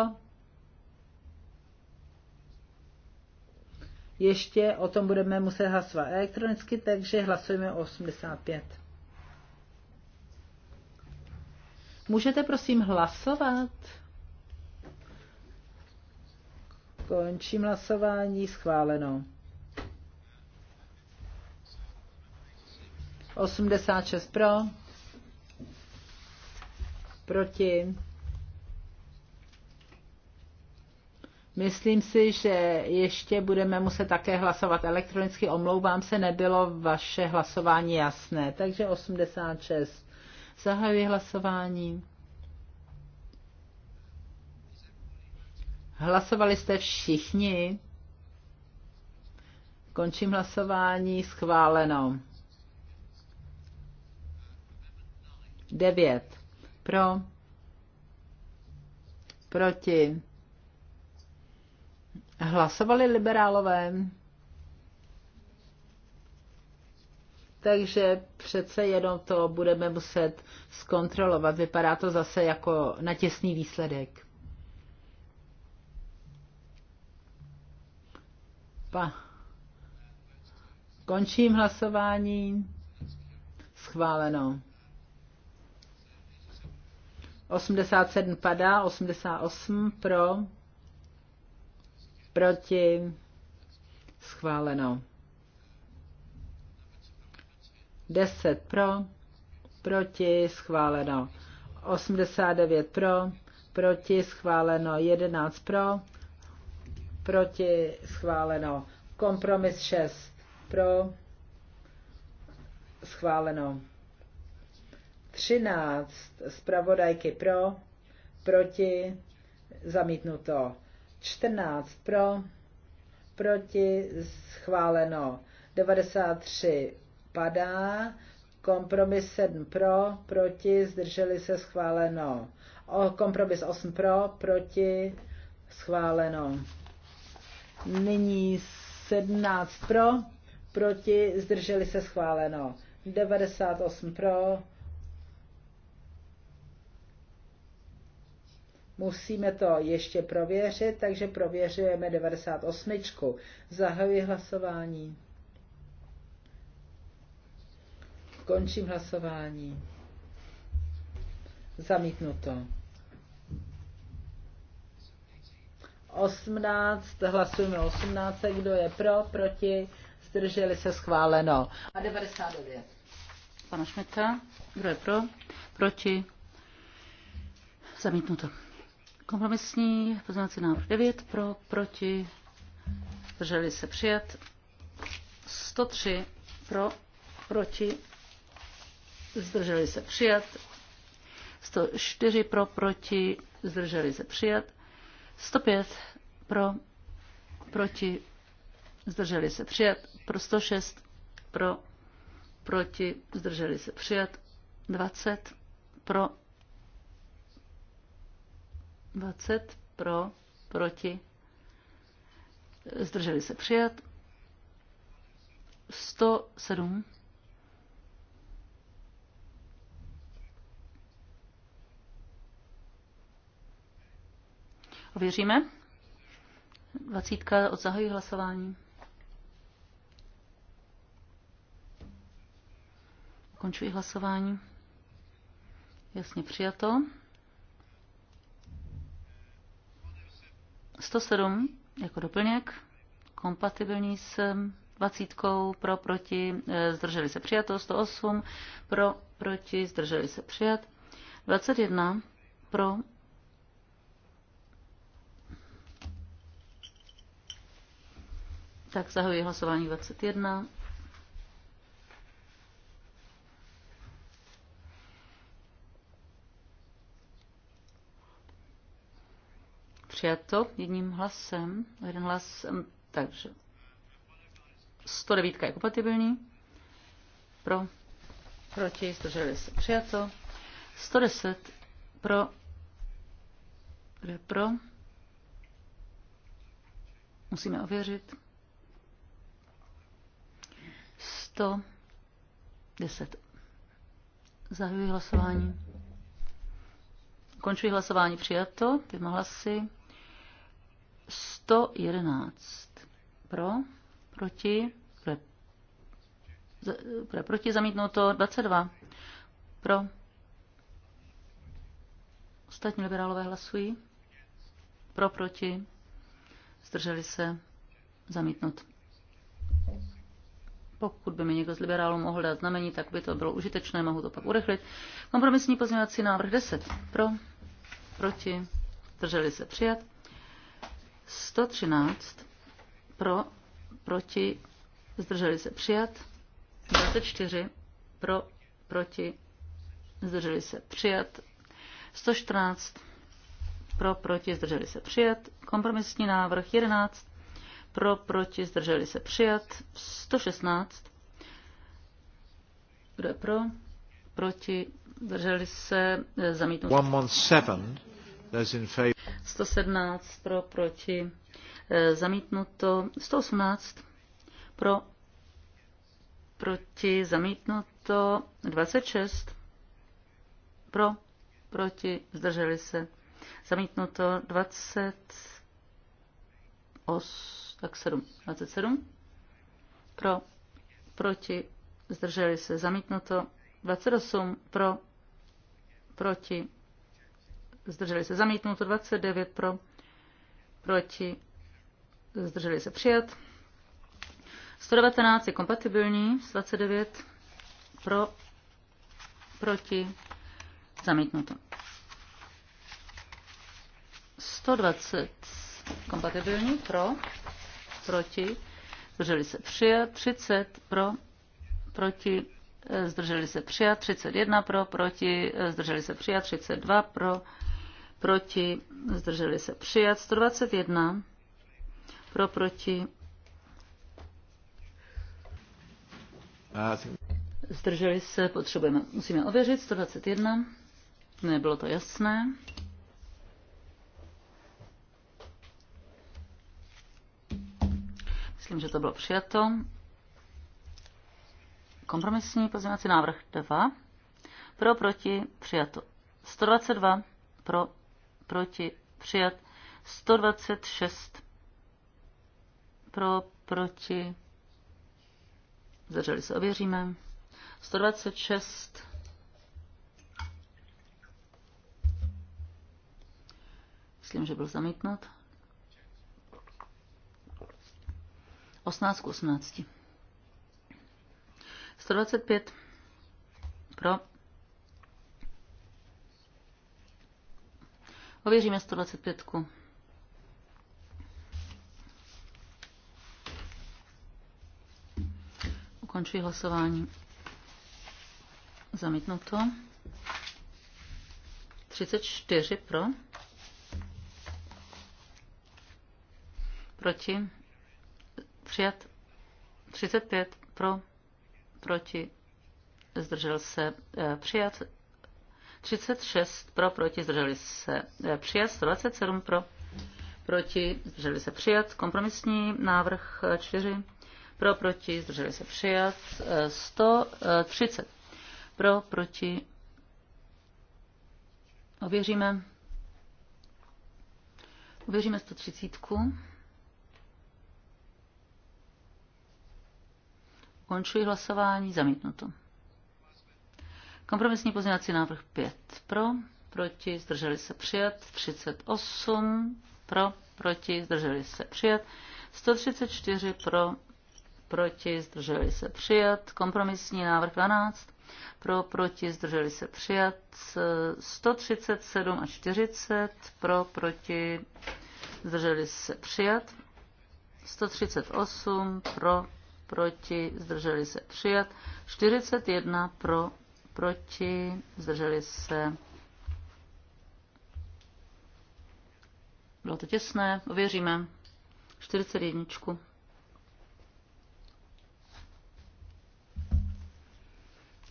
Ještě o tom budeme muset hlasovat elektronicky, takže hlasujeme 85. Můžete prosím hlasovat? Končím hlasování, schváleno. 86 pro, proti. Myslím si, že ještě budeme muset také hlasovat elektronicky. Omlouvám se, nebylo vaše hlasování jasné. Takže 86. Zahajuji hlasování. Hlasovali jste všichni. Končím hlasování. Schváleno. 9. Pro. Proti. Hlasovali liberálové. takže přece jenom to budeme muset zkontrolovat. Vypadá to zase jako natěsný výsledek. Pa. Končím hlasování. Schváleno. 87 padá, 88 pro, proti, schváleno. 10 pro, proti, schváleno. 89 pro, proti, schváleno. 11 pro, proti, schváleno. Kompromis 6 pro, schváleno. 13 zpravodajky pro, proti, zamítnuto. 14 pro, proti, schváleno. 93 padá. Kompromis 7 pro, proti, zdrželi se schváleno. O, kompromis 8 pro, proti, schváleno. Nyní 17 pro, proti, zdrželi se schváleno. 98 pro. Musíme to ještě prověřit, takže prověřujeme 98. Zahajuji hlasování. Končím hlasování. Zamítnuto. 18, hlasujeme 18, kdo je pro, proti, zdrželi se schváleno. A 99. Pana Šmita, kdo je pro, proti, zamítnuto. Kompromisní poznávací návrh 9, pro, proti, zdrželi se přijat. 103 pro, proti, zdrželi se přijat, 104 pro, proti, zdrželi se přijat, 105 pro, proti, zdrželi se přijat, pro 106 pro, proti, zdrželi se přijat, 20 pro, 20 pro, proti, zdrželi se přijat, 107 Ověříme. Dvacítka od zahajuji hlasování. Končuji hlasování. Jasně přijato. 107 jako doplněk, kompatibilní s 20 pro, proti, e, zdrželi se přijato, 108 pro, proti, zdrželi se přijat, 21 pro, Tak zahajuji hlasování 21. Přijato jedním hlasem, jeden hlas, takže 109 je kompatibilní. Pro, proti, zdrželi se. Přijato. 110 pro, pro. Musíme ověřit. 10. Zahajuji hlasování. Končuji hlasování přijato dvěma hlasy. 111 pro, proti, pro, pro proti zamítnuto 22 pro. Ostatní liberálové hlasují. Pro, proti, zdrželi se, Zamítnout. Pokud by mi někdo z liberálů mohl dát znamení, tak by to bylo užitečné, mohu to pak urychlit. Kompromisní pozměňovací návrh 10. Pro, proti, drželi se přijat. 113 pro, proti, zdrželi se přijat. 24 pro, proti, zdrželi se přijat. 114 pro, proti, zdrželi se přijat. Kompromisní návrh 11 pro, proti, zdrželi se přijat, 116, kdo je pro, proti, zdrželi se e, zamítnout. 117 e, pro, proti, zamítnuto, 118 pro, proti, zamítnuto, 26 pro, proti, zdrželi se. Zamítnuto 28 tak 7, 27. Pro, proti, zdrželi se, zamítnuto. 28 pro, proti, zdrželi se, zamítnuto. 29 pro, proti, zdrželi se, přijat. 119 je kompatibilní s 29 pro, proti, zamítnuto. 120 kompatibilní pro, proti, zdrželi se přijat, 30 eh, eh, pro, proti, zdrželi se přijat, 31 pro, proti, zdrželi se přijat, 32 pro, proti, zdrželi se přijat, 121 pro, proti, zdrželi se, potřebujeme, musíme ověřit, 121, nebylo to jasné. Myslím, že to bylo přijato. Kompromisní pozměňovací návrh 2. Pro, proti, přijato. 122. Pro, proti, přijat. 126. Pro, proti. Zdrželi se, ověříme. 126. Myslím, že byl zamítnut. 18 k 18. 125 pro. Ověříme 125. ku Ukončuji hlasování. Zamítnuto. 34 pro. Proti. Přijat 35 pro, proti, zdržel se. E, přijat 36 pro, proti, zdrželi se. E, přijat 127 pro, proti, zdrželi se. Přijat kompromisní návrh 4 pro, proti, zdrželi se. Přijat 130 e, pro, proti. Ověříme. Ověříme 130. Ukončuji hlasování. Zamítnuto. Kompromisní pozměňovací návrh 5 pro, proti, zdrželi se přijat, 38 pro, proti, zdrželi se přijat, 134 pro, proti, zdrželi se přijat, kompromisní návrh 12 pro, proti, zdrželi se přijat, 137 a 40 pro, proti, zdrželi se přijat, 138 pro, proti, zdrželi se přijat. 41 pro, proti, zdrželi se. Bylo to těsné, ověříme. 41.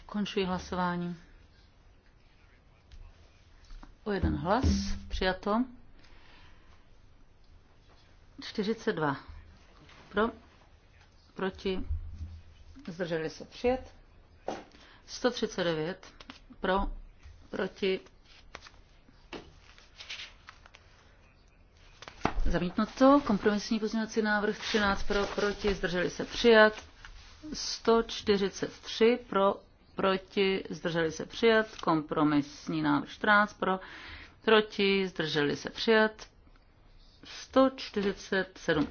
Končuji hlasování. O jeden hlas. Přijato. 42. Pro proti, zdrželi se přijet. 139 pro, proti, zamítnuto. Kompromisní pozměňovací návrh 13 pro, proti, zdrželi se přijat. 143 pro, proti, zdrželi se přijat. Kompromisní návrh 14 pro, proti, zdrželi se přijat. 147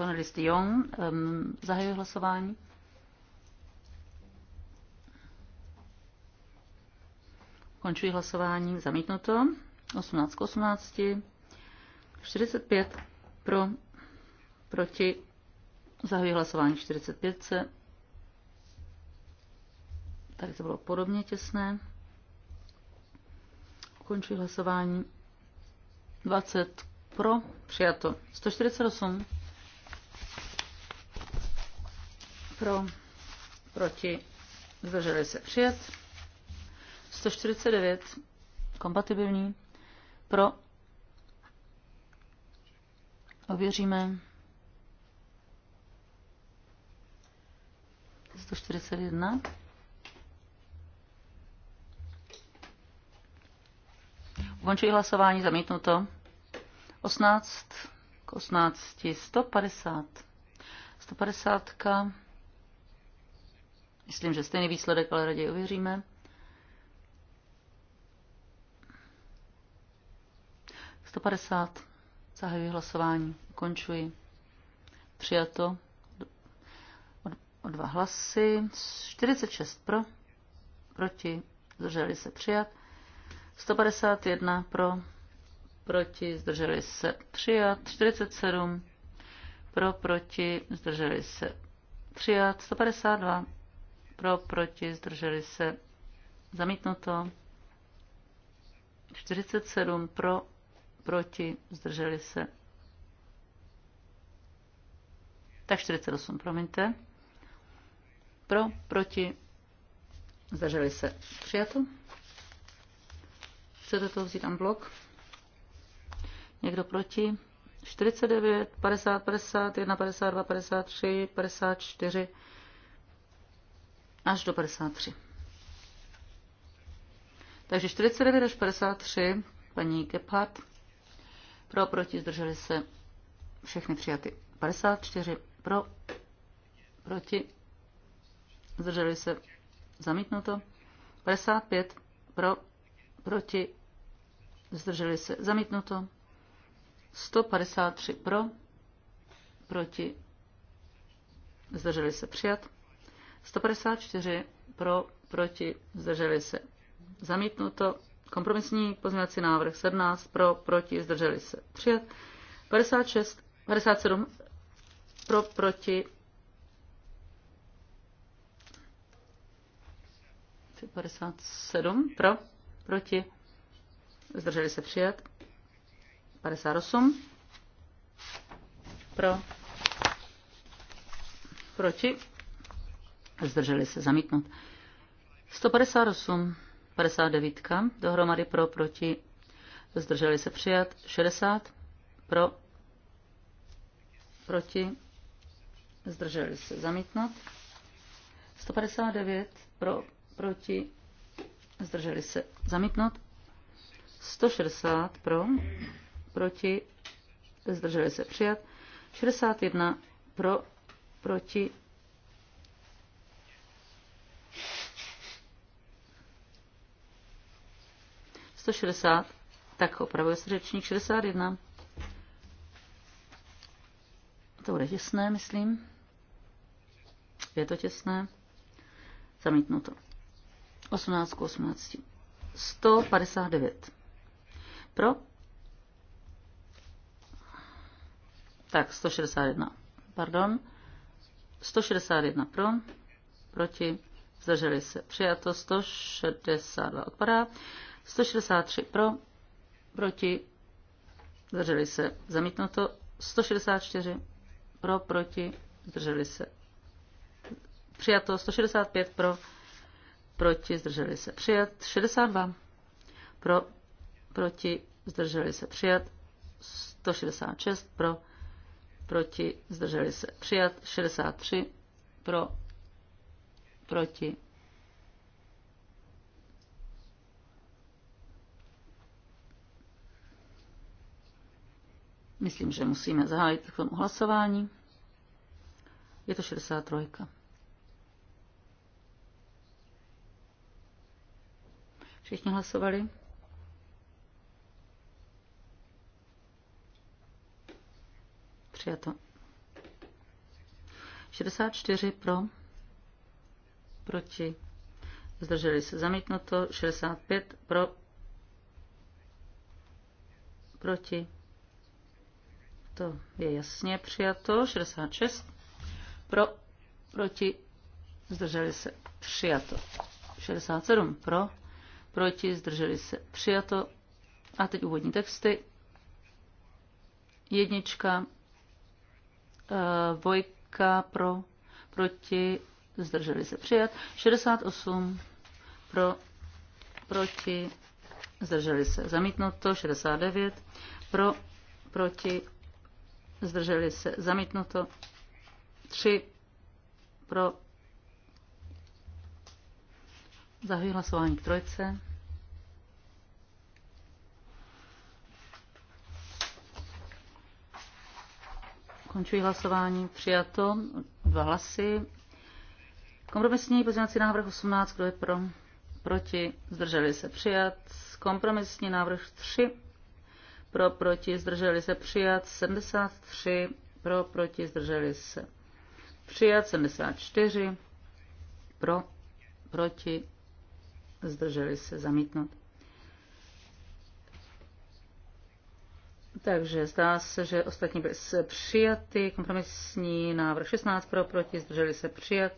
Cornelis de Jong. Zahajuji hlasování. Končuji hlasování. Zamítnuto. 18 k 18. 45 pro, proti. Zahajuji hlasování 45. Se. Tady to bylo podobně těsné. Končuji hlasování. 20 pro, přijato. 148 pro, proti, zdrželi se přijet. 149 kompatibilní pro, ověříme. 141. Ukončuji hlasování, zamítnuto. 18 k 18, 150. 150. Myslím, že stejný výsledek, ale raději ověříme. Sto padesát. Zahajuji hlasování. Končuji. Přijato. O dva hlasy. 46 pro. Proti. Zdrželi se přijat. 151 pro. Proti. Zdrželi se přijat. 47 pro. Proti. Zdrželi se přijat. 152 pro, proti, zdrželi se. Zamítnuto. 47 pro, proti, zdrželi se. Tak 48, promiňte. Pro, proti, zdrželi se. Přijato. Chcete to vzít blok? Někdo proti? 49, 50, 51, 52, 53, 54 až do 53. Takže 49 až 53, paní Gebhardt, pro, proti, zdrželi se všechny přijaty. 54 pro, proti, zdrželi se zamítnuto. 55 pro, proti, zdrželi se zamítnuto. 153 pro, proti, zdrželi se přijat. 154 pro, proti, zdrželi se. Zamítnuto. Kompromisní pozměňovací návrh 17 pro, proti, zdrželi se. Přijat. 56, 57 pro, proti, 57 pro, proti, zdrželi se přijat. 58 pro, proti, zdrželi se zamítnout. 158, 59 dohromady pro, proti, zdrželi se přijat, 60 pro, proti, zdrželi se zamítnout. 159 pro, proti, zdrželi se zamítnout. 160 pro, proti, zdrželi se přijat. 61 pro, proti, 160, tak opravuje se řečník 61. To bude těsné, myslím. Je to těsné. Zamítnuto. 18 k 18. 159. Pro? Tak, 161. Pardon. 161 pro, proti, zdrželi se. Přijato 162 odpadá. 163 pro, proti, zdrželi se, zamítnuto. 164 pro, proti, zdrželi se. Přijato 165 pro, proti, zdrželi se. Přijat 62 pro, proti, zdrželi se. Přijat 166 pro, proti, zdrželi se. Přijat 63 pro, proti, Myslím, že musíme zahájit k tomu hlasování. Je to 63. Všichni hlasovali? Přijato. 64 pro, proti, zdrželi se zamítnuto, 65 pro, proti, to je jasně přijato. 66. Pro, proti, zdrželi se, přijato. 67. Pro, proti, zdrželi se, přijato. A teď úvodní texty. Jednička, eh, dvojka pro, proti, zdrželi se přijat, 68 pro, proti, zdrželi se zamítnuto, 69 pro, proti, zdrželi se, zamítnuto. tři pro, zahajuji hlasování k trojce. Končuji hlasování. Přijato. Dva hlasy. Kompromisní pozměňovací návrh 18. Kdo je pro? Proti. Zdrželi se přijat. Kompromisní návrh 3 pro, proti, zdrželi se, přijat 73, pro, proti, zdrželi se, přijat 74, pro, proti, zdrželi se, zamítnout. Takže zdá se, že ostatní byly přijaty. Kompromisní návrh 16 pro, proti, zdrželi se přijat.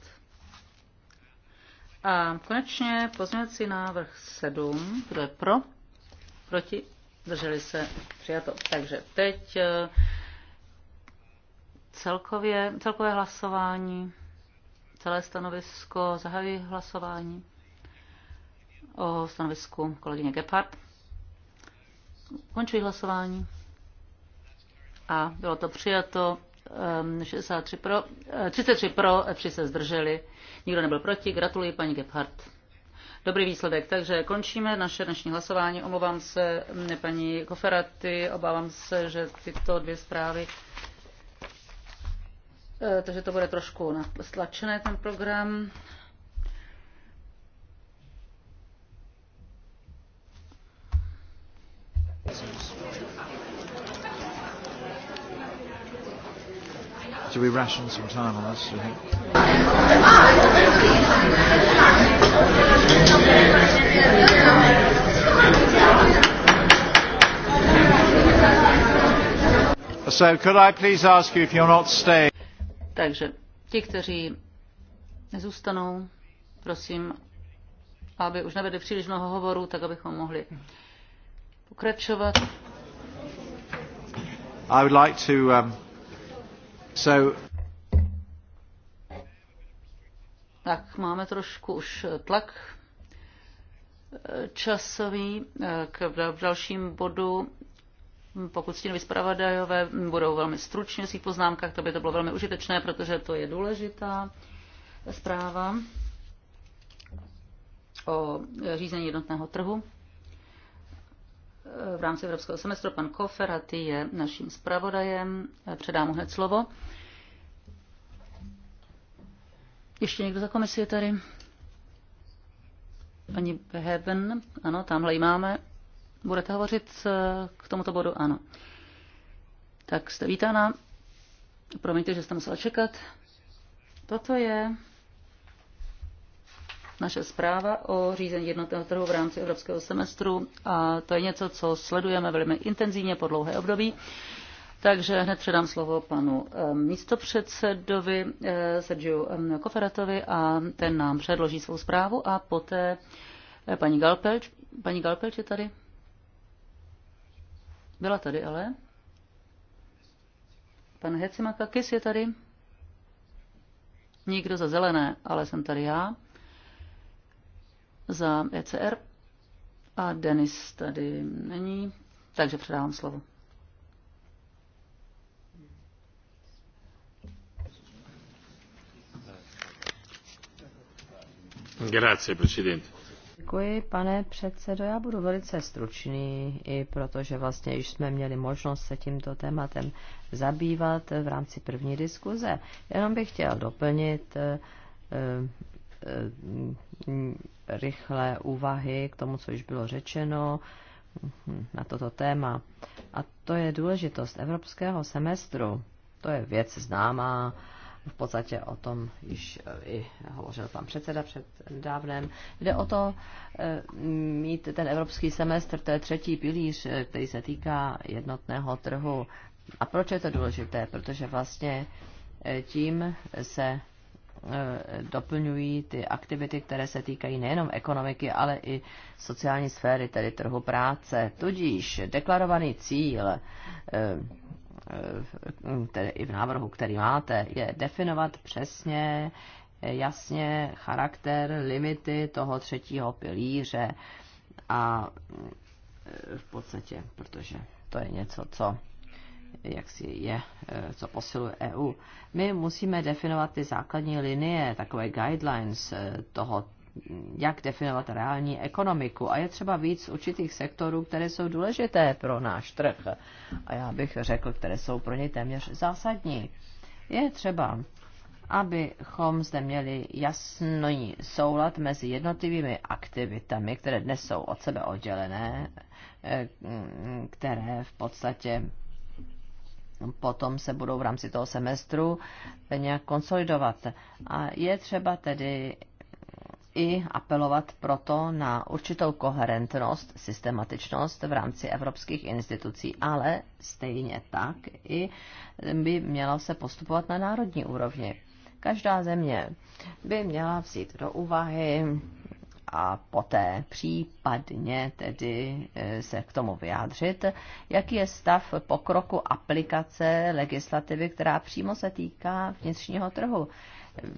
A konečně pozměňovací návrh 7, kdo je pro, proti, Drželi se přijato. Takže teď eh, celkově, celkové hlasování, celé stanovisko, zahajuji hlasování o stanovisku kolegyně Gephardt. Končuji hlasování. A bylo to přijato 63 ehm, pro, 33 eh, pro, 3 se zdrželi. Nikdo nebyl proti. Gratuluji paní Gebhardt dobrý výsledek. Takže končíme naše dnešní hlasování. Omlouvám se mm, paní Koferaty, obávám se, že tyto dvě zprávy eh, takže to bude trošku stlačené ten program. Do we ration some time on this, do you think? So could I please ask you if you're not staying? Takže ti, kteří zůstanou, prosím, aby už nebyli příliš mnoho hovorů, tak abychom mohli pokračovat. I would like to um, so Tak máme trošku už tlak časový eh, k dalším bodu. Pokud stínoví zpravodajové budou velmi stručně v svých poznámkách, to by to bylo velmi užitečné, protože to je důležitá zpráva o řízení jednotného trhu. Eh, v rámci Evropského semestru pan Kofer a ty je naším zpravodajem. Eh, předám mu hned slovo. Ještě někdo za komisi je tady? Pani Heben, ano, tamhle ji máme. Budete hovořit eh, k tomuto bodu? Ano. Tak jste vítána. Promiňte, že jste musela čekat. Toto je naše zpráva o řízení jednotného trhu v rámci evropského semestru a to je něco, co sledujeme velmi intenzivně po dlouhé období. Takže hned předám slovo panu eh, místopředsedovi eh, Sergiu eh, Koferatovi a ten nám předloží svou zprávu a poté paní Galpelč. Paní Galpelč je tady? Byla tady ale. Pan Hecimakakis je tady. Nikdo za zelené, ale jsem tady já. Za ECR. A Denis tady není, takže předávám slovo. Děkuji, pane předsedo. Já budu velice stručný, i protože vlastně již jsme měli možnost se tímto tématem zabývat v rámci první diskuze. Jenom bych chtěl doplnit eh, eh, rychlé úvahy k tomu, co již bylo řečeno na toto téma. A to je důležitost evropského semestru. To je věc známá v podstatě o tom již eh, i hovořil pan předseda před dávnem. Jde o to eh, mít ten evropský semestr, to je třetí pilíř, eh, který se týká jednotného trhu. A proč je to důležité? Protože vlastně tím se doplňují ty aktivity, které se týkají nejenom ekonomiky, ale i sociální sféry, tedy trhu práce. Tudíž deklarovaný cíl Eh, tedy i v návrhu, který máte, je definovat přesně, jasně charakter, limity toho třetího pilíře a eh, v podstatě, protože to je něco, co jak si je, eh, co posiluje EU. My musíme definovat ty základní linie, takové guidelines toho jak definovat reální ekonomiku. A je třeba víc určitých sektorů, které jsou důležité pro náš trh. A já bych řekl, které jsou pro ně téměř zásadní. Je třeba abychom zde měli jasný soulad mezi jednotlivými aktivitami, které dnes jsou od sebe oddělené, eh, které v podstatě potom se budou v rámci toho semestru nějak konsolidovat. A je třeba tedy i apelovat proto na určitou koherentnost, systematičnost v rámci evropských institucí, ale stejně tak i by mělo se postupovat na národní úrovni. Každá země by měla vzít do úvahy a poté případně tedy e, se k tomu vyjádřit, jaký je stav pokroku aplikace legislativy, která přímo se týká vnitřního trhu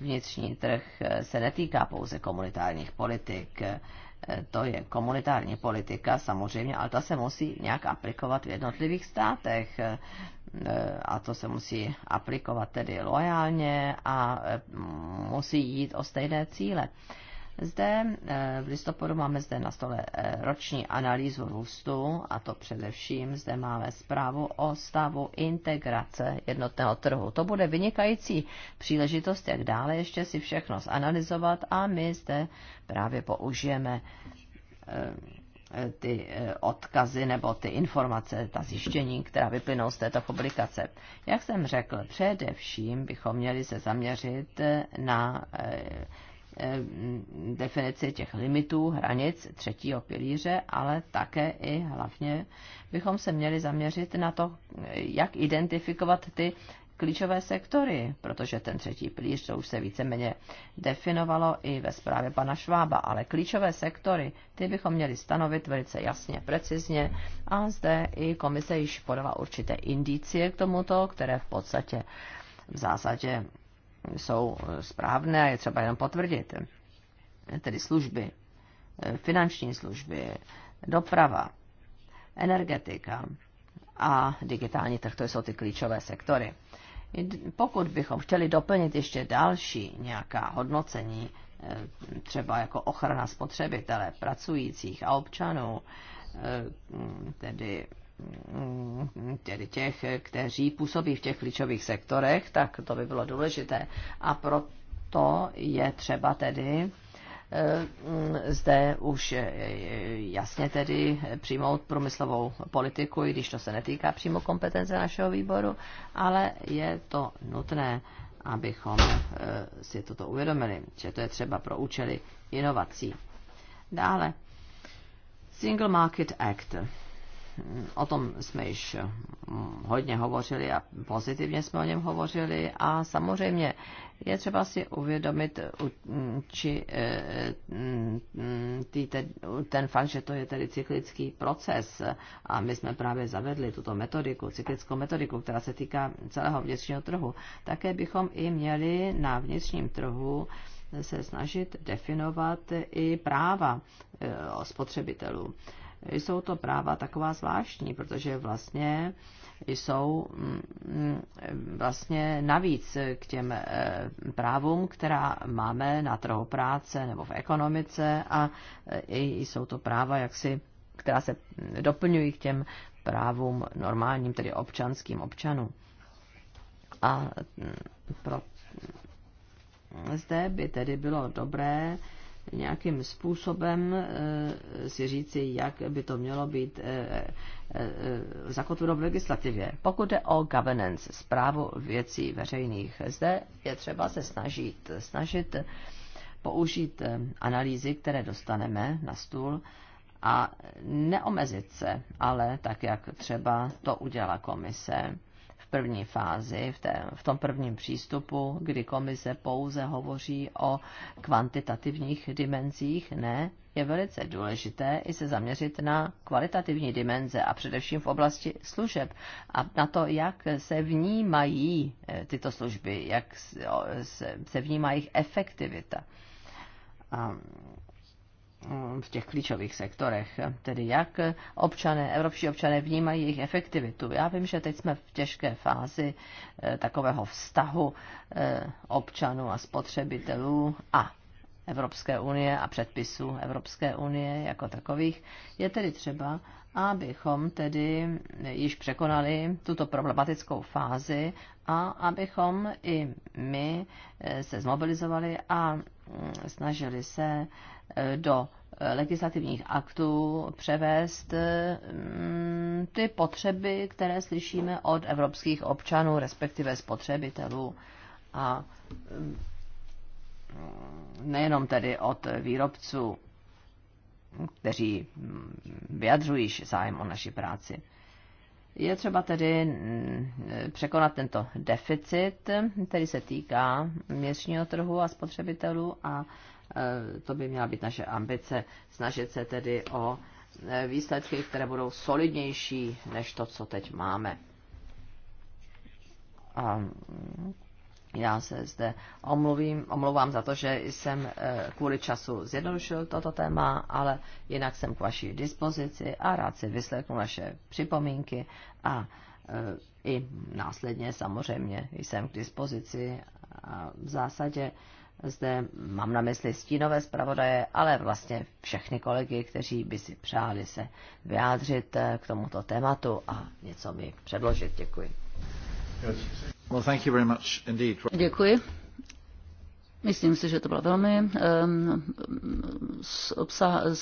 vnitřní trh eh, se netýká pouze komunitárních politik. Eh, to je komunitární politika samozřejmě, ale ta se musí nějak aplikovat v jednotlivých státech. Eh, a to se musí aplikovat tedy lojálně a musí jít o stejné cíle. Zde eh, v listopadu máme zde na stole eh, roční analýzu růstu, a to především zde máme zprávu o stavu integrace jednotného trhu. To bude vynikající příležitost, jak dále ještě si všechno zanalizovat a my zde právě použijeme eh, ty odkazy nebo ty informace, ta zjištění, která vyplynou z této publikace. Jak jsem řekl, především bychom měli se zaměřit na Eh, definici těch limitů, hranic třetího pilíře, ale také i hlavně bychom se měli zaměřit na to, jak identifikovat ty klíčové sektory, protože ten třetí pilíř to už se víceméně definovalo i ve zprávě pana Švába, ale klíčové sektory, ty bychom měli stanovit velice jasně, precizně a zde i komise již podala určité indicie k tomuto, které v podstatě v zásadě jsou správné a je třeba jenom potvrdit. Tedy služby, eh, finanční služby, doprava, energetika a digitální trh, to jsou ty klíčové sektory. Pokud bychom chtěli doplnit ještě další nějaká hodnocení, eh, třeba jako ochrana spotřebitele, pracujících a občanů, eh, tedy Mm, tedy těch, kteří působí v těch klíčových sektorech, tak to by bylo důležité. A proto je třeba tedy eh, mm, zde už eh, jasně tedy přijmout průmyslovou politiku, i když to se netýká přímo kompetence našeho výboru, ale je to nutné, abychom eh, si toto uvědomili, že to je třeba pro účely inovací. Dále, Single Market Act o tom jsme již eh, hodně hovořili a pozitivně jsme o něm hovořili a samozřejmě je třeba si uvědomit eh, či eh, ten fakt, že to je tedy cyklický proces a my jsme právě zavedli tuto metodiku, cyklickou metodiku, která se týká celého vnitřního trhu. Také bychom i měli na vnitřním trhu se snažit definovat i práva spotřebitelů jsou to práva taková zvláštní, protože vlastně jsou mm, mm, vlastně navíc k těm eh, právům, která máme na trhu práce nebo v ekonomice a eh, jsou to práva jaksi, která se mm, doplňují k těm právům normálním, tedy občanským občanům. A pro, zde by tedy bylo dobré nějakým způsobem eh, si říci, jak by to mělo být eh, eh, zakotveno v legislativě. Pokud jde o governance, zprávu věcí veřejných, zde je třeba se snažit, snažit použít analýzy, které dostaneme na stůl a neomezit se, ale tak, jak třeba to udělala komise, první fázi, v, té, v tom prvním přístupu, kdy komise pouze hovoří o kvantitativních dimenzích, ne, je velice důležité i se zaměřit na kvalitativní dimenze a především v oblasti služeb a na to, jak se vnímají eh, tyto služby, jak se vnímá jejich efektivita. A Eh, v těch klíčových sektorech, tedy jak občané, evropští občané vnímají jejich efektivitu. Já vím, že teď jsme v těžké fázi eh, takového vztahu eh, občanů a spotřebitelů a Evropské unie a předpisů Evropské unie jako takových, je tedy třeba, abychom tedy již překonali tuto problematickou fázi a abychom i my se zmobilizovali a mm, snažili se do eh, legislativních aktů převést mm, ty potřeby, které slyšíme od evropských občanů, respektive spotřebitelů a mm, nejenom tedy od výrobců, kteří mm, vyjadřují zájem o naši práci. Je třeba tedy překonat tento deficit, který se týká měsíčního trhu a spotřebitelů a Eh, to by měla být naše ambice, snažit se tedy o eh, výsledky, které budou solidnější než to, co teď máme. A ehm, já se zde omluvím, omlouvám za to, že jsem eh, kvůli času zjednodušil toto téma, ale jinak jsem k vaší dispozici a rád si vyslechnu vaše připomínky a i následně samozřejmě jsem k dispozici. A v zásadě zde mám na mysli stínové zpravodaje, ale vlastně všechny kolegy, kteří by si přáli se vyjádřit eh, k tomuto tématu a něco mi předložit. Děkuji. Děkuji. Myslím si, že to byla velmi um,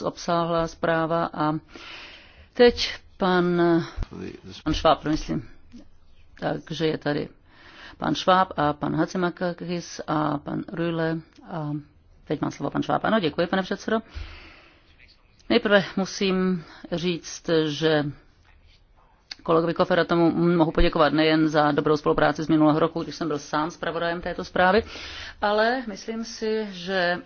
obsáhlá zpráva a teď pan, pan Schwab, myslím, takže je tady pan Šváb a pan Hacimakakis a pan Rühle. a teď mám slovo pan Šváb. Ano, děkuji, pane předsedo. Nejprve musím říct, že kolegovi Kofera tomu mohu poděkovat nejen za dobrou spolupráci z minulého roku, když jsem byl sám zpravodajem této zprávy, ale myslím si, že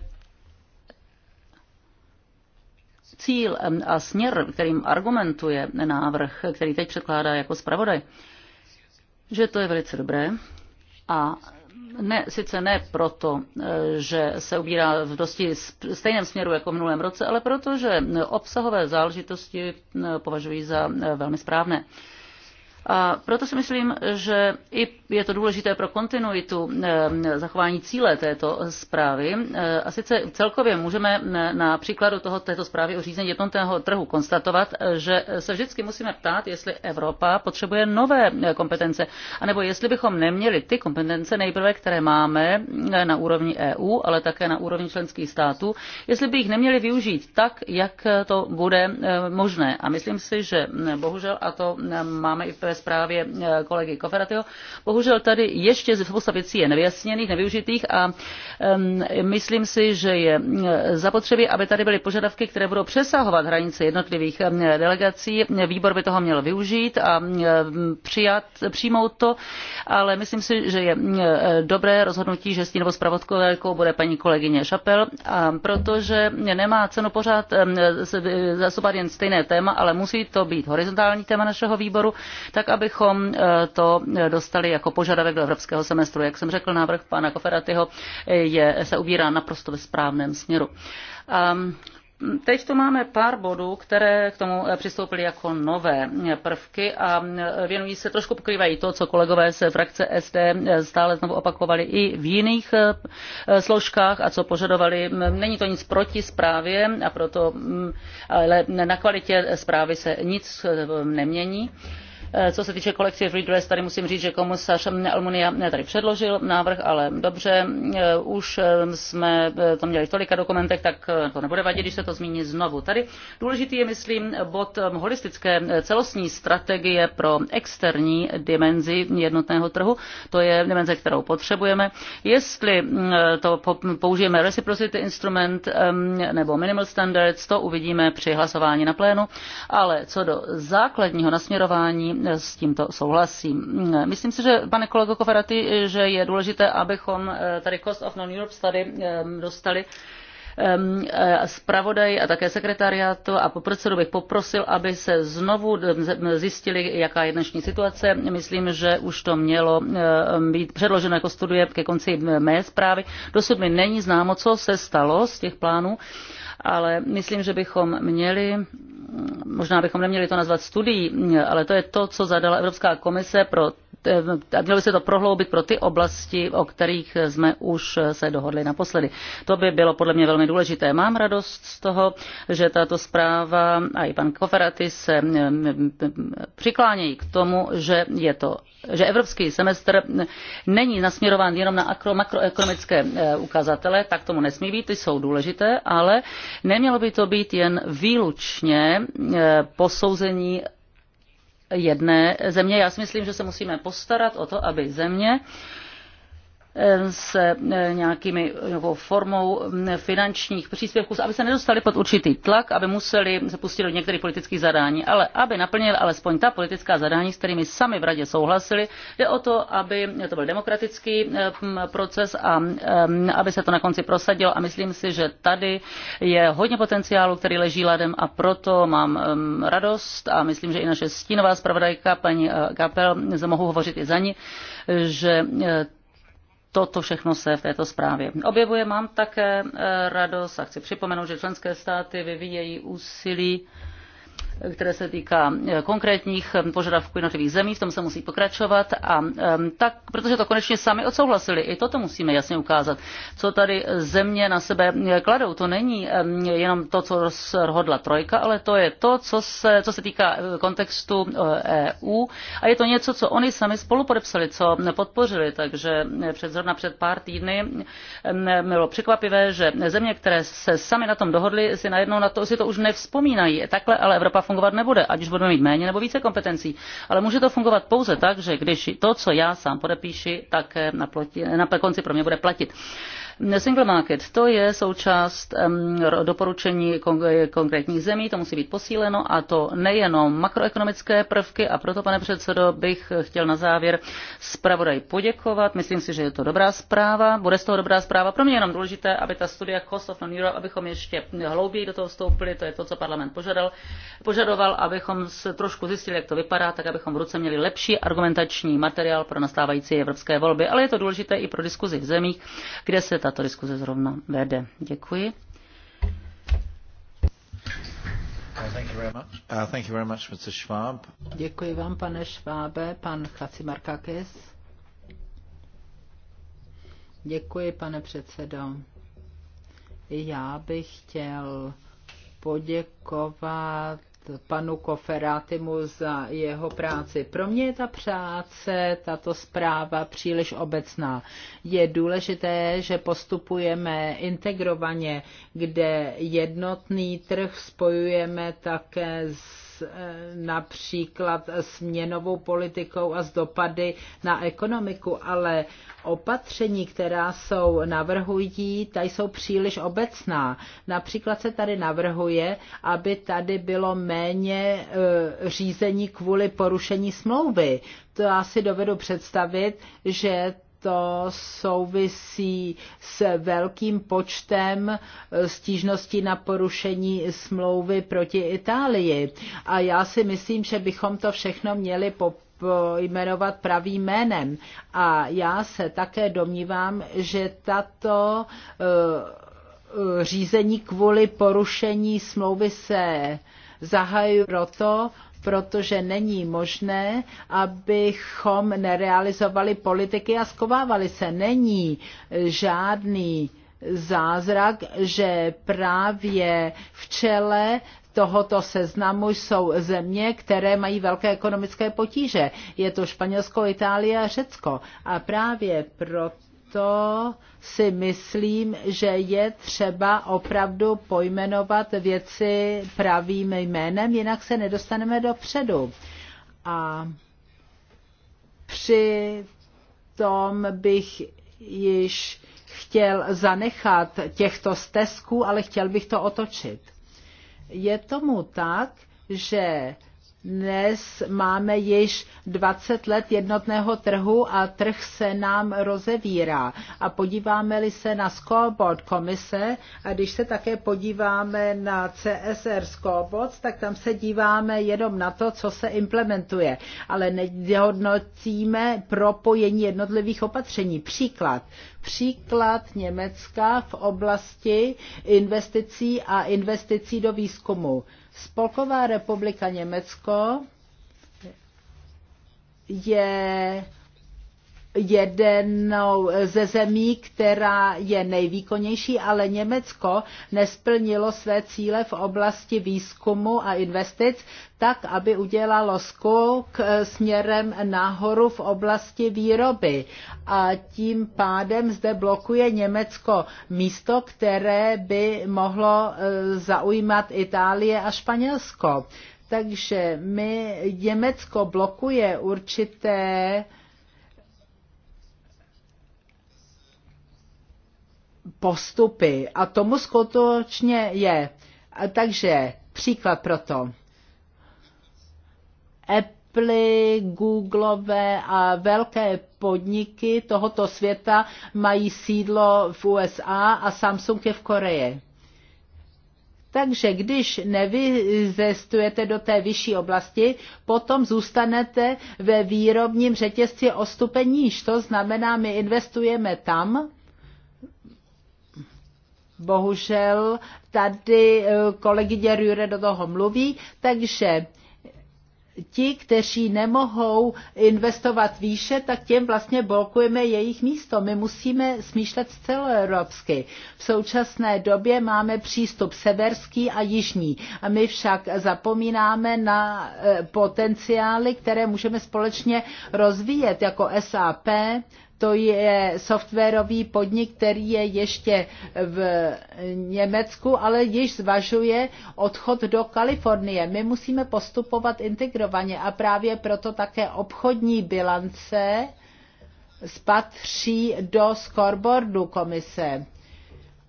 cíl a směr, kterým argumentuje návrh, který teď předkládá jako zpravodaj, že to je velice dobré a ne, sice ne proto, eh, že se ubírá v dosti stejném směru jako v minulém roce, ale proto, že obsahové záležitosti eh, považují za eh, velmi správné. A proto si myslím, že i je to důležité pro kontinuitu eh, zachování cíle této eh, zprávy. Eh, a sice celkově můžeme na příkladu toho, této zprávy o řízení jednotného trhu konstatovat, že se vždycky musíme ptát, jestli Evropa potřebuje nové kompetence, anebo jestli bychom neměli ty kompetence nejprve, které máme na úrovni EU, ale také na úrovni členských států, jestli by jich neměli využít tak, jak to bude možné. A myslím si, že bohužel, a to máme i ve zprávě eh, kolegy Koferatio. Bohužel tady ještě spousta věcí je nevyjasněných, nevyužitých a myslím si, že je eh, zapotřebí, aby tady byly požadavky, které budou přesahovat hranice jednotlivých delegací. Výbor by toho měl využít a přijat, přijmout to, ale myslím si, že je dobré rozhodnutí, že s tím nebo zpravodkovou bude paní kolegyně Šapel, a protože nemá cenu pořád zasobat jen stejné téma, ale musí to být horizontální téma našeho výboru, tak tak abychom eh, to eh, dostali jako požadavek do evropského semestru. Jak jsem řekl, návrh pana Koferatyho eh, je, se ubírá naprosto ve správném směru. Um, Teď tu máme pár bodů, které k tomu přistoupily jako nové prvky a věnují se, trošku pokrývají to, co kolegové z frakce SD stále znovu opakovali i v jiných složkách a co požadovali. Není to nic proti zprávě, a proto, mm, ale na kvalitě zprávy se nic nemění. Eh, co se týče kolektiv redress, tady musím říct, že komisař Almunia tady předložil návrh, ale dobře, eh, už eh, jsme to měli v tolika dokumentech, tak to nebude vadit, když se to zmíní znovu. Tady důležitý je, myslím, bod holistické celostní strategie pro externí dimenzi jednotného trhu. To je dimenze, kterou potřebujeme. Jestli to použijeme reciprocity instrument nebo minimal standards, to uvidíme při hlasování na plénu, ale co do základního nasměrování s tímto souhlasím. Myslím si, že, pane kolego Koferaty, že je důležité, abychom eh, tady Cost of Non-Europe tady eh, dostali Eh, zpravodaj a také sekretariátu a po bych poprosil, aby se znovu eh, zjistili, jaká je dnešní situace. Myslím, že už to mělo eh, být předloženo jako studie ke konci mé zprávy. Dosud mi není známo, co se stalo z těch plánů, ale myslím, že bychom měli možná bychom neměli to nazvat studií, ale to je to, co zadala Evropská komise pro Eh, mělo by se to prohloubit pro ty oblasti, o kterých jsme už se dohodli naposledy. To by bylo podle mě velmi důležité. Mám radost z toho, že tato zpráva a i pan Koferaty se eh, přiklánějí k tomu, že je to že evropský semestr není nasměrován jenom na akro, makroekonomické eh, ukazatele, tak tomu nesmí být, ty jsou důležité, ale nemělo by to být jen výlučně posouzení jedné země. Já si myslím, že se musíme postarat o to, aby země, Eh, s eh, nějakými nějakou formou mm, finančních příspěvků, aby se nedostali pod určitý tlak, aby museli se pustit do některých politických zadání, ale aby naplnili alespoň ta politická zadání, s kterými sami v radě souhlasili. Jde o to, aby to byl demokratický eh, mm, proces a aby se to na konci prosadilo a myslím si, že tady je hodně potenciálu, který leží ladem a proto mám radost a myslím, že i naše stínová zpravodajka paní Kapel, mohu hovořit i za ní, že toto všechno se v této zprávě objevuje. Mám také eh, radost a chci připomenout, že členské státy vyvíjejí úsilí které se týká eh, konkrétních eh, požadavků jednotlivých zemí, v tom se musí pokračovat a tak, protože to konečně sami odsouhlasili, i toto musíme jasně ukázat, co tady země na sebe eh, kladou. To není jenom to, co rozhodla trojka, ale to je to, co se, co se týká kontextu EU e a je to něco, co oni sami spolu podepsali, co podpořili, takže před zrovna před pár týdny bylo překvapivé, že země, které se sami na tom dohodly, si najednou na to si to už nevzpomínají. Takhle ale Evropa fungovat nebude, ať už budeme mít méně nebo více kompetencí. Ale může to fungovat pouze tak, že když to, co já sám podepíši, tak eh, na, na konci pro mě bude platit. Uh, Single market, to je součást doporučení konkrétních zemí, to musí být posíleno a to nejenom makroekonomické prvky a proto, pane předsedo, bych chtěl na závěr zpravodaj poděkovat. Myslím si, že je to dobrá zpráva, bude z toho dobrá zpráva. Pro mě je jenom důležité, aby ta studie Cost of Non-Europe, abychom ještě hlouběji do toho vstoupili, to je to, co parlament požadal, požadoval, abychom se trošku zjistili, jak to vypadá, tak abychom v ruce měli lepší argumentační materiál pro nastávající evropské volby. Ale je to důležité i pro diskuzi v zemích, kde se tato diskuze zrovna vede. Děkuji. Děkuji vám, pane Švábe, pan Markakis. Děkuji, pane předsedo. Já bych chtěl poděkovat panu Koferátimu za jeho práci. Pro mě je ta práce, tato zpráva příliš obecná. Je důležité, že postupujeme integrovaně, kde jednotný trh spojujeme také s s například směnovou politikou a s dopady na ekonomiku, ale opatření, která jsou navrhují, ta jsou příliš obecná. Například se tady navrhuje, aby tady bylo méně e, řízení kvůli porušení smlouvy. To já si dovedu představit, že to souvisí s velkým počtem eh, stížností na porušení smlouvy proti Itálii. A já si myslím, že bychom to všechno měli pojmenovat pravým jménem. A já se také domnívám, že tato eh, eh, řízení kvůli porušení smlouvy se zahajují proto, protože není možné, abychom nerealizovali politiky a skovávali se. Není žádný zázrak, že právě v čele tohoto seznamu jsou země, které mají velké ekonomické potíže. Je to Španělsko, Itálie a Řecko. A právě proto proto si myslím, že je třeba opravdu pojmenovat věci pravým jménem, jinak se nedostaneme dopředu. A při tom bych již chtěl zanechat těchto stezků, ale chtěl bych to otočit. Je tomu tak, že dnes máme již 20 let jednotného trhu a trh se nám rozevírá. A podíváme-li se na scoreboard komise a když se také podíváme na CSR scoreboard, tak tam se díváme jenom na to, co se implementuje, ale nehodnotíme propojení jednotlivých opatření. Příklad. Příklad Německa v oblasti investicí a investicí do výzkumu Spolková republika Německo je jednou ze zemí, která je nejvýkonnější, ale Německo nesplnilo své cíle v oblasti výzkumu a investic tak, aby udělalo skok eh, směrem nahoru v oblasti výroby. A tím pádem zde blokuje Německo místo, které by mohlo eh, zaujímat Itálie a Španělsko. Takže my Německo blokuje určité uh, postupy. A tomu skutečně je. A takže příklad pro to. Apple, Googleové a velké podniky tohoto světa mají sídlo v USA a Samsung je v Koreji. Takže když nevyzestujete do té vyšší oblasti, potom zůstanete ve výrobním řetězci o stupeň níž. To znamená, my investujeme tam, Bohužel tady eh, kolegyně Rüre do toho mluví, takže ti, kteří nemohou investovat výše, tak těm vlastně blokujeme jejich místo. My musíme smýšlet celoevropsky. V současné době máme přístup severský a jižní. A my však zapomínáme na eh, potenciály, které můžeme společně rozvíjet, jako SAP, to je softwarový podnik, který je ještě v Německu, ale již zvažuje odchod do Kalifornie. My musíme postupovat integrovaně a právě proto také obchodní bilance spatří do scoreboardu komise.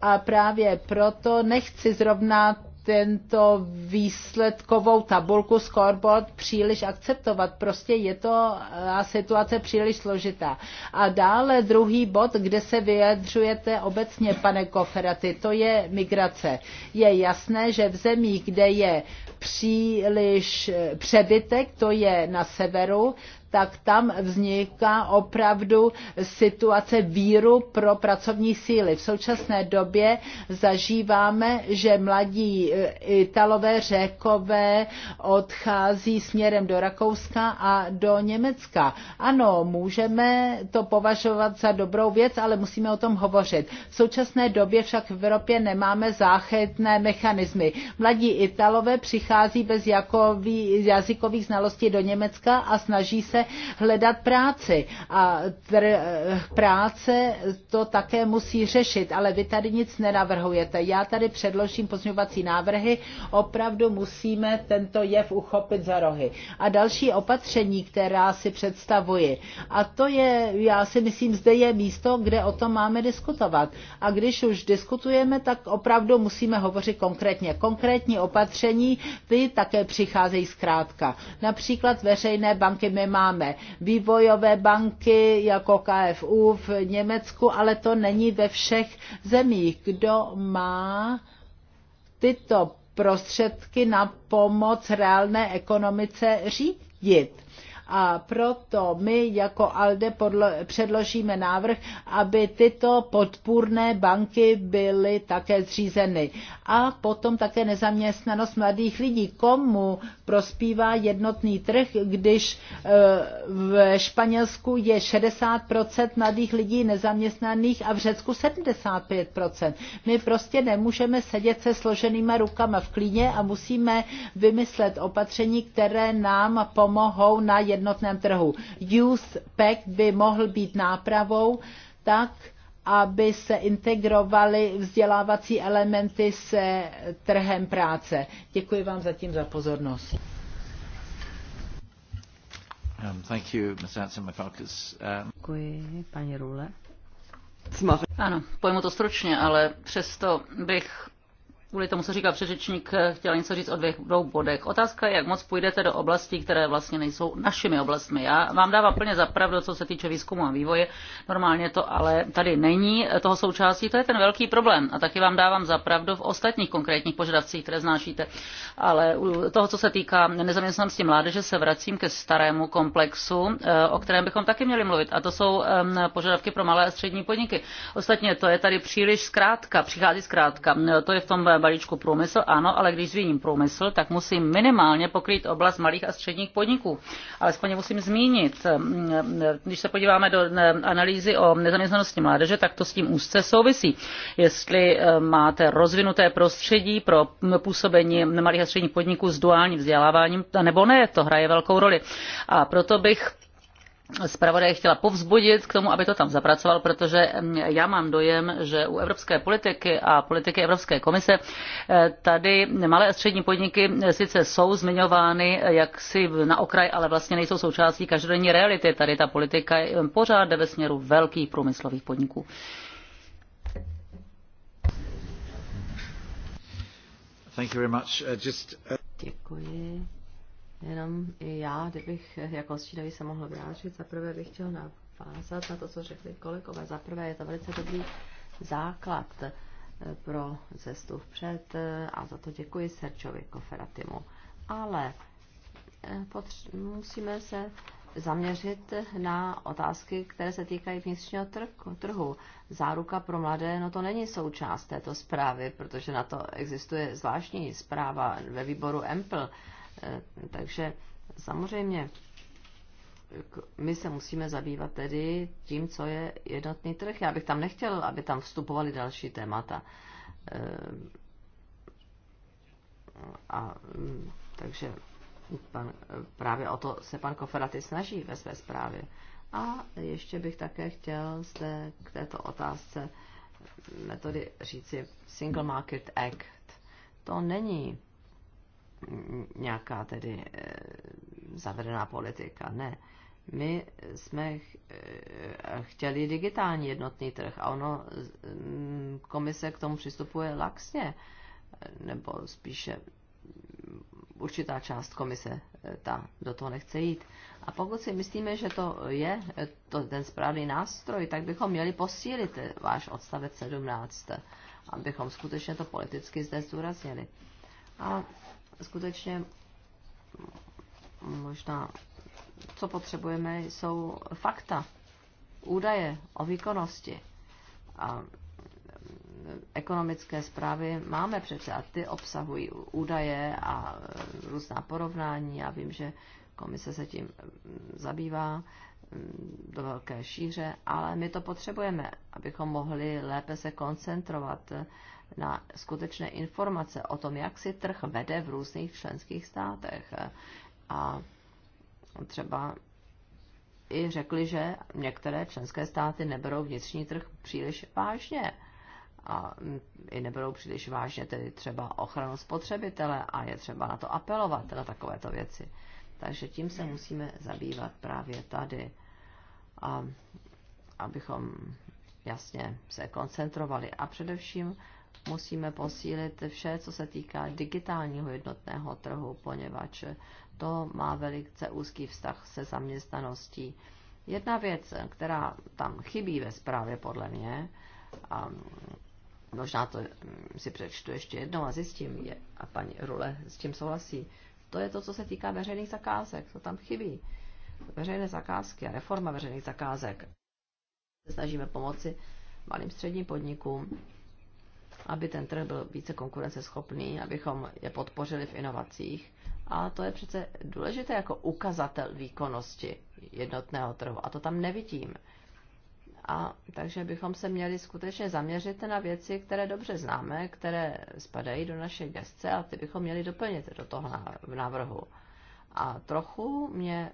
A právě proto nechci zrovna tento výsledkovou tabulku scoreboard příliš akceptovat. Prostě je to eh, a situace příliš složitá. A dále druhý bod, kde se vyjadřujete obecně, pane Koferaty, to je migrace. Je jasné, že v zemích, kde je příliš eh, přebytek, to je na severu, tak tam vzniká opravdu situace víru pro pracovní síly. V současné době zažíváme, že mladí eh, Italové, Řekové odchází směrem do Rakouska a do Německa. Ano, můžeme to považovat za dobrou věc, ale musíme o tom hovořit. V současné době však v Evropě nemáme záchytné mechanismy. Mladí Italové přichází bez jakový, jazykových znalostí do Německa a snaží se zase hledat práci. A tr- práce to také musí řešit, ale vy tady nic nenavrhujete. Já tady předložím pozměňovací návrhy. Opravdu musíme tento jev uchopit za rohy. A další opatření, která si představuji. A to je, já si myslím, zde je místo, kde o tom máme diskutovat. A když už diskutujeme, tak opravdu musíme hovořit konkrétně. Konkrétní opatření, ty také přicházejí zkrátka. Například veřejné banky, my máme máme vývojové banky jako KFU v Německu, ale to není ve všech zemích. Kdo má tyto prostředky na pomoc reálné ekonomice řídit? A proto my jako ALDE podlo- předložíme návrh, aby tyto podpůrné banky byly také zřízeny. A potom také nezaměstnanost mladých lidí. Komu prospívá jednotný trh, když e, v Španělsku je 60% mladých lidí nezaměstnaných a v Řecku 75%. My prostě nemůžeme sedět se složenýma rukama v klíně a musíme vymyslet opatření, které nám pomohou na jednotný jednotném trhu. Use Pack by mohl být nápravou tak, aby se integrovaly vzdělávací elementy se trhem práce. Děkuji vám zatím za pozornost. Um, thank you, um... Děkuji, paní Rule. Ano, pojmu to stručně, ale přesto bych kvůli tomu, co říkal předřečník, chtěla něco říct o dvou bodech. Otázka je, jak moc půjdete do oblastí, které vlastně nejsou našimi oblastmi. Já vám dávám plně za pravdu, co se týče výzkumu a vývoje. Normálně to ale tady není toho součástí, to je ten velký problém. A taky vám dávám za pravdu v ostatních konkrétních požadavcích, které znášíte. Ale u toho, co se týká nezaměstnanosti mládeže, se vracím ke starému komplexu, eh, o kterém bychom taky měli mluvit. A to jsou ehm, požadavky pro malé a střední podniky. Ostatně to je tady příliš zkrátka, přichází zkrátka. To je v tom balíčku průmysl, ano, ale když zmíním průmysl, tak musím minimálně pokrýt oblast malých a středních podniků. Ale Alespoň musím zmínit, když se podíváme do analýzy o nezaměstnanosti mládeže, tak to s tím úzce souvisí. Jestli eh, máte rozvinuté prostředí pro působení malých a středních podniků s duálním vzděláváním, nebo ne, to hraje velkou roli. A proto bych zpravodaje chtěla povzbudit k tomu, aby to tam zapracoval, protože mm, já mám dojem, že u evropské politiky a politiky Evropské komise eh, tady malé a střední podniky eh, sice jsou zmiňovány eh, jaksi na okraj, ale vlastně nejsou součástí každodenní reality. Tady ta politika je pořád ve směru velkých průmyslových podniků. Thank you very much. Uh, just, uh... Děkuji. Jenom i já, kdybych jako střídavý se mohl vrátit, zaprvé bych chtěl navázat na to, co řekli kolegové. Zaprvé je to velice dobrý základ eh, pro cestu vpřed eh, a za to děkuji Serčovi Koferatimu. Ale eh, musíme se zaměřit na otázky, které se týkají vnitřního trhu. Záruka pro mladé, no to není součást této zprávy, protože na to existuje zvláštní zpráva ve výboru EMPL Eh, takže samozřejmě my se musíme zabývat tedy tím, co je jednotný trh. Já bych tam nechtěl, aby tam vstupovaly další témata. Eh, a, mm, takže pan, právě o to se pan Koferaty snaží ve své zprávě. A ještě bych také chtěl zde k této otázce metody říci Single Market Act. To není nějaká tedy eh, zavedená politika. Ne. My jsme eh, chtěli digitální jednotný trh a ono mm, komise k tomu přistupuje laxně, nebo spíše mm, určitá část komise eh, ta do toho nechce jít. A pokud si myslíme, že to je to, ten správný nástroj, tak bychom měli posílit váš odstavec 17, abychom skutečně to politicky zde zdůraznili. A skutečně možná, co potřebujeme, jsou fakta, údaje o výkonnosti. A ekonomické zprávy máme přece a ty obsahují údaje a různá porovnání. Já vím, že komise se tím zabývá mm, do velké šíře, ale my to potřebujeme, abychom mohli lépe se koncentrovat na skutečné informace o tom, jak si trh vede v různých členských státech. A třeba i řekli, že některé členské státy neberou vnitřní trh příliš vážně a i neberou příliš vážně tedy třeba ochranu spotřebitele a je třeba na to apelovat na takovéto věci. Takže tím se musíme zabývat právě tady, a abychom jasně se koncentrovali a především musíme posílit vše, co se týká digitálního jednotného trhu, poněvadž to má velice úzký vztah se zaměstnaností. Jedna věc, která tam chybí ve zprávě podle mě, a možná to mm, si přečtu ještě jednou a zjistím, je, a paní Rule s tím souhlasí, to je to, co se týká veřejných zakázek, to tam chybí. Veřejné zakázky a reforma veřejných zakázek. Snažíme pomoci malým středním podnikům, aby ten trh byl více konkurenceschopný, abychom je podpořili v inovacích. A to je přece důležité jako ukazatel výkonnosti jednotného trhu. A to tam nevidím. A takže bychom se měli skutečně zaměřit na věci, které dobře známe, které spadají do naší gesce a ty bychom měli doplnit do toho návrhu. A trochu mě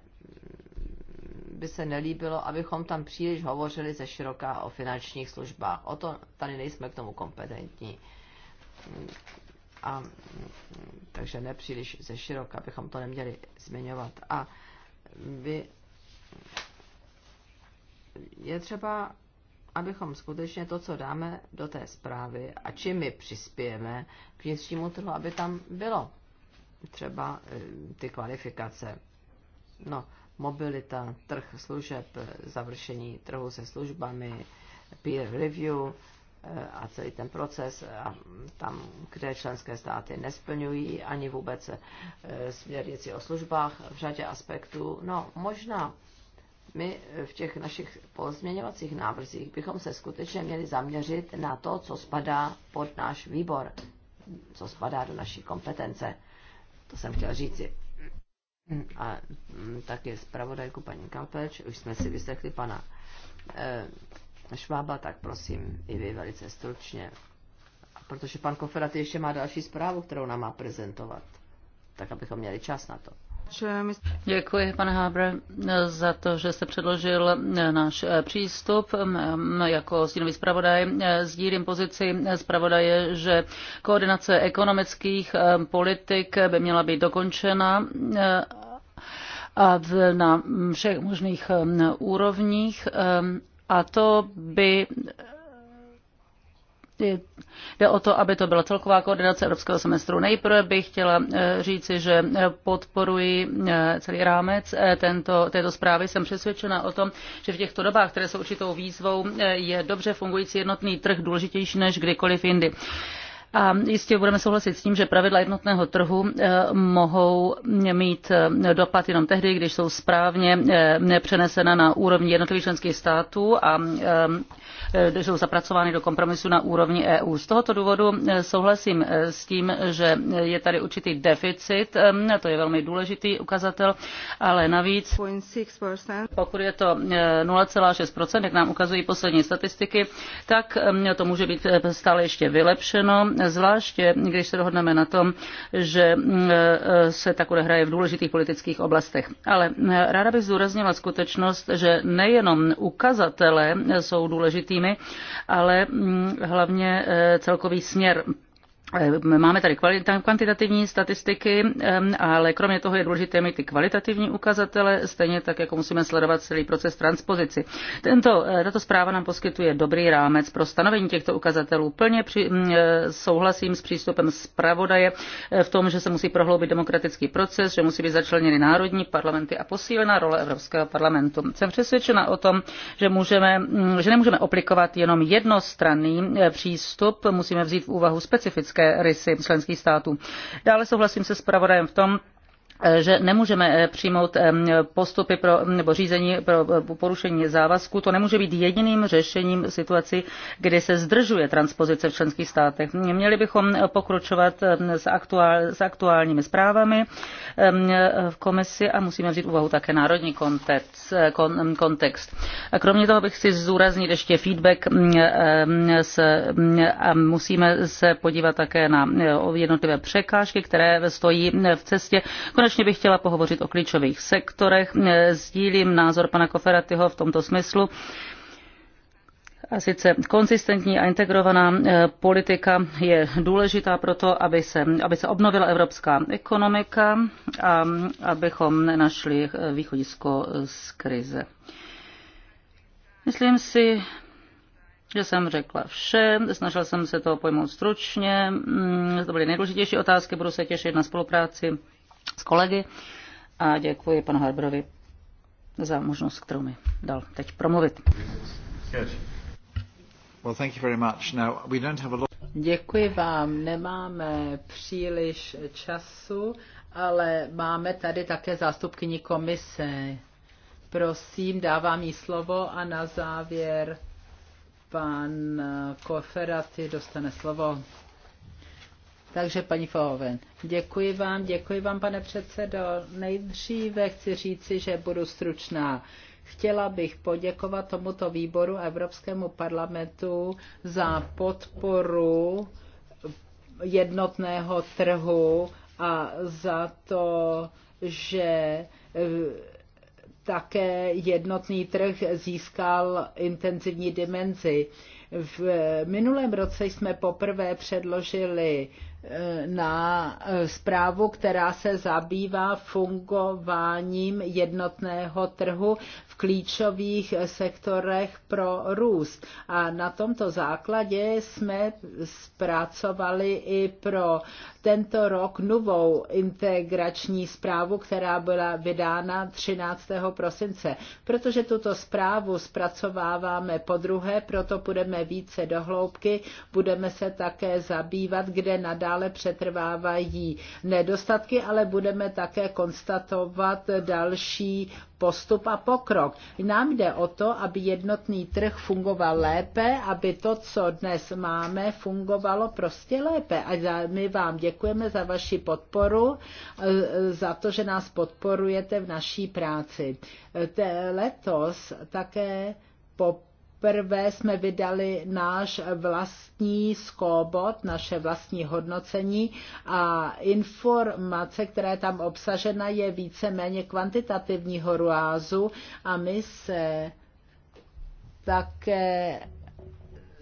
by se nelíbilo, abychom tam příliš hovořili ze široká o finančních službách. O to tady nejsme k tomu kompetentní. A, takže nepříliš ze široka, abychom to neměli zmiňovat. A vy, je třeba, abychom skutečně to, co dáme do té zprávy a čím my přispějeme k vnitřnímu trhu, aby tam bylo třeba eh, ty kvalifikace. No, mobilita, trh služeb, završení trhu se službami, peer review eh, a celý ten proces a tam, kde členské státy nesplňují ani vůbec eh, směrnici o službách v řadě aspektů. No, možná my eh, v těch našich pozměňovacích návrzích bychom se skutečně měli zaměřit na to, co spadá pod náš výbor, co spadá do naší kompetence. To jsem chtěl říci a mm, také zpravodajku paní Kalpeč. Už jsme si vyslechli pana e, Švába, tak prosím i vy velice stručně. Protože pan Koferat ještě má další zprávu, kterou nám má prezentovat, tak abychom měli čas na to. Děkuji, pane Hábre, za to, že jste předložil náš eh, přístup. Jako stínový zpravodaj eh, sdílím pozici zpravodaje, že koordinace ekonomických eh, politik by měla být dokončena a na všech možných úrovních a to by Jde o to, aby to byla celková koordinace evropského semestru. Nejprve bych chtěla eh, říci, že podporuji eh, celý rámec eh, tento, této zprávy. Jsem přesvědčena o tom, že v těchto dobách, které jsou určitou výzvou, je dobře fungující jednotný trh důležitější než kdykoliv jindy. A jistě budeme souhlasit s tím, že pravidla jednotného trhu eh, mohou mít eh, dopad jenom tehdy, když jsou správně eh, přenesena na úrovni jednotlivých členských států a jsou zapracovány do kompromisu na úrovni EU. Z tohoto důvodu souhlasím s tím, že je tady určitý deficit, to je velmi důležitý ukazatel, ale navíc, pokud je to 0,6%, jak nám ukazují poslední statistiky, tak to může být stále ještě vylepšeno zvláště když se dohodneme na tom, že mm, e, se tak odehraje v důležitých politických oblastech. Ale mm, ráda bych zdůraznila skutečnost, že nejenom ukazatele jsou důležitými, ale mm, hlavně e, celkový směr Eh, máme tady kvantitativní statistiky, ale kromě toho je důležité mít ty kvalitativní ukazatele, stejně tak, jako musíme sledovat celý proces transpozici. Tento, eh, tato zpráva nám poskytuje dobrý rámec pro stanovení těchto ukazatelů. Plně při, eh, souhlasím s přístupem zpravodaje v tom, že se musí prohloubit demokratický proces, že musí být začleněny národní parlamenty a posílená role Evropského parlamentu. Jsem přesvědčena o tom, že, můžeme, že nemůžeme aplikovat jenom jednostranný přístup, musíme vzít v úvahu specifické rysy členských států. Dále souhlasím se zpravodajem v tom, že nemůžeme eh, přijmout postupy pro, nebo řízení pro eh, porušení závazku. To nemůže být jediným řešením situaci, kdy se zdržuje transpozice v členských státech. Měli bychom eh, pokročovat s, aktuál, s aktuálními zprávami v komisi a musíme vzít úvahu také národní kontext. kontext. Kromě toho bych si zúraznit ještě feedback mm, s, mm, a musíme se podívat také na jednotlivé překážky, které stojí v cestě. Konečně skutečně bych chtěla pohovořit o klíčových sektorech. Eh, sdílím názor pana Koferatyho v tomto smyslu a sice konzistentní a integrovaná eh, politika je důležitá pro to, aby se, aby se obnovila evropská ekonomika a abychom nenašli eh, východisko z krize. Myslím si, že jsem řekla vše, snažila jsem se to pojmout stručně, mm, to byly nejdůležitější otázky, budu se těšit na spolupráci s kolegy a děkuji panu Harbrovi za možnost, kterou mi dal teď promluvit. Děkuji vám. Nemáme příliš času, ale máme tady také zástupkyni komise. Prosím, dávám jí slovo a na závěr pan Koferaty dostane slovo. Takže paní Fohoven, děkuji vám, děkuji vám, pane předsedo. Nejdříve chci říci, že budu stručná. Chtěla bych poděkovat tomuto výboru Evropskému parlamentu za podporu jednotného trhu a za to, že eh, také jednotný trh získal intenzivní dimenzi. V minulém roce jsme poprvé předložili na eh, zprávu, která se zabývá fungováním jednotného trhu v klíčových eh, sektorech pro růst. A na tomto základě jsme zpracovali i pro tento rok novou integrační zprávu, která byla vydána 13. prosince. Protože tuto zprávu zpracováváme po druhé, proto budeme více dohloubky, budeme se také zabývat, kde nadále přetrvávají nedostatky, ale budeme také konstatovat další postup a pokrok. Nám jde o to, aby jednotný trh fungoval lépe, aby to, co dnes máme, fungovalo prostě lépe. A my vám děkujeme za vaši podporu, e, za to, že nás podporujete v naší práci. E, letos také po Poprvé jsme vydali náš vlastní skóbot, naše vlastní hodnocení a informace, která je tam obsažena, je více-méně kvantitativního ruázu a my se také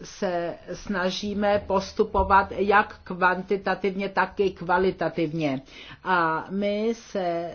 se snažíme postupovat jak kvantitativně, tak i kvalitativně. A my se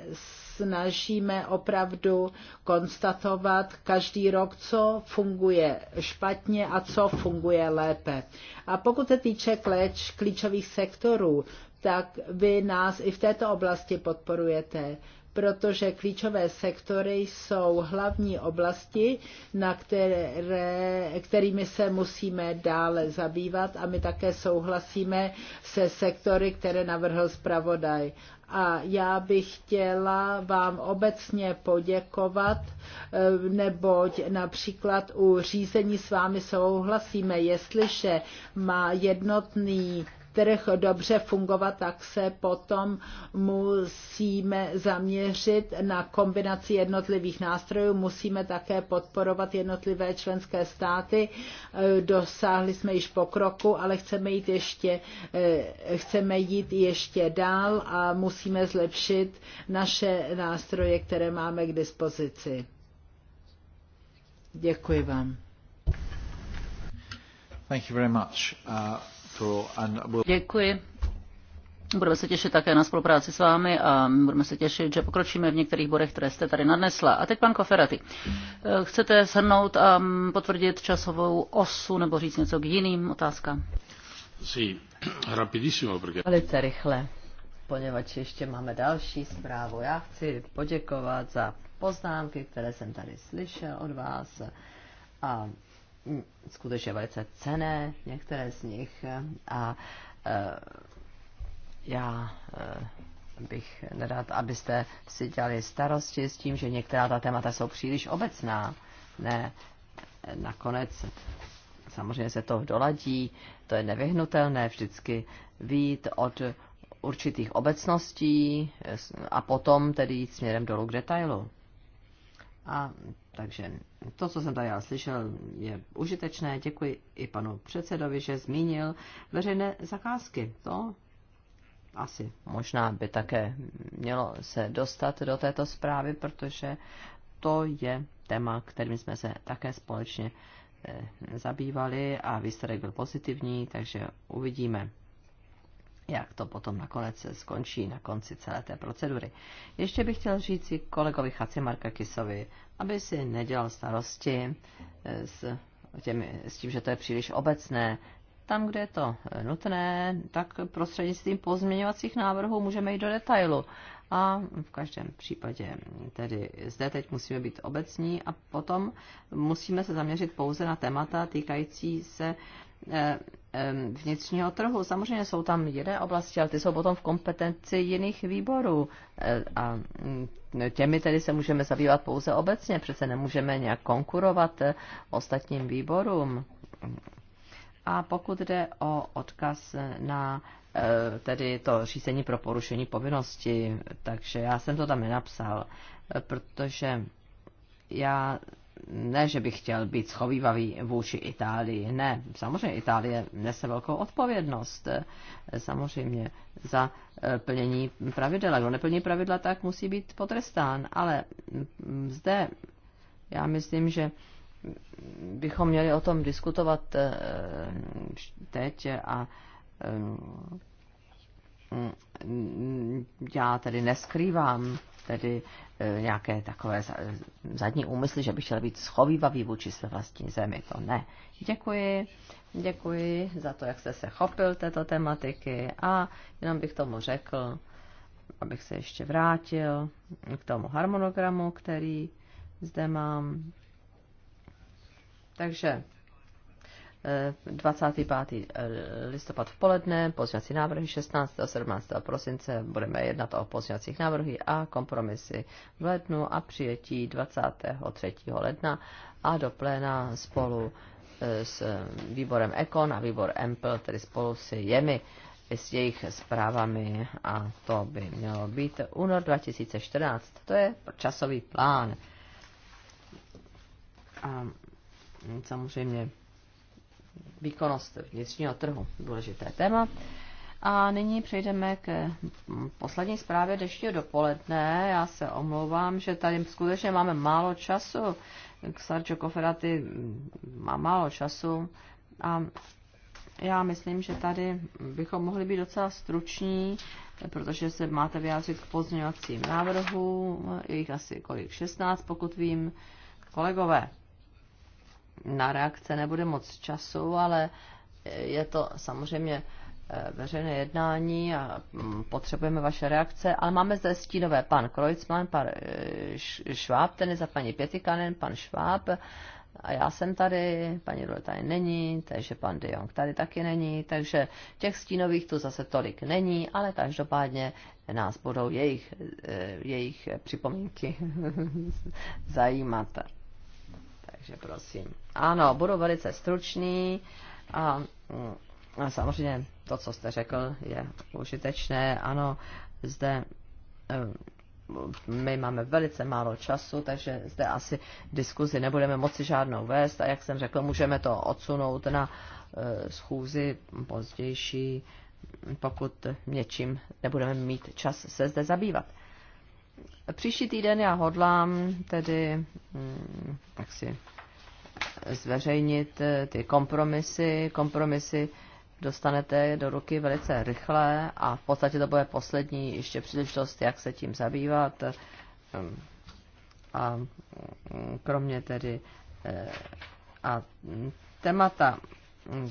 snažíme opravdu konstatovat každý rok, co funguje špatně a co funguje lépe. A pokud se týče kleč, klíčových sektorů, tak vy nás i v této oblasti podporujete protože klíčové sektory jsou hlavní oblasti, na které, kterými se musíme dále zabývat a my také souhlasíme se sektory, které navrhl zpravodaj. A já bych chtěla vám obecně poděkovat, eh, neboť například u řízení s vámi souhlasíme, jestliže má jednotný trh dobře fungovat, tak se potom musíme zaměřit na kombinaci jednotlivých nástrojů. Musíme také podporovat jednotlivé členské státy. Dosáhli jsme již pokroku, ale chceme jít ještě, eh, chceme jít ještě dál a musíme zlepšit naše nástroje, které máme k dispozici. Děkuji vám. Thank you very much. Uh... Děkuji. Budeme se těšit také na spolupráci s vámi a budeme se těšit, že pokročíme v některých bodech, které jste tady nadnesla. A teď pan Koferaty. Chcete shrnout a potvrdit časovou osu nebo říct něco k jiným otázkám? Velice rychle, poněvadž ještě máme další zprávu. Já chci poděkovat za poznámky, které jsem tady slyšel od vás a skutečně velice cené, některé z nich. Eh, a eh, já eh, bych nedat, abyste si dělali starosti s tím, že některá ta témata jsou příliš obecná. Ne, nakonec samozřejmě se to doladí, to je nevyhnutelné vždycky vít od určitých obecností a potom tedy jít směrem dolů k detailu. A takže to, co jsem tady já slyšel, je užitečné. Děkuji i panu předsedovi, že zmínil veřejné zakázky. To asi možná by také mělo se dostat do této zprávy, protože to je téma, kterým jsme se také společně eh, zabývali a výsledek byl pozitivní, takže uvidíme jak to potom nakonec skončí na konci celé té procedury. Ještě bych chtěl říct si kolegovi Marka Kisovi, aby si nedělal starosti eh, s, těmi, s tím, že to je příliš obecné. Tam, kde je to eh, nutné, tak prostřednictvím pozměňovacích návrhů můžeme jít do detailu. A v každém případě tedy zde teď musíme být obecní a potom musíme se zaměřit pouze na témata týkající se eh, vnitřního trhu. Samozřejmě jsou tam jiné oblasti, ale ty jsou potom v kompetenci jiných výborů. E, a mm, těmi tedy se můžeme zabývat pouze obecně, přece nemůžeme nějak konkurovat e, ostatním výborům. A pokud jde o odkaz na e, tedy to řízení pro porušení povinnosti, takže já jsem to tam nenapsal, protože já ne, že bych chtěl být schovývavý vůči Itálii, ne. Samozřejmě Itálie nese velkou odpovědnost, eh, samozřejmě, za eh, plnění pravidel. Kdo neplní pravidla, tak musí být potrestán. Ale mm, zde já myslím, že bychom měli o tom diskutovat eh, teď a mm, já tedy neskrývám tedy e, nějaké takové zadní úmysly, že by chtěl být schovývavý vůči své vlastní zemi. To ne. Děkuji. Děkuji za to, jak jste se chopil této tematiky a jenom bych tomu řekl, abych se ještě vrátil k tomu harmonogramu, který zde mám. Takže 25. Eh, listopad v poledne, pozňací návrhy 16. a 17. prosince budeme jednat o pozňacích návrhy a kompromisy v lednu a přijetí 23. ledna a do pléna spolu eh, s výborem Ekon a výbor Empl, tedy spolu s jemi, s jejich zprávami a to by mělo být únor 2014. To je časový plán. A samozřejmě výkonnost vnitřního trhu. Důležité téma. A nyní přejdeme k poslední zprávě dnešního dopoledne. Já se omlouvám, že tady skutečně máme málo času. Sarčo Koferaty má málo času a já myslím, že tady bychom mohli být docela struční, protože se máte vyjádřit k pozměňovacím návrhům, jich asi kolik 16, pokud vím. Kolegové, na reakce nebude moc času, ale je to samozřejmě eh, veřejné jednání a mm, potřebujeme vaše reakce, ale máme zde stínové pan Kreuzmann, pan eh, Šváb, ten je za paní Pětikanen, pan Šváb a já jsem tady, paní Rule tady není, takže pan De Jong tady taky není, takže těch stínových tu zase tolik není, ale každopádně nás budou jejich, eh, jejich připomínky zajímat takže prosím. Ano, budu velice stručný a, mm, a samozřejmě to, co jste řekl, je užitečné. Ano, zde eh, my máme velice málo času, takže zde asi diskuzi nebudeme moci žádnou vést a jak jsem řekl, můžeme to odsunout na eh, schůzi pozdější, pokud něčím nebudeme mít čas se zde zabývat. Příští týden já hodlám tedy, mm, tak si zveřejnit eh, ty kompromisy. Kompromisy dostanete do ruky velice rychle a v podstatě to bude poslední ještě příležitost, jak se tím zabývat. Ehm, a mm, kromě tedy eh, a mm, témata, mm,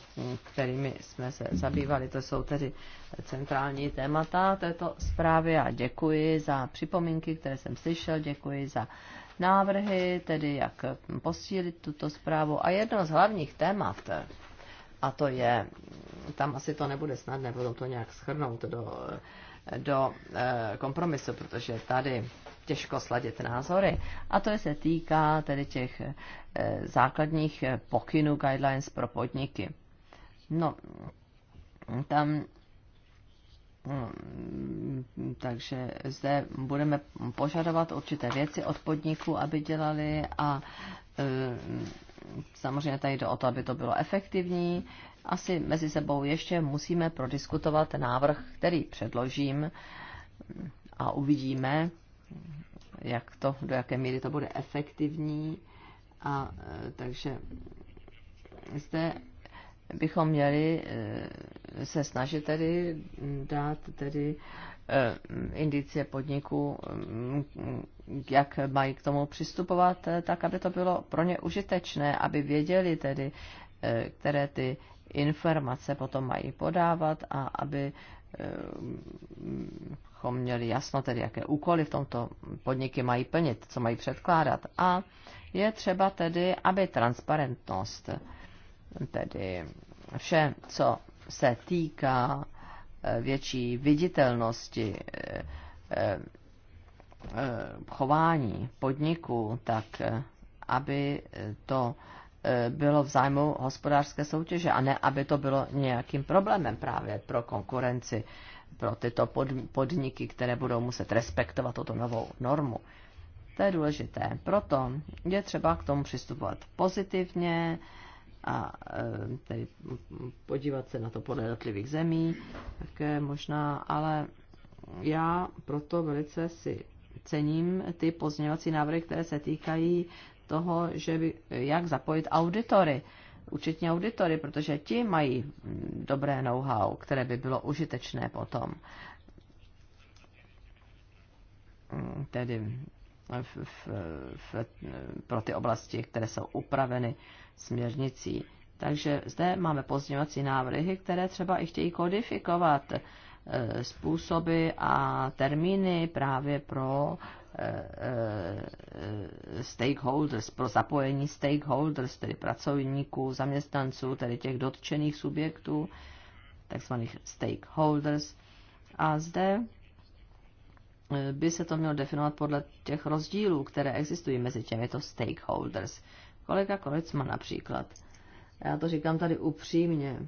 kterými jsme se zabývali, to jsou tedy centrální témata této zprávy a děkuji za připomínky, které jsem slyšel, děkuji za návrhy, tedy jak posílit tuto zprávu. A jedno z hlavních témat, a to je, tam asi to nebude snadné budou to nějak schrnout do, do eh, kompromisu, protože tady těžko sladit názory. A to se týká tedy těch eh, základních pokynů, guidelines pro podniky. No, tam Mm, takže zde budeme požadovat určité věci od podniků, aby dělali a eh, samozřejmě tady jde o to, aby to bylo efektivní. Asi mezi sebou ještě musíme prodiskutovat návrh, který předložím a uvidíme, jak to, do jaké míry to bude efektivní. A eh, takže zde bychom měli eh, se snažit tedy dát tedy eh, indicie podniku, eh, jak mají k tomu přistupovat, tak aby to bylo pro ně užitečné, aby věděli tedy, které ty informace potom mají podávat a aby měli jasno tedy, jaké úkoly v tomto podniky mají plnit, co mají předkládat. A je třeba tedy, aby transparentnost tedy vše, co se týká eh, větší viditelnosti eh, eh, chování podniků, tak aby to bylo v zájmu hospodářské soutěže a ne, aby to bylo nějakým problémem právě pro konkurenci, pro tyto podniky, které budou muset respektovat tuto novou normu. To je důležité. Proto je třeba k tomu přistupovat pozitivně, a e, tedy podívat se na to podle jednotlivých zemí, také možná, ale já proto velice si cením ty pozměňovací návrhy, které se týkají toho, že by, jak zapojit auditory, účetní auditory, protože ti mají dobré know-how, které by bylo užitečné potom. Tedy v, v, v, pro ty oblasti, které jsou upraveny směrnicí. Takže zde máme pozměňovací návrhy, které třeba i chtějí kodifikovat eh, způsoby a termíny právě pro eh, eh, stakeholders, pro zapojení stakeholders, tedy pracovníků, zaměstnanců, tedy těch dotčených subjektů, takzvaných stakeholders. A zde Eh, by se to mělo definovat podle těch rozdílů, které existují mezi těmito stakeholders. Kolega Korecman například. Já to říkám tady upřímně.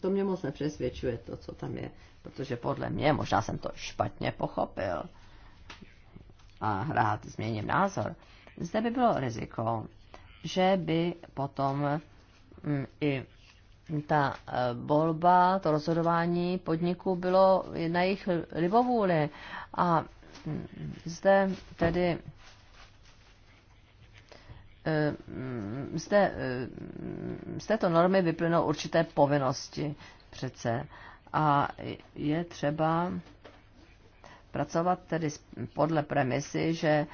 To mě moc nepřesvědčuje, to, co tam je, protože podle mě, možná jsem to špatně pochopil a rád změním názor, zde by bylo riziko, že by potom mm, i ta e, volba, to rozhodování podniků bylo na jejich libovůli. A mm, zde tedy e, mm, zde e, mm, z této normy vyplynou určité povinnosti přece. A je třeba pracovat tedy podle premisy, že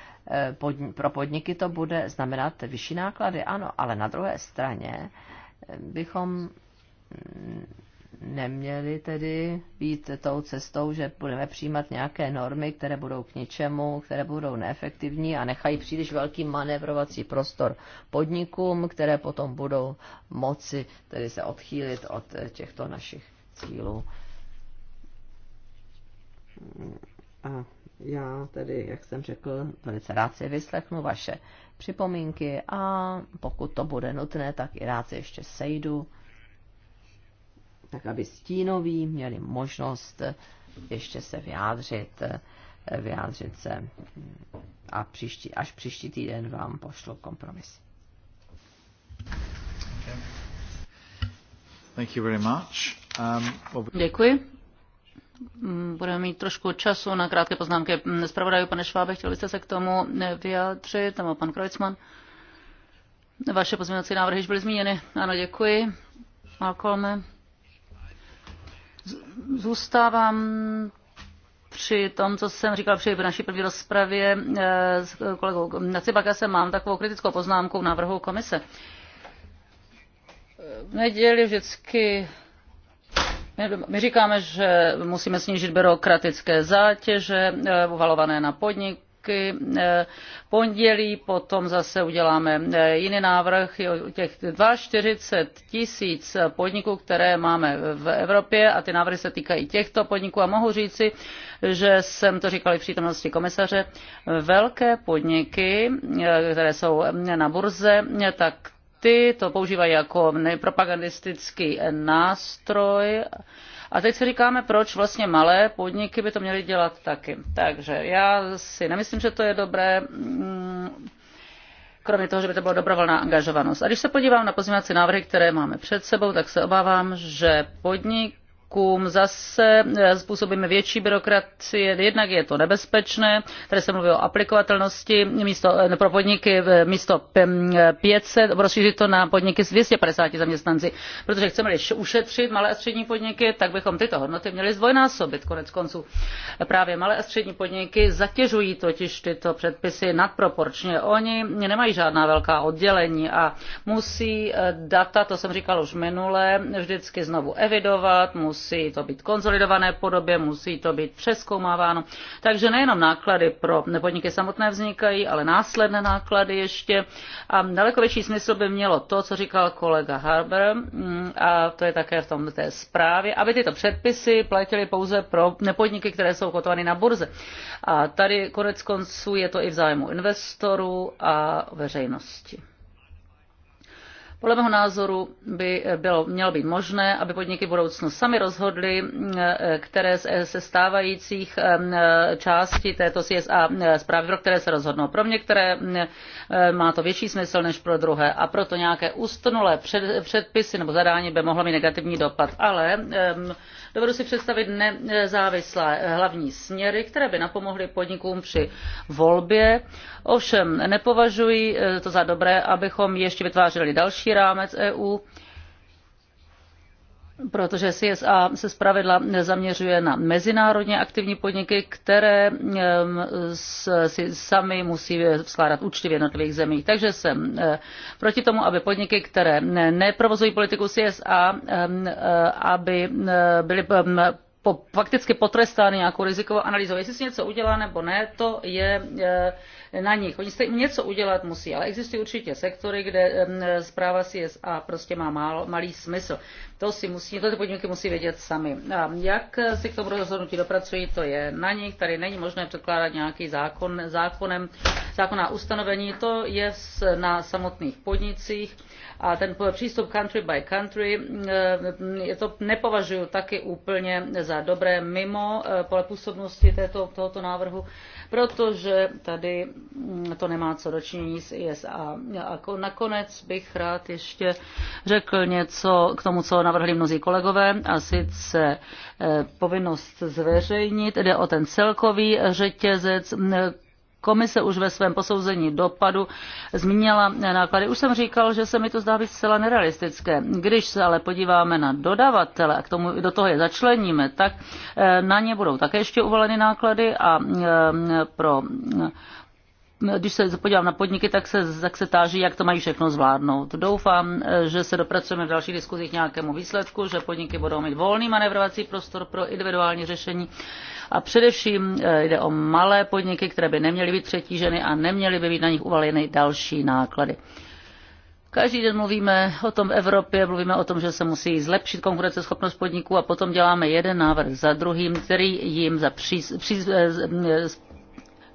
pro podniky to bude znamenat vyšší náklady, ano, ale na druhé straně bychom mm, neměli tedy být tou cestou, že budeme přijímat nějaké normy, které budou k ničemu, které budou neefektivní a nechají příliš velký manévrovací prostor podnikům, které potom budou moci tedy se odchýlit od těchto našich cílů. A já tedy, jak jsem řekl, velice rád si vyslechnu vaše připomínky a pokud to bude nutné, tak i rád se ještě sejdu, tak aby stínoví měli možnost ještě se vyjádřit, vyjádřit se a příští, až příští týden vám pošlu kompromis. Thank you very much. Um, Děkuji. Mm, budeme mít trošku času na krátké poznámky. Mm, Zpravodaju, pane Švábe, chtěl byste se k tomu eh, vyjádřit, nebo pan Krojcman? Vaše pozměňovací návrhy již byly zmíněny. Ano, děkuji. Malcolme. Zůstávám při tom, co jsem říkal při naší první rozpravě eh, s kolegou Nacibakasem, mám takovou kritickou poznámku v návrhu komise. V neděli vždycky my říkáme, že musíme snížit byrokratické zátěže eh, uvalované na podnik, eh, pondělí, potom zase uděláme eh, jiný návrh, těch 42 tisíc podniků, které máme v Evropě a ty návrhy se týkají těchto podniků a mohu říci, že jsem to říkal i v přítomnosti komisaře, velké podniky, které jsou na burze, tak ty to používají jako propagandistický nástroj. A teď si říkáme, proč vlastně malé podniky by to měly dělat taky. Takže já si nemyslím, že to je dobré, mm, kromě toho, že by to byla dobrovolná angažovanost. A když se podívám na pozměňovací návrhy, které máme před sebou, tak se obávám, že podnik krokům zase eh, způsobíme větší byrokracie. Jednak je to nebezpečné, tady se mluví o aplikovatelnosti místo, eh, pro podniky eh, místo 500, rozšířit to na podniky s 250 zaměstnanci, protože chceme ušetřit malé a střední podniky, tak bychom tyto hodnoty měli zdvojnásobit konec konců. Právě malé a střední podniky zatěžují totiž tyto předpisy nadproporčně. Oni nemají žádná velká oddělení a musí data, to jsem říkal už minule, vždycky znovu evidovat, musí musí to být konsolidované podobě, musí to být přeskoumáváno. Takže nejenom náklady pro podniky samotné vznikají, ale následné náklady ještě. A daleko větší smysl by mělo to, co říkal kolega Harber, mm, a to je také v tom té zprávě, aby tyto předpisy platily pouze pro nepodniky, které jsou kotovány na burze. A tady konec konců je to i v zájmu investorů a veřejnosti. Podle mého názoru by eh, bylo, mělo být možné, aby podniky v budoucnu sami rozhodly, eh, které se eh, stávajících části této CSA zprávy, pro které se rozhodnou. Pro některé má to větší smysl než pro druhé a proto nějaké ustnulé před, předpisy nebo zadání by mohlo mít negativní dopad. Ale Dovedu si představit nezávislé hlavní směry, které by napomohly podnikům při volbě. Ovšem nepovažuji to za dobré, abychom ještě vytvářeli další rámec EU protože CSA se zpravidla zaměřuje na mezinárodně aktivní podniky, které si sami musí skládat účty v jednotlivých zemích. Takže jsem eh, proti tomu, aby podniky, které neprovozují politiku CSA, eh, aby eh, byly fakticky potrestány nějakou rizikovou analýzou. Jestli si něco udělá nebo ne, to je na nich. Oni se něco udělat musí, ale existují určitě sektory, kde zpráva CSA prostě má málo, malý smysl. To si musí, to ty podniky musí vědět sami. A jak si k tomu rozhodnutí dopracují, to je na nich. Tady není možné předkládat nějaký zákon, zákonem, zákonná ustanovení, to je na samotných podnicích a ten přístup country by country, eh, je to nepovažuji taky úplně za dobré mimo eh, pole působnosti této, tohoto návrhu, protože tady mm, to nemá co dočinění s ISA. A nakonec bych rád ještě řekl něco k tomu, co navrhli mnozí kolegové, a sice eh, povinnost zveřejnit, jde o ten celkový řetězec Komise už ve svém posouzení dopadu zmínila náklady. Už jsem říkal, že se mi to zdá být zcela nerealistické. Když se ale podíváme na dodavatele a k tomu, do toho je začleníme, tak eh, na ně budou také ještě uvaleny náklady a eh, pro když se podívám na podniky, tak se, tak se táží, jak to mají všechno zvládnout. Doufám, eh, že se dopracujeme v dalších diskuzích k nějakému výsledku, že podniky budou mít volný manevrovací prostor pro individuální řešení. A především eh, jde o malé podniky, které by neměly být přetíženy a neměly by být na nich uvaleny další náklady. Každý den mluvíme o tom v Evropě, mluvíme o tom, že se musí zlepšit konkurenceschopnost podniků a potom děláme jeden návrh za druhým, který jim za pří, pří, eh,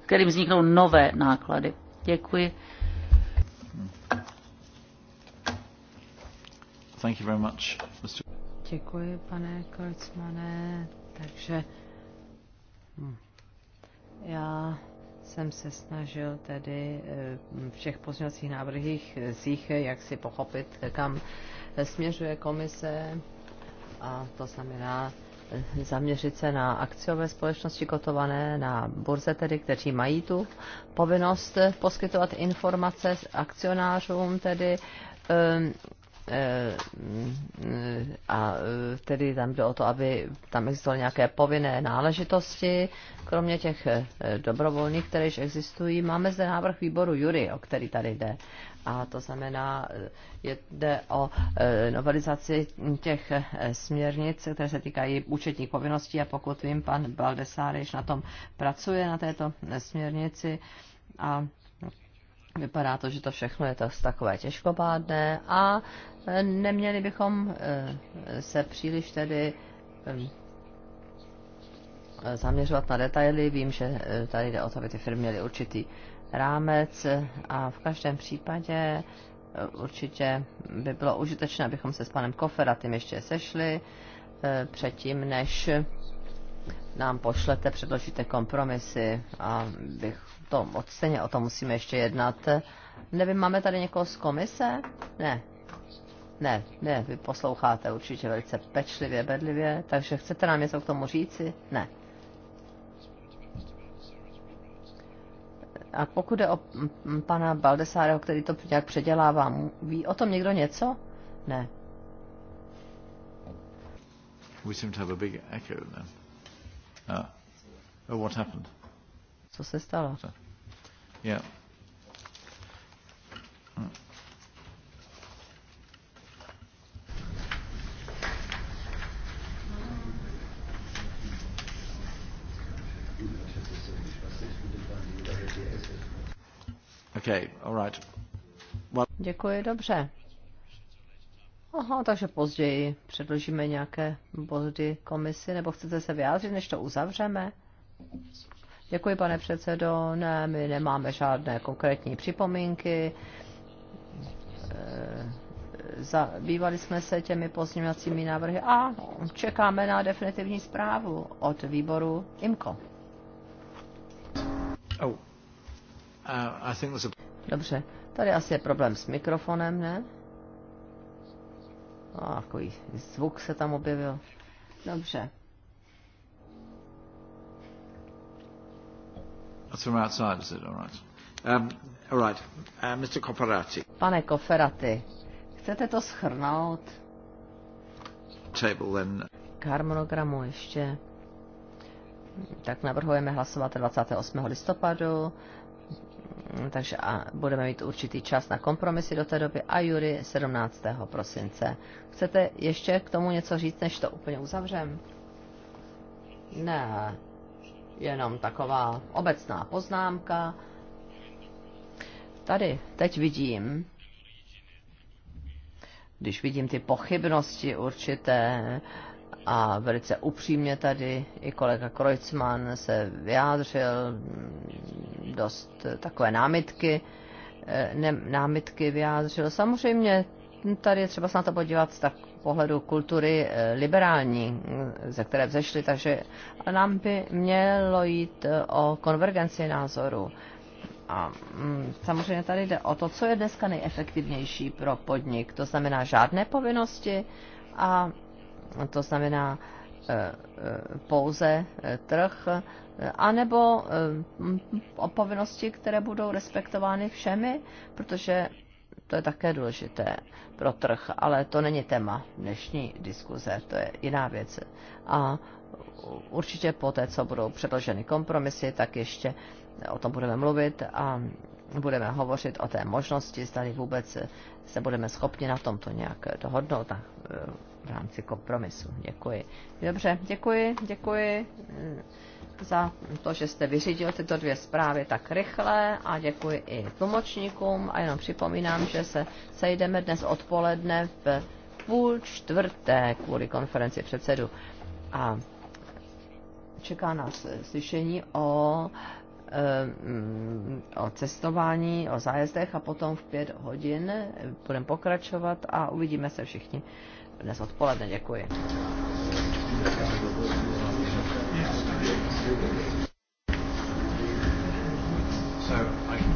kterým vzniknou nové náklady. Děkuji. Thank you very much, Mr. Děkuji, pane Kreutzmane. Takže hm. já jsem se snažil tedy eh, v těch pozměňovacích návrhích svých, eh, jak si pochopit, eh, kam směřuje komise a to znamená zaměřit se na akciové společnosti kotované na burze, tedy, kteří mají tu povinnost poskytovat informace akcionářům, tedy a tedy tam jde o to, aby tam existovaly nějaké povinné náležitosti, kromě těch eh, dobrovolných, které již existují. Máme zde návrh výboru Jury, o který tady jde. A to znamená, eh, jde o eh, novelizaci těch eh, směrnic, které se týkají účetní povinností a pokud vím, pan Baldessar již na tom pracuje, na této směrnici a Vypadá to, že to všechno je to takové těžkopádné a neměli bychom se příliš tedy zaměřovat na detaily. Vím, že tady jde o to, aby ty firmy měly určitý rámec a v každém případě eh, určitě by bylo užitečné, abychom se s panem tím ještě sešli eh, předtím, než nám pošlete, předložíte kompromisy a bych to, odstejně o tom musíme ještě jednat. Nevím, máme tady někoho z komise? Ne. Ne, ne, vy posloucháte určitě velice pečlivě, bedlivě, takže chcete nám něco k tomu říci? Ne. A pokud je o pana Baldesáreho, který to nějak předělává, ví o tom někdo něco? Ne. We seem to have a big echo ah. Oh, what happened? Co se stalo? Yeah. Okay, all right. Well... Děkuji, dobře. Aha, takže později předložíme nějaké body komisi, nebo chcete se vyjádřit, než to uzavřeme? Děkuji, pane předsedo. Ne, my nemáme žádné konkrétní připomínky. Eh, zabývali jsme se těmi pozměňovacími návrhy a čekáme na definitivní zprávu od výboru IMCO. Oh. Uh, Dobře, tady asi je problém s mikrofonem, ne? A no, takový zvuk se tam objevil. Dobře. That's from outside, is it? All right. Um, all right. Uh, Mr. Cofferati. Pane Cofferati, chcete to schrnout? Table then. K harmonogramu ještě. Tak navrhujeme hlasovat 28. listopadu takže a budeme mít určitý čas na kompromisy do té doby a Jury 17. prosince. Chcete ještě k tomu něco říct, než to úplně uzavřem? Ne, jenom taková obecná poznámka. Tady, teď vidím, když vidím ty pochybnosti určité, a velice upřímně tady i kolega Kreuzmann se vyjádřil mm, dost takové námitky, eh, ne, námitky vyjádřil. Samozřejmě tady je třeba se na to podívat z tak pohledu kultury eh, liberální, mm, ze které vzešly, takže nám by mělo jít eh, o konvergenci názoru. A mm, samozřejmě tady jde o to, co je dneska nejefektivnější pro podnik, to znamená žádné povinnosti a to znamená eh, eh, pouze eh, trh, anebo o povinnosti, které budou respektovány všemi, protože to je také důležité pro trh, ale to není téma dnešní diskuze, to je jiná věc. A určitě po té, co budou předloženy kompromisy, tak ještě o tom budeme mluvit a budeme hovořit o té možnosti, zda vůbec se budeme schopni na tomto nějak dohodnout, v rámci kompromisu. Děkuji. Dobře, děkuji, děkuji mm, za to, že jste vyřídil tyto dvě zprávy tak rychle a děkuji i tlumočníkům a jenom připomínám, že se sejdeme dnes odpoledne v půl čtvrté kvůli konferenci předsedu a čeká nás slyšení o eh, mm, o cestování, o zájezdech a potom v pět hodin budeme pokračovat a uvidíme se všichni dnes odpoledne. Děkuji. So I